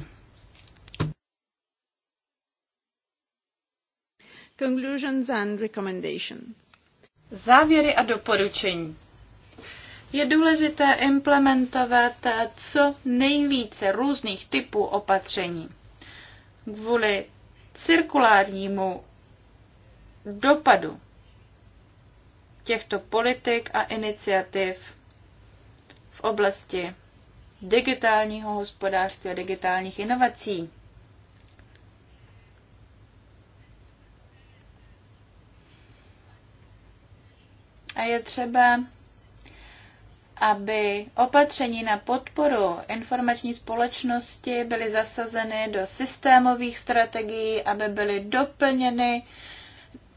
Conclusions and recommendations. Závěry a doporučení je důležité implementovat co nejvíce různých typů opatření. Kvůli cirkulárnímu dopadu těchto politik a iniciativ v oblasti digitálního hospodářství a digitálních inovací. A je třeba aby opatření na podporu informační společnosti byly zasazeny do systémových strategií, aby byly doplněny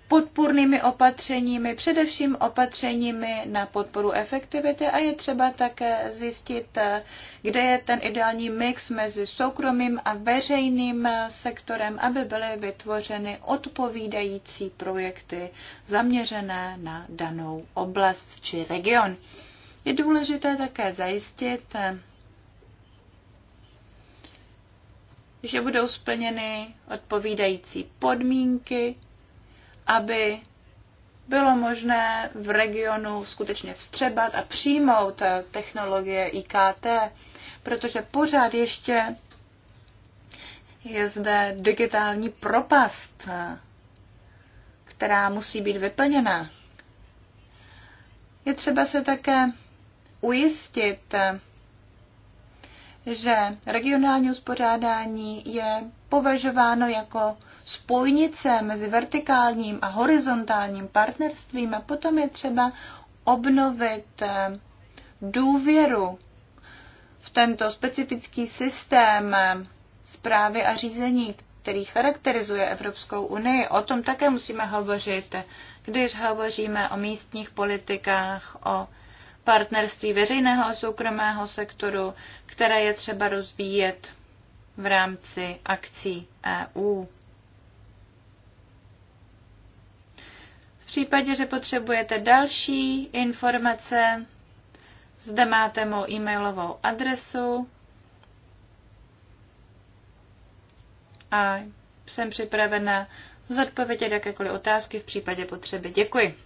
podpůrnými opatřeními, především opatřeními na podporu efektivity a je třeba také zjistit, kde je ten ideální mix mezi soukromým a veřejným sektorem, aby byly vytvořeny odpovídající projekty zaměřené na danou oblast či region. Je důležité také zajistit, že budou splněny odpovídající podmínky, aby bylo možné v regionu skutečně vstřebat a přijmout technologie IKT, protože pořád ještě je zde digitální propast, která musí být vyplněna. Je třeba se také ujistit, že regionální uspořádání je považováno jako spojnice mezi vertikálním a horizontálním partnerstvím a potom je třeba obnovit eh, důvěru v tento specifický systém zprávy eh, a řízení, který charakterizuje Evropskou unii. O tom také musíme hovořit, když hovoříme o místních politikách, o partnerství veřejného a soukromého sektoru, které je třeba rozvíjet v rámci akcí EU. V případě, že potřebujete další informace, zde máte mou e-mailovou adresu a jsem připravena zodpovědět jakékoliv otázky v případě potřeby. Děkuji.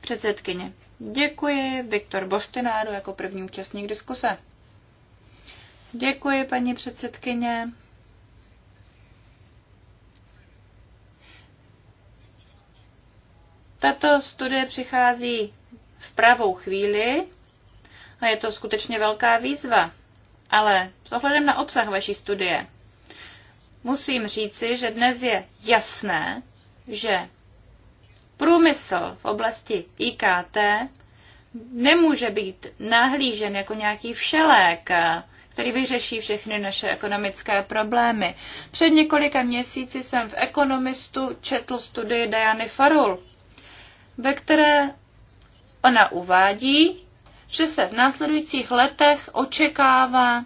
Předsedkyně. Děkuji Viktor Boštináru jako první účastník diskuse. Děkuji, paní předsedkyně. Tato studie přichází v pravou chvíli a je to skutečně velká výzva. Ale s ohledem na obsah vaší studie musím říci, že dnes je jasné, že Průmysl v oblasti IKT nemůže být nahlížen jako nějaký všelék, který vyřeší všechny naše ekonomické problémy. Před několika měsíci jsem v Ekonomistu četl studii Diany Farul, ve které ona uvádí, že se v následujících letech očekává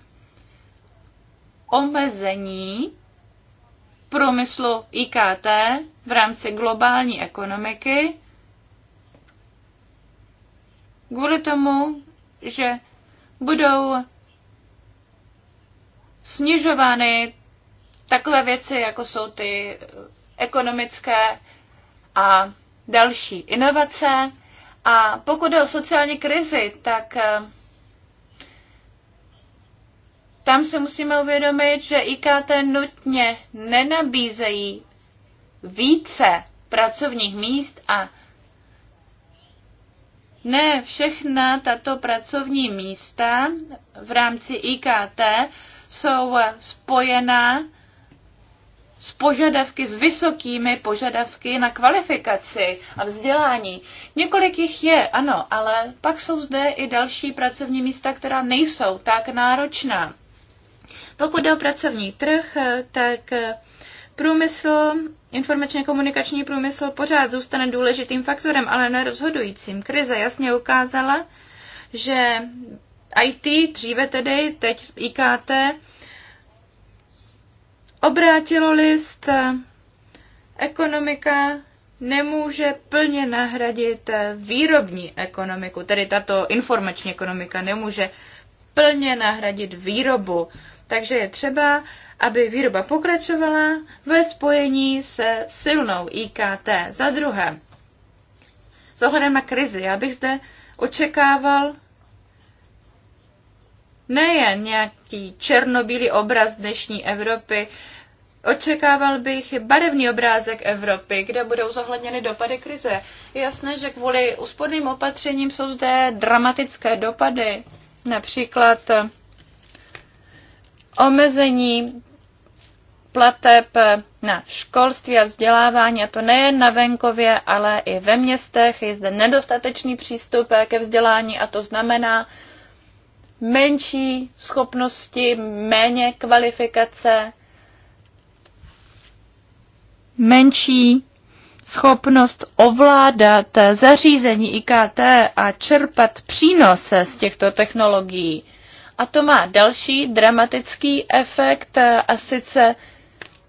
omezení průmyslu IKT v rámci globální ekonomiky kvůli tomu, že budou snižovány takové věci, jako jsou ty ekonomické a další inovace. A pokud jde o sociální krizi, tak eh, tam si musíme uvědomit, že IKT nutně nenabízejí více pracovních míst a ne všechna tato pracovní místa v rámci IKT jsou spojená s požadavky, s vysokými požadavky na kvalifikaci a vzdělání. Několik jich je, ano, ale pak jsou zde i další pracovní místa, která nejsou tak náročná. Pokud jde o pracovní trh, tak průmysl, informačně komunikační průmysl pořád zůstane důležitým faktorem, ale nerozhodujícím. Krize jasně ukázala, že IT, dříve tedy, teď IKT, obrátilo list, ekonomika nemůže plně nahradit výrobní ekonomiku, tedy tato informační ekonomika nemůže plně nahradit výrobu. Takže je třeba, aby výroba pokračovala ve spojení se silnou IKT. Za druhé, s ohledem na krizi, já bych zde očekával nejen nějaký černobílý obraz dnešní Evropy, Očekával bych barevný obrázek Evropy, kde budou zohledněny dopady krize. Je jasné, že kvůli úsporným opatřením jsou zde dramatické dopady, například omezení plateb na školství a vzdělávání, a to nejen na venkově, ale i ve městech. Je zde nedostatečný přístup ke vzdělání a to znamená menší schopnosti, méně kvalifikace, menší schopnost ovládat zařízení IKT a čerpat přínos z těchto technologií. A to má další dramatický efekt eh, a sice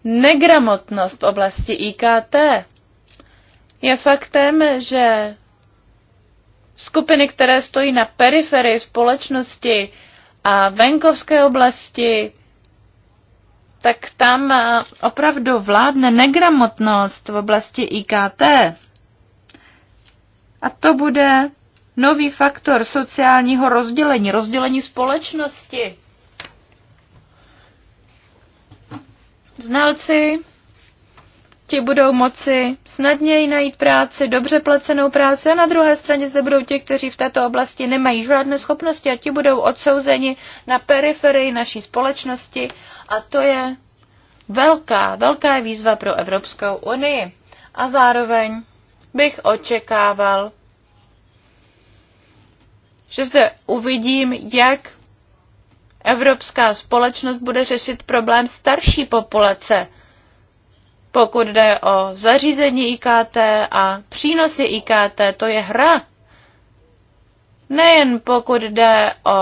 negramotnost v oblasti IKT. Je faktem, že skupiny, které stojí na periferii společnosti a venkovské oblasti, tak tam eh, opravdu vládne negramotnost v oblasti IKT. A to bude nový faktor sociálního rozdělení, rozdělení společnosti. Znalci ti budou moci snadněji najít práci, dobře placenou práci a na druhé straně zde budou ti, kteří v této oblasti nemají žádné schopnosti a ti budou odsouzeni na periferii naší společnosti a to je velká, velká výzva pro Evropskou unii. A zároveň bych očekával že zde uvidím, jak evropská společnost bude řešit problém starší populace, pokud jde o zařízení IKT a přínosy IKT, to je hra. Nejen pokud jde o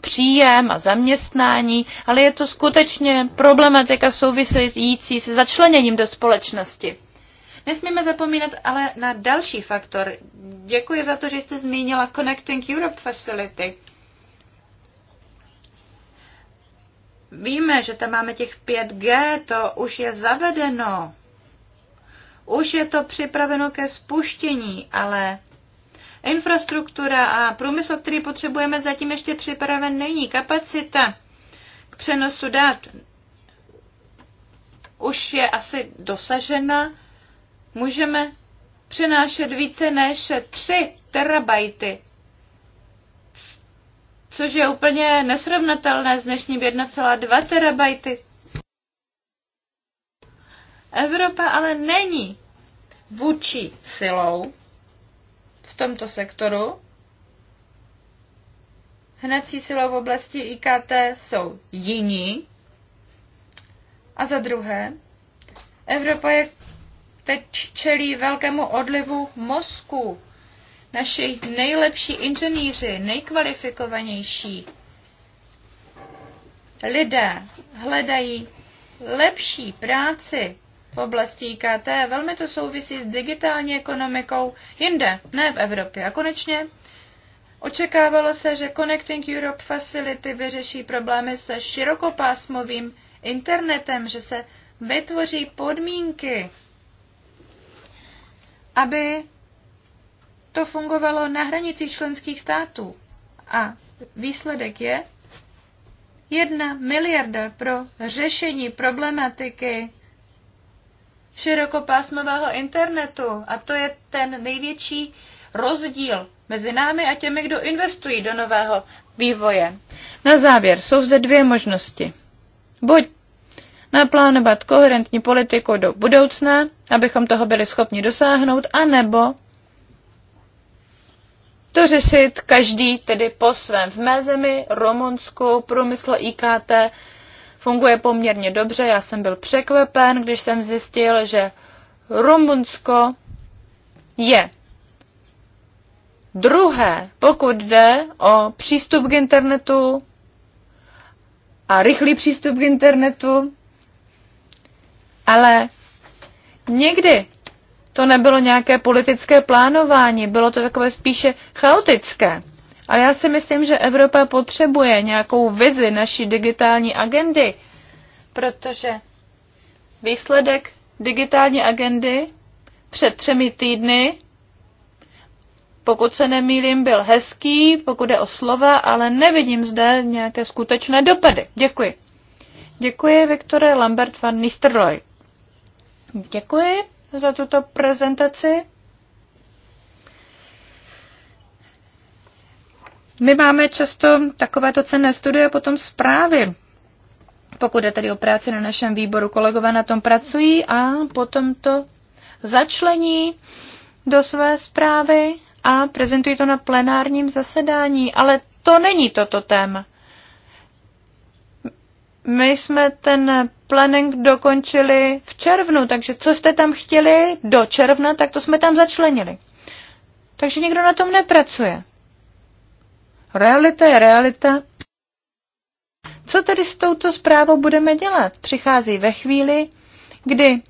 příjem a zaměstnání, ale je to skutečně problematika související se začleněním do společnosti. Nesmíme zapomínat ale na další faktor. Děkuji za to, že jste zmínila Connecting Europe Facility. Víme, že tam máme těch 5G, to už je zavedeno. Už je to připraveno ke spuštění, ale infrastruktura a průmysl, který potřebujeme, zatím ještě připraven není. Kapacita k přenosu dat už je asi dosažena, můžeme přenášet více než 3 terabajty, což je úplně nesrovnatelné s dnešním 1,2 terabajty. Evropa ale není vůči silou v tomto sektoru. Hnací silou v oblasti IKT jsou jiní. A za druhé, Evropa je teď čelí velkému odlivu mozku. Naši nejlepší inženýři, nejkvalifikovanější lidé hledají lepší práci v oblasti IKT. Velmi to souvisí s digitální ekonomikou jinde, ne v Evropě. A konečně očekávalo se, že Connecting Europe Facility vyřeší problémy se širokopásmovým internetem, že se vytvoří podmínky aby to fungovalo na hranicích členských států. A výsledek je jedna miliarda pro řešení problematiky širokopásmového internetu. A to je ten největší rozdíl mezi námi a těmi, kdo investují do nového vývoje. Na závěr jsou zde dvě možnosti. Buď naplánovat koherentní politiku do budoucna, abychom toho byli schopni dosáhnout, anebo to řešit každý tedy po svém. V mé zemi, Rumunsku, průmysl IKT funguje poměrně dobře. Já jsem byl překvapen, když jsem zjistil, že Rumunsko je druhé, pokud jde o přístup k internetu a rychlý přístup k internetu ale někdy to nebylo nějaké politické plánování, bylo to takové spíše chaotické. Ale já si myslím, že Evropa potřebuje nějakou vizi naší digitální agendy, protože výsledek digitální agendy před třemi týdny, pokud se nemýlím, byl hezký, pokud je o slova, ale nevidím zde nějaké skutečné dopady. Děkuji. Děkuji, Viktore Lambert van Nistelrooy. Děkuji za tuto prezentaci. My máme často takovéto cenné studie, potom zprávy. Pokud je tedy o práci na našem výboru, kolegové na tom pracují a potom to začlení do své zprávy a prezentují to na plenárním zasedání. Ale to není toto téma. My jsme ten planning dokončili v červnu, takže co jste tam chtěli do června, tak to jsme tam začlenili. Takže nikdo na tom nepracuje. Realita je realita. Co tedy s touto zprávou budeme dělat? Přichází ve chvíli, kdy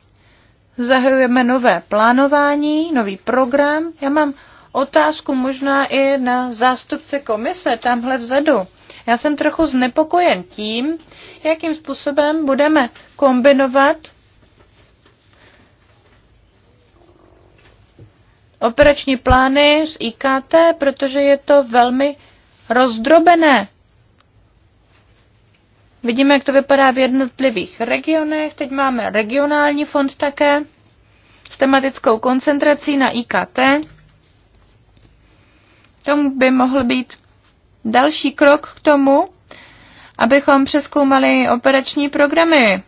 zahajujeme nové plánování, nový program. Já mám otázku možná i na zástupce komise tamhle vzadu. Já jsem trochu znepokojen tím, jakým způsobem budeme kombinovat operační plány z IKT, protože je to velmi rozdrobené. Vidíme, jak to vypadá v jednotlivých regionech. Teď máme regionální fond také s tematickou koncentrací na IKT. Tomu by mohl být další krok k tomu, abychom přeskoumali operační programy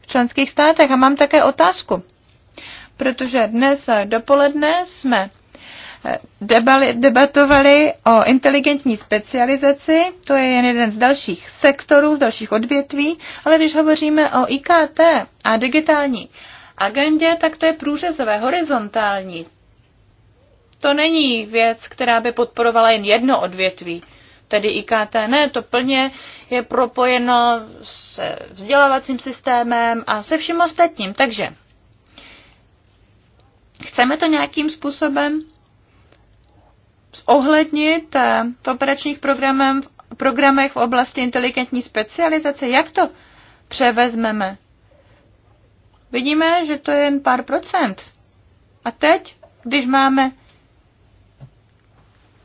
v členských státech. A mám také otázku, protože dnes dopoledne jsme eh, debatovali o inteligentní specializaci, to je jen jeden z dalších sektorů, z dalších odvětví, ale když hovoříme o IKT a digitální agendě, tak to je průřezové, horizontální. To není věc, která by podporovala jen jedno odvětví, tedy IKT. Ne, to plně je propojeno se vzdělávacím systémem a se vším ostatním. Takže chceme to nějakým způsobem zohlednit eh, v operačních programem, programech v oblasti inteligentní specializace? Jak to převezmeme? Vidíme, že to je jen pár procent. A teď, když máme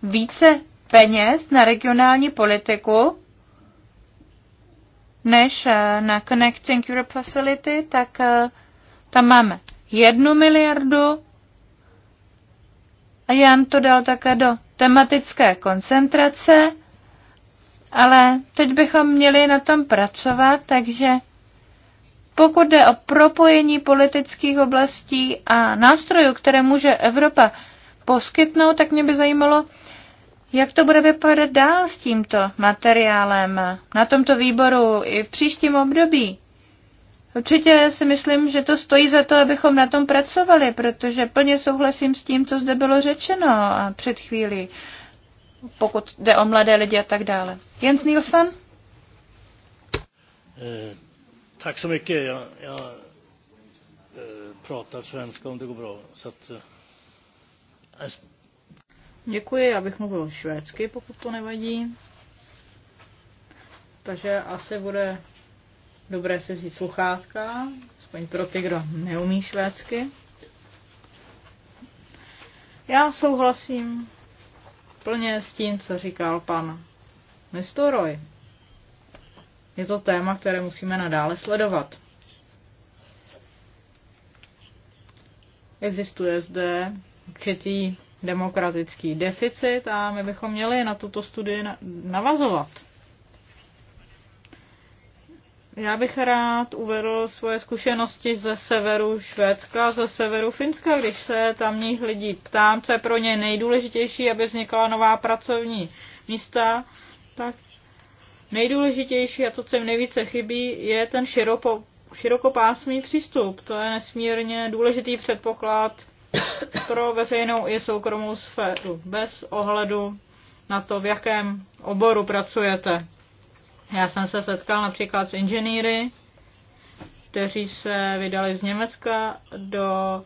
více peněz na regionální politiku než eh, na Connecting Europe Facility, tak eh, tam máme jednu miliardu a Jan to dal také do tematické koncentrace, ale teď bychom měli na tom pracovat, takže pokud jde o propojení politických oblastí a nástrojů, které může Evropa poskytnout, tak mě by zajímalo, jak to bude vypadat dál s tímto materiálem na tomto výboru i v příštím období? Určitě si myslím, že to stojí za to, abychom na tom pracovali, protože plně souhlasím s tím, co zde bylo řečeno před chvílí, pokud jde o mladé lidi a tak dále. Jens Nilsson? Eh, tak se mycket. Já, jag eh, pratar svenska om det går bra. Så att, eh, Děkuji, abych mluvil švédsky, pokud to nevadí. Takže asi bude dobré si vzít sluchátka, aspoň pro ty, kdo neumí švédsky. Já souhlasím plně s tím, co říkal pan Nestoroj. Je to téma, které musíme nadále sledovat. Existuje zde určitý demokratický deficit a my bychom měli na tuto studii navazovat. Já bych rád uvedl svoje zkušenosti ze severu Švédska, ze severu Finska, když se tamních lidí ptám, co je pro ně nejdůležitější, aby vznikala nová pracovní místa, tak nejdůležitější a to, co jim nejvíce chybí, je ten široko, širokopásmý přístup. To je nesmírně důležitý předpoklad pro veřejnou i soukromou sféru, bez ohledu na to, v jakém oboru pracujete. Já jsem se setkal například s inženýry, kteří se vydali z Německa do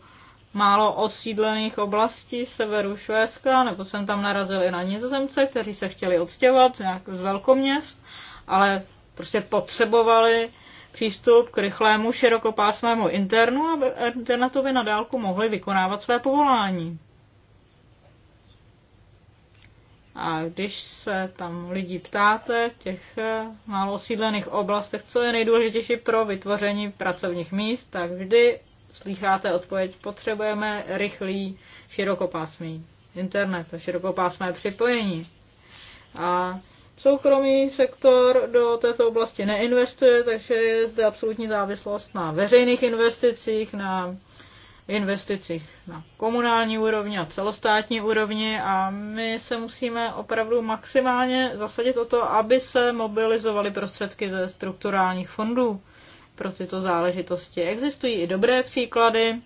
málo osídlených oblastí severu Švédska, nebo jsem tam narazil i na nizozemce, kteří se chtěli odstěhovat z velkoměst, ale prostě potřebovali přístup k rychlému širokopásmému internu, aby internetovi na dálku mohli vykonávat své povolání. A když se tam lidí ptáte v těch eh, málo osídlených oblastech, co je nejdůležitější pro vytvoření pracovních míst, tak vždy slycháte odpověď, potřebujeme rychlý širokopásmý internet a širokopásmé připojení. A Soukromý sektor do této oblasti neinvestuje, takže je zde absolutní závislost na veřejných investicích, na investicích na komunální úrovni a celostátní úrovni a my se musíme opravdu maximálně zasadit o to, aby se mobilizovaly prostředky ze strukturálních fondů pro tyto záležitosti. Existují i dobré příklady,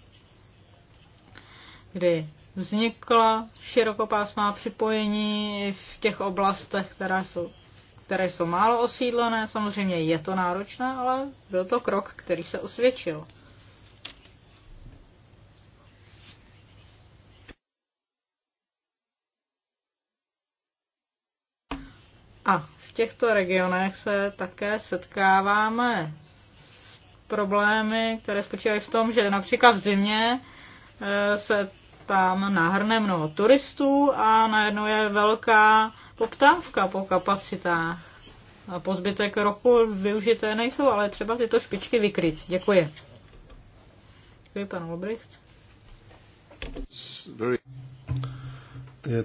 kdy vznikla širokopásmá připojení v těch oblastech, které jsou, které jsou málo osídlené. Samozřejmě je to náročné, ale byl to krok, který se osvědčil. A v těchto regionech se také setkáváme s problémy, které spočívají v tom, že například v zimě eh, se tam nahrne mnoho turistů a najednou je velká poptávka po kapacitách. A po zbytek roku využité nejsou, ale třeba tyto špičky vykryt. Děkuji. Děkuji, pan Olbricht. Je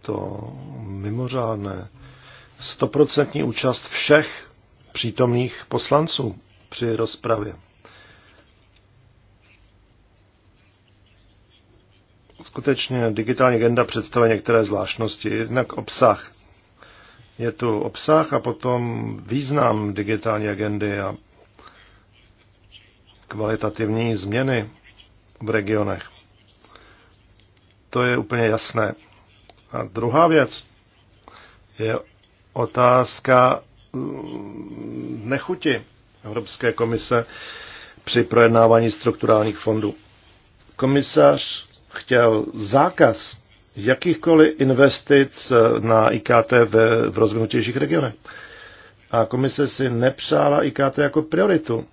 to mimořádné. Stoprocentní účast všech přítomných poslanců při rozpravě. skutečně digitální agenda představuje některé zvláštnosti. Jednak obsah. Je tu obsah a potom význam digitální agendy a kvalitativní změny v regionech. To je úplně jasné. A druhá věc je otázka mm, nechuti Evropské komise při projednávání strukturálních fondů. Komisař chtěl zákaz jakýchkoliv investic eh, na IKT v, v rozvinutějších regionech. A komise si nepřála IKT jako prioritu.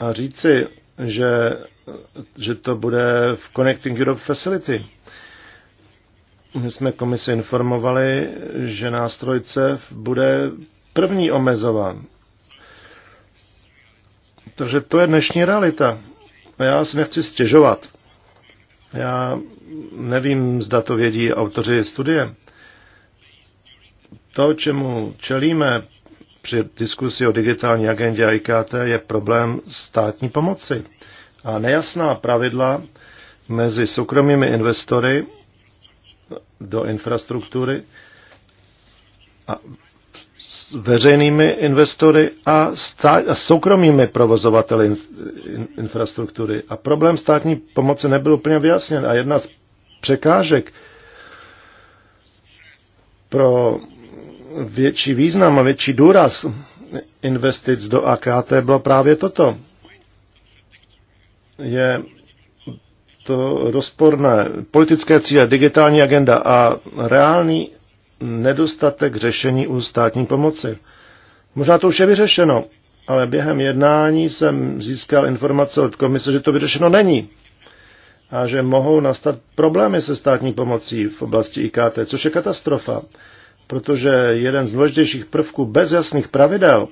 A říci, že, že to bude v Connecting Europe Facility. My jsme komisi informovali, že nástroj CEF bude první omezován. Takže to je dnešní realita. A já si nechci stěžovat já nevím, zda to vědí autoři studie. To, čemu čelíme při diskusi o digitální agendě IKT, je problém státní pomoci a nejasná pravidla mezi soukromými investory do infrastruktury a s veřejnými investory a, stát, a soukromými provozovateli in- in- infrastruktury. A problém státní pomoci nebyl úplně vyjasněn. A jedna z překážek pro větší význam a větší důraz investic do AKT bylo právě toto. Je to rozporné. Politické cíle, digitální agenda a reálný nedostatek řešení u státní pomoci. Možná to už je vyřešeno, ale během jednání jsem získal informace od komise, že to vyřešeno není a že mohou nastat problémy se státní pomocí v oblasti IKT, což je katastrofa, protože jeden z důležitějších prvků bez jasných pravidel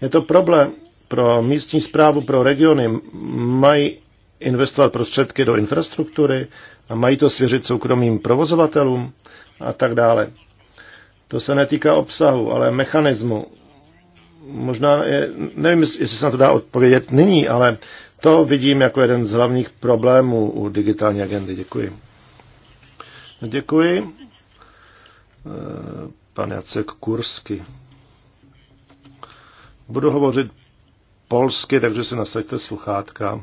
je to problém pro místní zprávu, pro regiony. Mají investovat prostředky do infrastruktury a mají to svěřit soukromým provozovatelům a tak dále. To se netýká obsahu, ale mechanismu. Možná, je, nevím, jestli se na to dá odpovědět nyní, ale to vidím jako jeden z hlavních problémů u digitální agendy. Děkuji. Děkuji. Eh, pan Jacek Kursky. Budu hovořit polsky, takže si nasaďte sluchátka.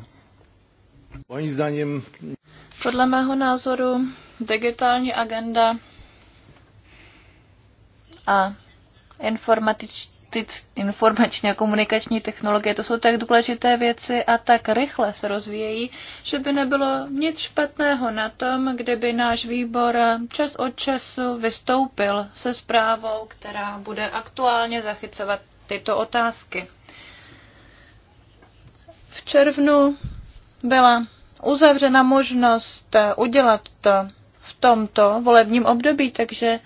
Podle mého názoru digitální agenda a informační a komunikační technologie, to jsou tak důležité věci a tak rychle se rozvíjejí, že by nebylo nic špatného na tom, kdyby náš výbor čas od času vystoupil se zprávou, která bude aktuálně zachycovat tyto otázky. V červnu byla uzavřena možnost udělat to v tomto volebním období, takže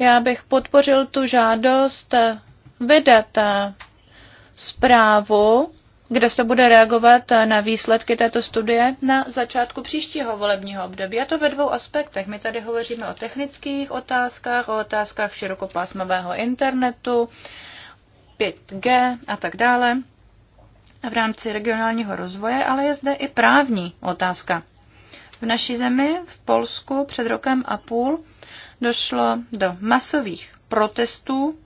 já bych podpořil tu žádost vydat zprávu, kde se bude reagovat na výsledky této studie na začátku příštího volebního období. A to ve dvou aspektech. My tady hovoříme o technických otázkách, o otázkách širokopásmového internetu, 5G a tak dále v rámci regionálního rozvoje, ale je zde i právní otázka. V naší zemi, v Polsku, před rokem a půl došlo do masových protestů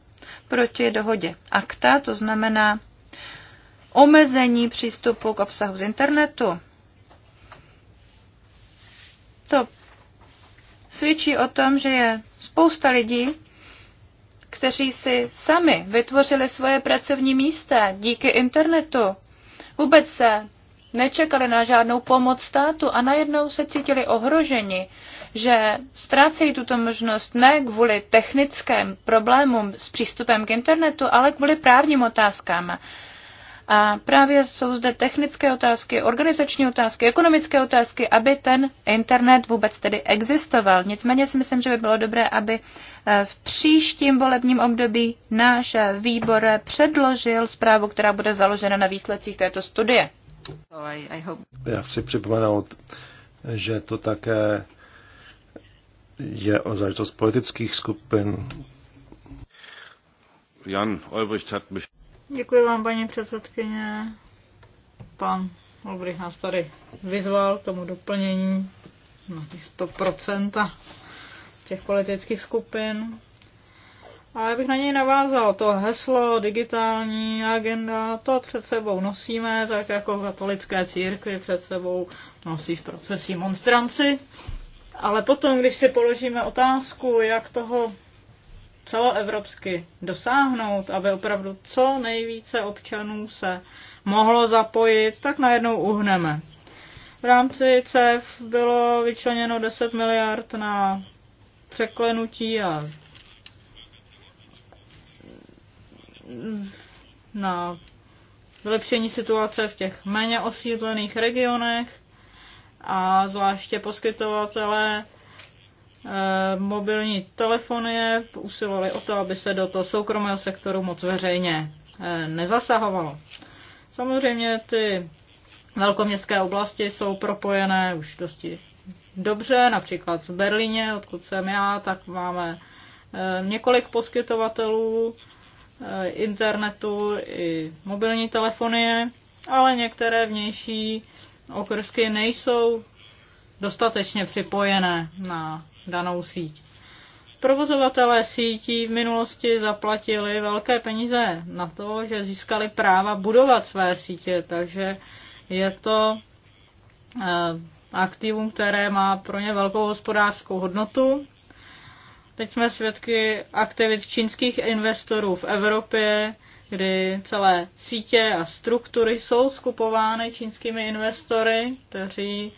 proti dohodě akta, to znamená omezení přístupu k obsahu z internetu. To svědčí o tom, že je spousta lidí, kteří si sami vytvořili svoje pracovní místa díky internetu. Vůbec se nečekali na žádnou pomoc státu a najednou se cítili ohroženi, že ztrácejí tuto možnost ne kvůli technickým problémům s přístupem k internetu, ale kvůli právním otázkám. A právě jsou zde technické otázky, organizační otázky, ekonomické otázky, aby ten internet vůbec tedy existoval. Nicméně si myslím, že by bylo dobré, aby eh, v příštím volebním období náš eh, výbor eh, předložil zprávu, která bude založena na výsledcích této studie. Já chci připomenout, že to také je o záležitost politických skupin. Jan Olbricht hat mich... Děkuji vám, paní předsedkyně. Pan Olbricht nás tady vyzval k tomu doplnění na těch 100% těch politických skupin. A já bych na něj navázal. To heslo digitální agenda, to před sebou nosíme, tak jako katolické církvi před sebou nosí v procesí monstranci. Ale potom, když si položíme otázku, jak toho celoevropsky dosáhnout, aby opravdu co nejvíce občanů se mohlo zapojit, tak najednou uhneme. V rámci CEF bylo vyčleněno 10 miliard na překlenutí a na vylepšení situace v těch méně osídlených regionech a zvláště poskytovatelé eh, mobilní telefonie usilovali o to, aby se do toho soukromého sektoru moc veřejně eh, nezasahovalo. Samozřejmě ty velkoměstské oblasti jsou propojené už dosti dobře, například v Berlíně, odkud jsem já, tak máme eh, několik poskytovatelů Eh, internetu i mobilní telefonie, ale některé vnější okrsky nejsou dostatečně připojené na danou síť. Provozovatelé sítí v minulosti zaplatili velké peníze na to, že získali práva budovat své sítě, takže je to eh, aktivum, které má pro ně velkou hospodářskou hodnotu Teď jsme svědky aktivit čínských investorů v Evropě, kdy celé sítě a struktury jsou skupovány čínskými investory, kteří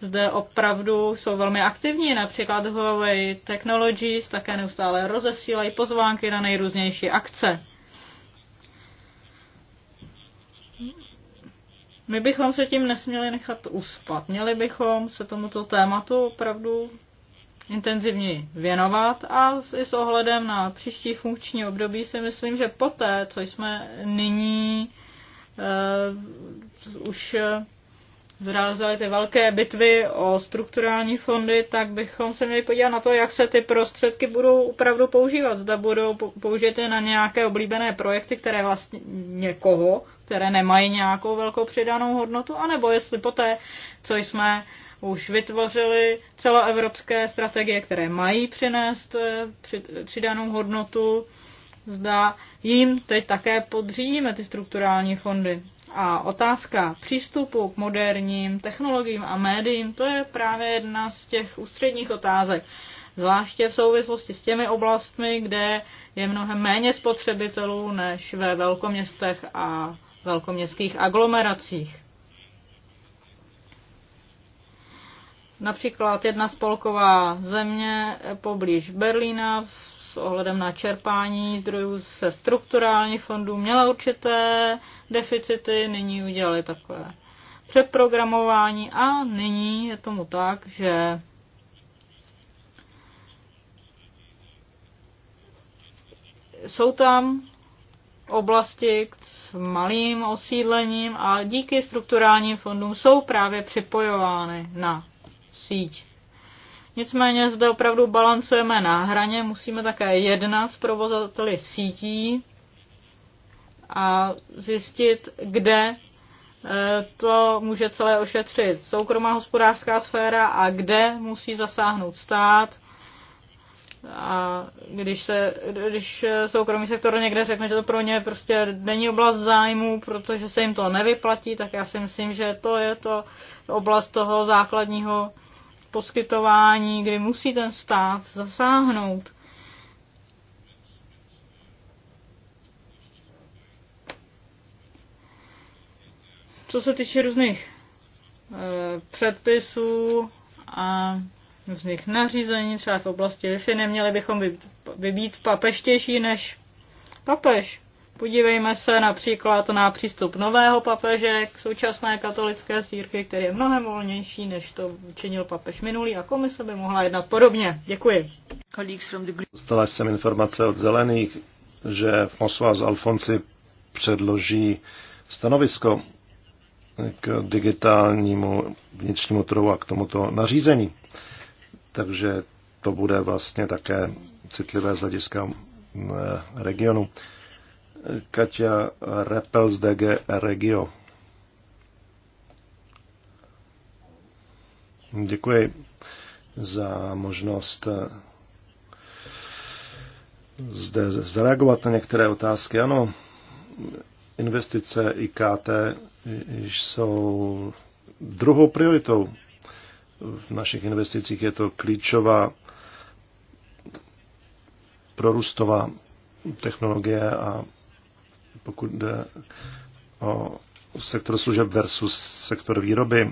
zde opravdu jsou velmi aktivní, například Huawei Technologies také neustále rozesílají pozvánky na nejrůznější akce. My bychom se tím nesměli nechat uspat. Měli bychom se tomuto tématu opravdu intenzivně věnovat a i s ohledem na příští funkční období si myslím, že poté, co jsme nyní uh, už eh, zrázali ty velké bitvy o strukturální fondy, tak bychom se měli podívat na to, jak se ty prostředky budou opravdu používat. Zda budou použity na nějaké oblíbené projekty, které vlastně někoho, které nemají nějakou velkou přidanou hodnotu, anebo jestli poté, co jsme už vytvořili celoevropské strategie, které mají přinést eh, přidanou hodnotu. Zda jim teď také podřídíme ty strukturální fondy. A otázka přístupu k moderním technologiím a médiím, to je právě jedna z těch ústředních otázek. Zvláště v souvislosti s těmi oblastmi, kde je mnohem méně spotřebitelů než ve velkoměstech a velkoměstských aglomeracích. Například jedna spolková země poblíž Berlína s ohledem na čerpání zdrojů se strukturálních fondů měla určité deficity, nyní udělali takové přeprogramování a nyní je tomu tak, že jsou tam oblasti s malým osídlením a díky strukturálním fondům jsou právě připojovány na síť. Nicméně zde opravdu balancujeme na hraně, musíme také jednat s provozovateli sítí a zjistit, kde e, to může celé ošetřit soukromá hospodářská sféra a kde musí zasáhnout stát. A když, se, když soukromý sektor někde řekne, že to pro ně prostě není oblast zájmu, protože se jim to nevyplatí, tak já si myslím, že to je to oblast toho základního poskytování, kdy musí ten stát zasáhnout. Co se týče různých e, předpisů a různých nařízení, třeba v oblasti Wi-Fi, neměli bychom být, být papeštější než papež. Podívejme se například na přístup nového papeže k současné katolické církvi, který je mnohem volnější, než to učinil papež minulý a komise by mohla jednat podobně. Děkuji. Dostala jsem informace od zelených, že François Alfonsi předloží stanovisko k digitálnímu vnitřnímu trhu a k tomuto nařízení. Takže to bude vlastně také citlivé z hlediska eh, regionu. Katia Repel z DG Regio. Děkuji za možnost eh, zde zareagovat na některé otázky. Ano, investice IKT jsou druhou prioritou. V našich investicích je to klíčová prorůstová technologie a pokud jde o sektor služeb versus sektor výroby.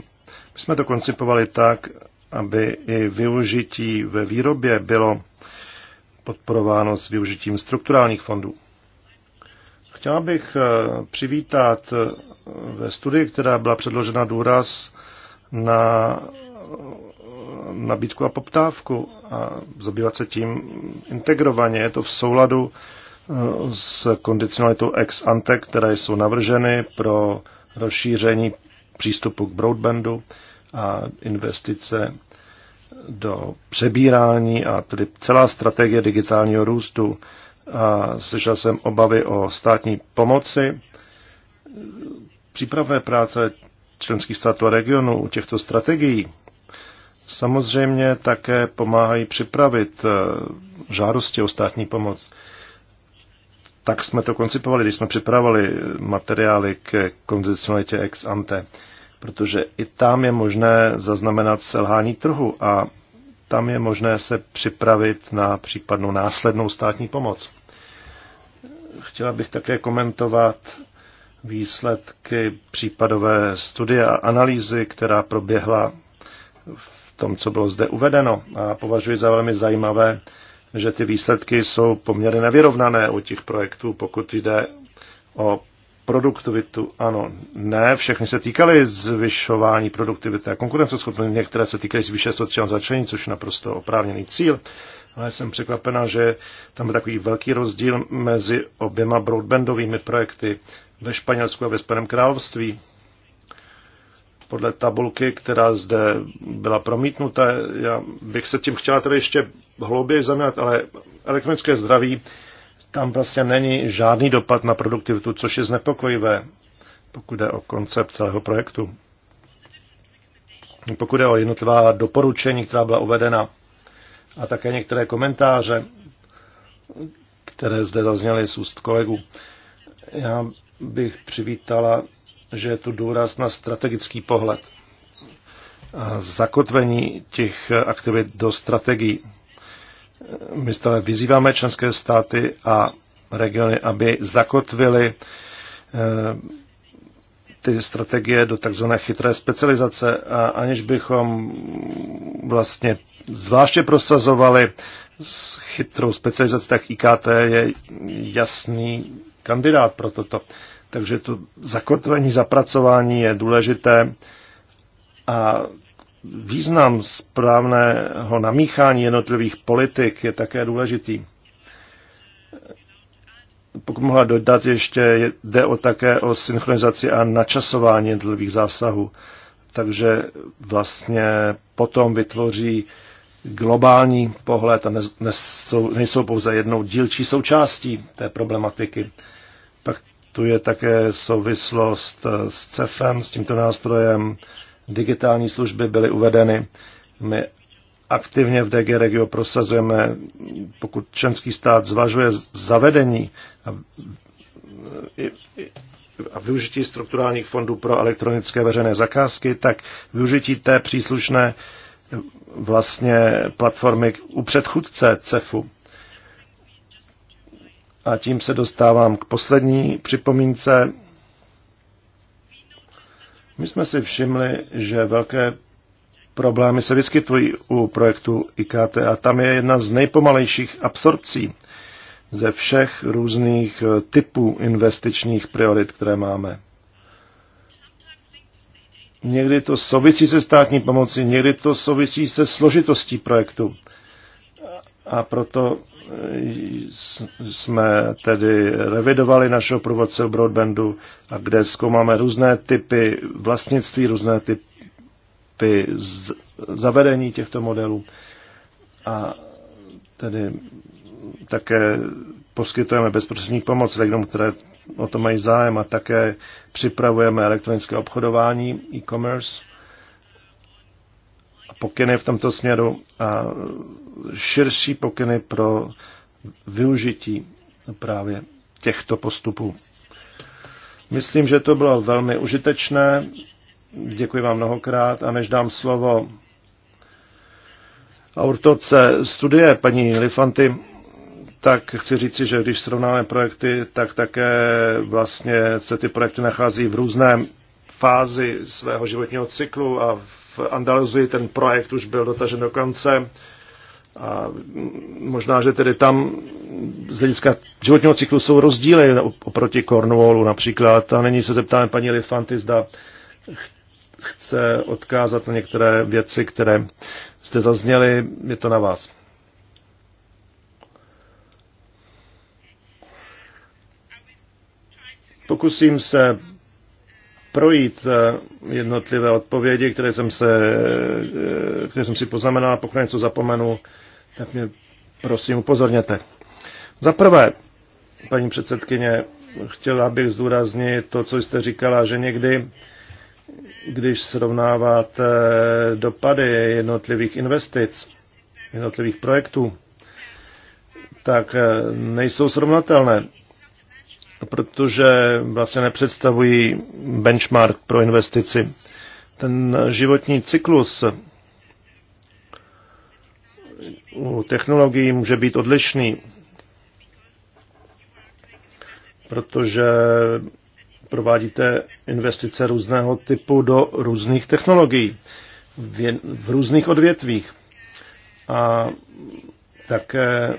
My jsme to koncipovali tak, aby i využití ve výrobě bylo podporováno s využitím strukturálních fondů. Chtěl bych eh, přivítat eh, ve studii, která byla předložena důraz na nabídku a poptávku a zabývat se tím integrovaně. Je to v souladu s kondicionalitou ex ante, které jsou navrženy pro rozšíření přístupu k broadbandu a investice do přebírání a tedy celá strategie digitálního růstu. A slyšel jsem obavy o státní pomoci. Přípravné práce členských států a regionů u těchto strategií samozřejmě také pomáhají připravit eh, žádosti o státní pomoc tak jsme to koncipovali, když jsme připravovali materiály k kondicionalitě ex ante, protože i tam je možné zaznamenat selhání trhu a tam je možné se připravit na případnou následnou státní pomoc. Chtěla bych také komentovat výsledky případové studie a analýzy, která proběhla v tom, co bylo zde uvedeno. A považuji za velmi zajímavé, že ty výsledky jsou poměrně nevyrovnané u těch projektů, pokud jde o produktivitu. Ano, ne, všechny se týkaly zvyšování produktivity a konkurenceschopnosti, některé se týkaly zvyšování sociálního začlení, což je naprosto oprávněný cíl. Ale jsem překvapena, že tam je takový velký rozdíl mezi oběma broadbandovými projekty ve Španělsku a ve Spojeném království. Podle tabulky, která zde byla promítnuta, já bych se tím chtěla tedy ještě hlouběji zaměřit, ale elektronické zdraví, tam vlastně není žádný dopad na produktivitu, což je znepokojivé, pokud jde o koncept celého projektu. Pokud jde o jednotlivá doporučení, která byla uvedena, a také některé komentáře, které zde zazněly z úst kolegů. Já bych přivítala, že je tu důraz na strategický pohled a zakotvení těch aktivit do strategií. My stále vyzýváme členské státy a regiony, aby zakotvili eh, ty strategie do takzvané chytré specializace, a aniž bychom vlastně zvláště prosazovali s chytrou specializaci, tak IKT je jasný kandidát pro toto. Takže to zakotvení, zapracování je důležité a význam správného namíchání jednotlivých politik je také důležitý. Pokud mohla dodat ještě, jde o také o synchronizaci a načasování jednotlivých zásahů. Takže vlastně potom vytvoří globální pohled a nesou, nejsou pouze jednou dílčí součástí té problematiky. Pak tu je také souvislost s CEFem, s tímto nástrojem, digitální služby byly uvedeny. My aktivně v DG Regio prosazujeme, pokud členský stát zvažuje zavedení a, a využití strukturálních fondů pro elektronické veřejné zakázky, tak využití té příslušné vlastně platformy u předchůdce CEFu. A tím se dostávám k poslední připomínce my jsme si všimli, že velké problémy se vyskytují u projektu IKT a tam je jedna z nejpomalejších absorpcí ze všech různých eh, typů investičních priorit, které máme. Někdy to souvisí se státní pomocí, někdy to souvisí se složitostí projektu. A proto jsme tedy revidovali našeho průvodce broadbandu, a kde zkoumáme různé typy vlastnictví, různé typy zavedení těchto modelů. A tedy také poskytujeme bezprostřední pomoc regionům, které o to mají zájem a také připravujeme elektronické obchodování, e-commerce pokyny v tomto směru a širší pokyny pro využití právě těchto postupů. Myslím, že to bylo velmi užitečné. Děkuji vám mnohokrát a než dám slovo autorce studie paní Lifanty, tak chci říci, že když srovnáme projekty, tak také vlastně se ty projekty nachází v různé fázi svého životního cyklu a v Andaluzii ten projekt už byl dotažen do konce. A možná, že tedy tam z hlediska životního cyklu jsou rozdíly oproti Cornwallu například. A nyní se zeptáme paní Elefanty, zda chce odkázat na některé věci, které jste zazněli. Je to na vás. Pokusím se projít eh, jednotlivé odpovědi, které jsem, se, eh, které jsem si poznamenal, pokud něco zapomenu, tak mě prosím upozorněte. Za prvé, paní předsedkyně, chtěla bych zdůraznit to, co jste říkala, že někdy, když srovnáváte dopady jednotlivých investic, jednotlivých projektů, tak eh, nejsou srovnatelné protože vlastně nepředstavují benchmark pro investici. Ten životní cyklus u technologií může být odlišný, protože provádíte investice různého typu do různých technologií v, různých odvětvích. A také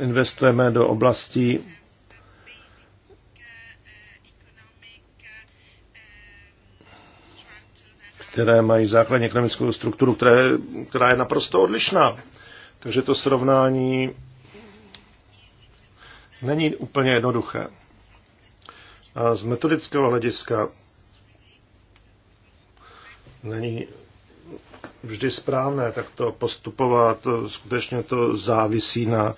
investujeme do oblastí, které mají základní ekonomickou strukturu, které, která je naprosto odlišná. Takže to srovnání není úplně jednoduché. A z metodického hlediska není vždy správné takto postupovat. Skutečně to závisí na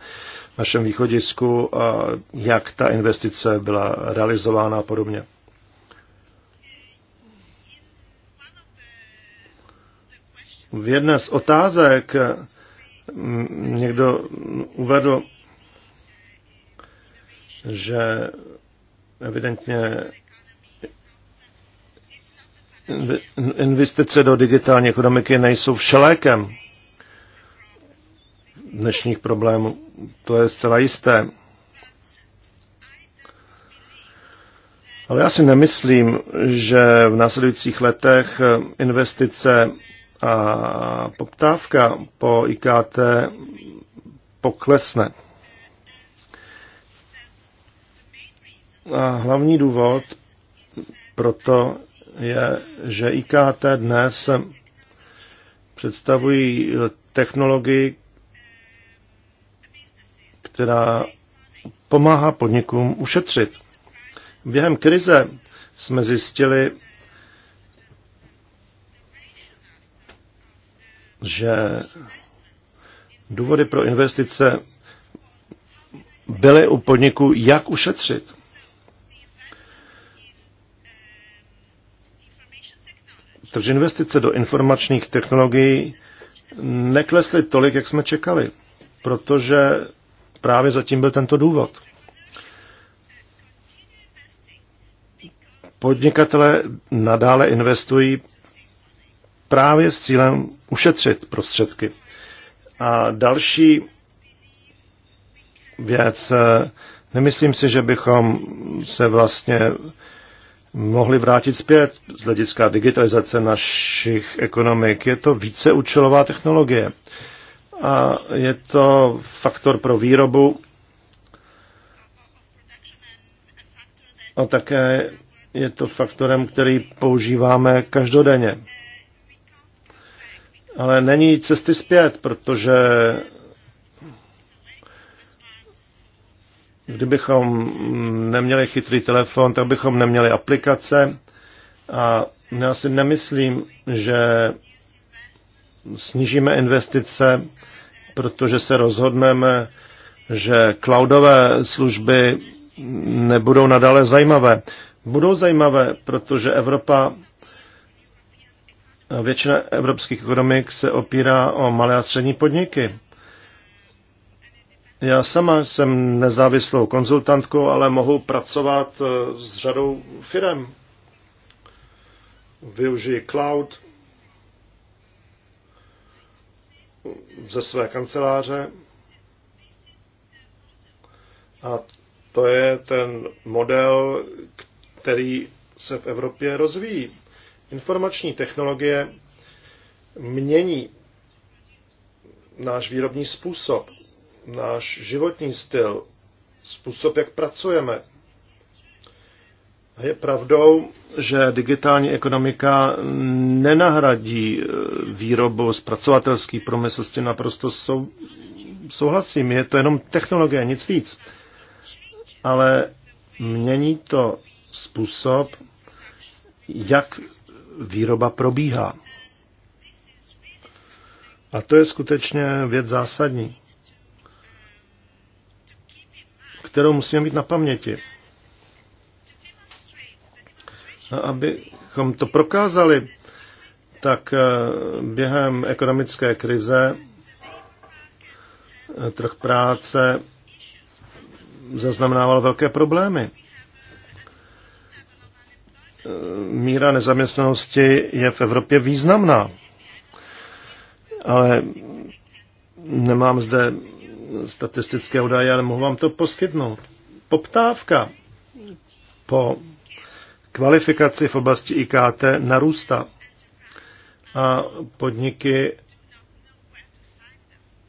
našem východisku a jak ta investice byla realizována a podobně. V jedné z otázek někdo uvedl, že evidentně investice do digitální ekonomiky nejsou všelékem dnešních problémů. To je zcela jisté. Ale já si nemyslím, že v následujících letech investice a poptávka po IKT poklesne. A hlavní důvod proto je, že IKT dnes představují technologii, která pomáhá podnikům ušetřit. Během krize jsme zjistili, že důvody pro investice byly u podniku, jak ušetřit. Takže investice do informačních technologií neklesly tolik, jak jsme čekali, protože právě zatím byl tento důvod. Podnikatele nadále investují právě s cílem ušetřit prostředky. A další věc, eh, nemyslím si, že bychom se vlastně mohli vrátit zpět z hlediska digitalizace našich ekonomik. Je to víceúčelová technologie a je to faktor pro výrobu a také je to faktorem, který používáme každodenně. Ale není cesty zpět, protože kdybychom neměli chytrý telefon, tak bychom neměli aplikace. A já si nemyslím, že snížíme investice, protože se rozhodneme, že cloudové služby nebudou nadále zajímavé. Budou zajímavé, protože Evropa Většina evropských ekonomik se opírá o malé a střední podniky. Já sama jsem nezávislou konzultantkou, ale mohu pracovat eh, s řadou firm. Využiji cloud ze své kanceláře. A to je ten model, který se v Evropě rozvíjí. Informační technologie mění náš výrobní způsob, náš životní styl, způsob, jak pracujeme. Je pravdou, že digitální ekonomika nenahradí eh, výrobu zpracovatelský průmysl, s tím naprosto sou, souhlasím. Je to jenom technologie, nic víc. Ale mění to způsob, jak výroba probíhá. A to je skutečně věc zásadní, kterou musíme mít na paměti. A abychom to prokázali, tak eh, během ekonomické krize eh, trh práce zaznamenával velké problémy. Eh, míra nezaměstnanosti je v Evropě významná. Ale nemám zde statistické údaje, ale mohu vám to poskytnout. Poptávka po kvalifikaci v oblasti IKT narůstá a podniky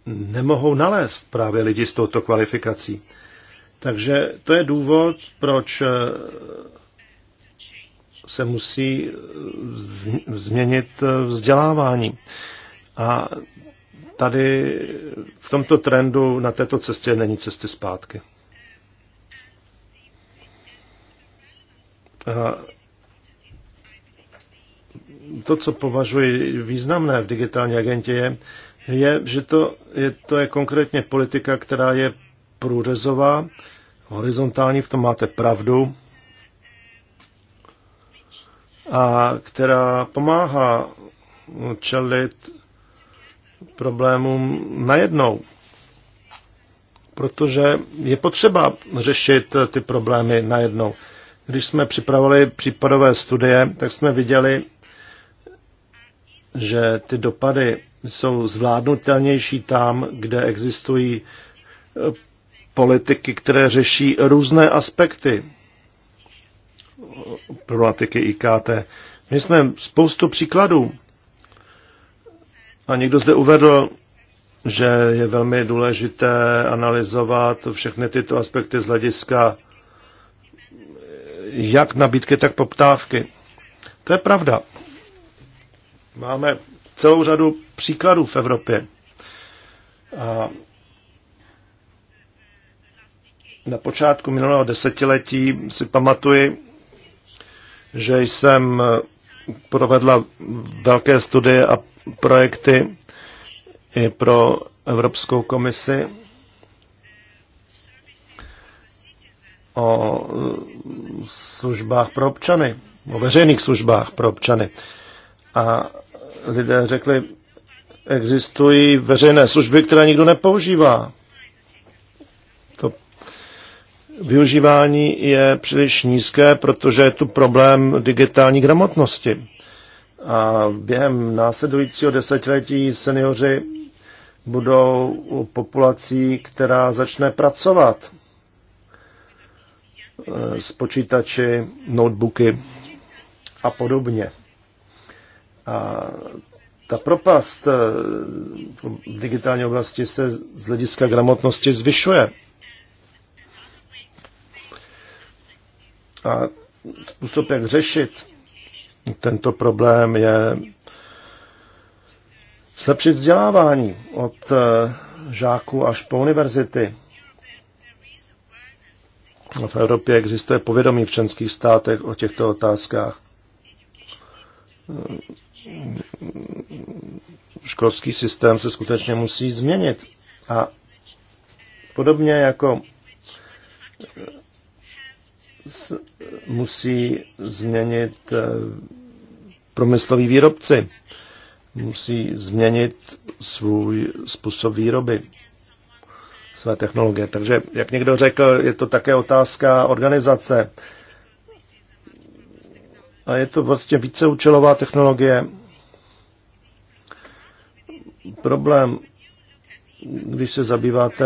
nemohou nalézt právě lidi s touto kvalifikací. Takže to je důvod, proč eh, se musí eh, změnit eh, vzdělávání. A tady v tomto trendu na této cestě není cesty zpátky. A to, co považuji významné v digitální agentě, je, je že to je, to je konkrétně politika, která je průřezová, horizontální, v tom máte pravdu a která pomáhá čelit problémům najednou. Protože je potřeba řešit ty problémy najednou. Když jsme připravovali případové studie, tak jsme viděli, že ty dopady jsou zvládnutelnější tam, kde existují politiky, které řeší různé aspekty problematiky IKT. My jsme spoustu příkladů. A někdo zde uvedl, že je velmi důležité analyzovat všechny tyto aspekty z hlediska jak nabídky, tak poptávky. To je pravda. Máme celou řadu příkladů v Evropě. A na počátku minulého desetiletí si pamatuji, že jsem eh, provedla velké studie a projekty i pro Evropskou komisi o eh, službách pro občany, o veřejných službách pro občany. A lidé řekli, existují veřejné služby, které nikdo nepoužívá využívání je příliš nízké, protože je tu problém digitální gramotnosti. A během následujícího desetiletí seniori budou populací, která začne pracovat e, s počítači, notebooky a podobně. A ta propast e, v digitální oblasti se z hlediska gramotnosti zvyšuje. A způsob, jak řešit tento problém, je zlepšit vzdělávání od eh, žáků až po univerzity. V Evropě existuje povědomí v členských státech o těchto otázkách. Školský systém se skutečně musí změnit. A podobně jako musí změnit eh, průmysloví výrobci. Musí změnit svůj způsob výroby, své technologie. Takže, jak někdo řekl, je to také otázka organizace. A je to vlastně víceúčelová technologie. Problém, když se zabýváte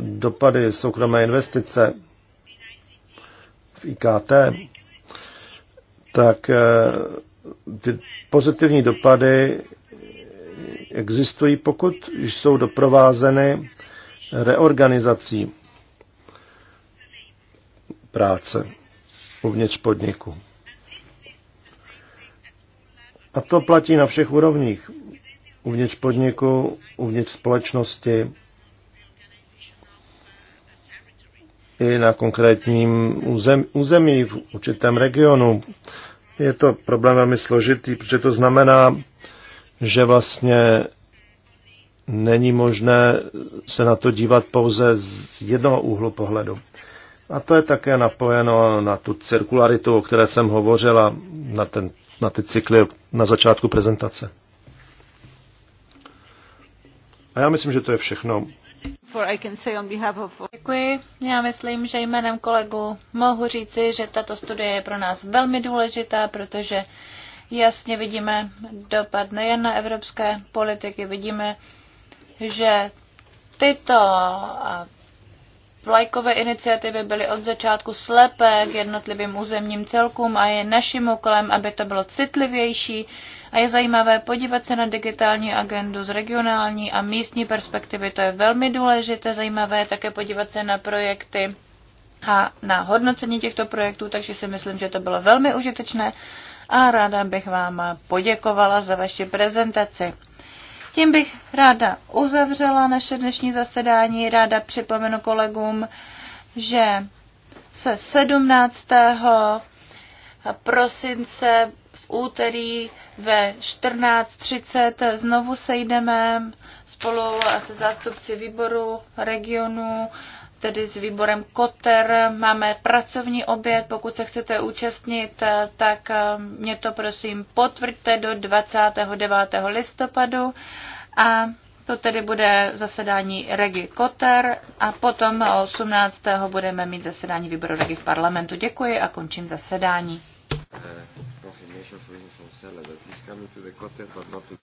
dopady soukromé investice, v IKT, tak eh, ty pozitivní dopady existují, pokud jsou doprovázeny reorganizací práce uvnitř podniku. A to platí na všech úrovních. Uvnitř podniku, uvnitř společnosti, i na konkrétním území, území v určitém regionu. Je to problém velmi složitý, protože to znamená, že vlastně není možné se na to dívat pouze z jednoho úhlu pohledu. A to je také napojeno na tu cirkularitu, o které jsem hovořila, na, ten, na ty cykly na začátku prezentace. A já myslím, že to je všechno Děkuji. Já myslím, že jménem kolegu mohu říci, že tato studie je pro nás velmi důležitá, protože jasně vidíme dopad nejen na evropské politiky, vidíme, že tyto vlajkové iniciativy byly od začátku slepé k jednotlivým územním celkům a je naším úkolem, aby to bylo citlivější, a je zajímavé podívat se na digitální agendu z regionální a místní perspektivy. To je velmi důležité. Zajímavé je také podívat se na projekty a na hodnocení těchto projektů, takže si myslím, že to bylo velmi užitečné a ráda bych vám poděkovala za vaši prezentaci. Tím bych ráda uzavřela naše dnešní zasedání. Ráda připomenu kolegům, že se 17 prosince v úterý ve 14.30 znovu sejdeme spolu se zástupci výboru regionu, tedy s výborem Koter. Máme pracovní oběd, pokud se chcete účastnit, tak um, mě to prosím potvrďte do 29. listopadu. A to tedy bude zasedání Regi Koter a potom 18. budeme mít zasedání výboru Regi v parlamentu. Děkuji a končím zasedání uh, confirmation for instance on salad. That is coming to the content or not to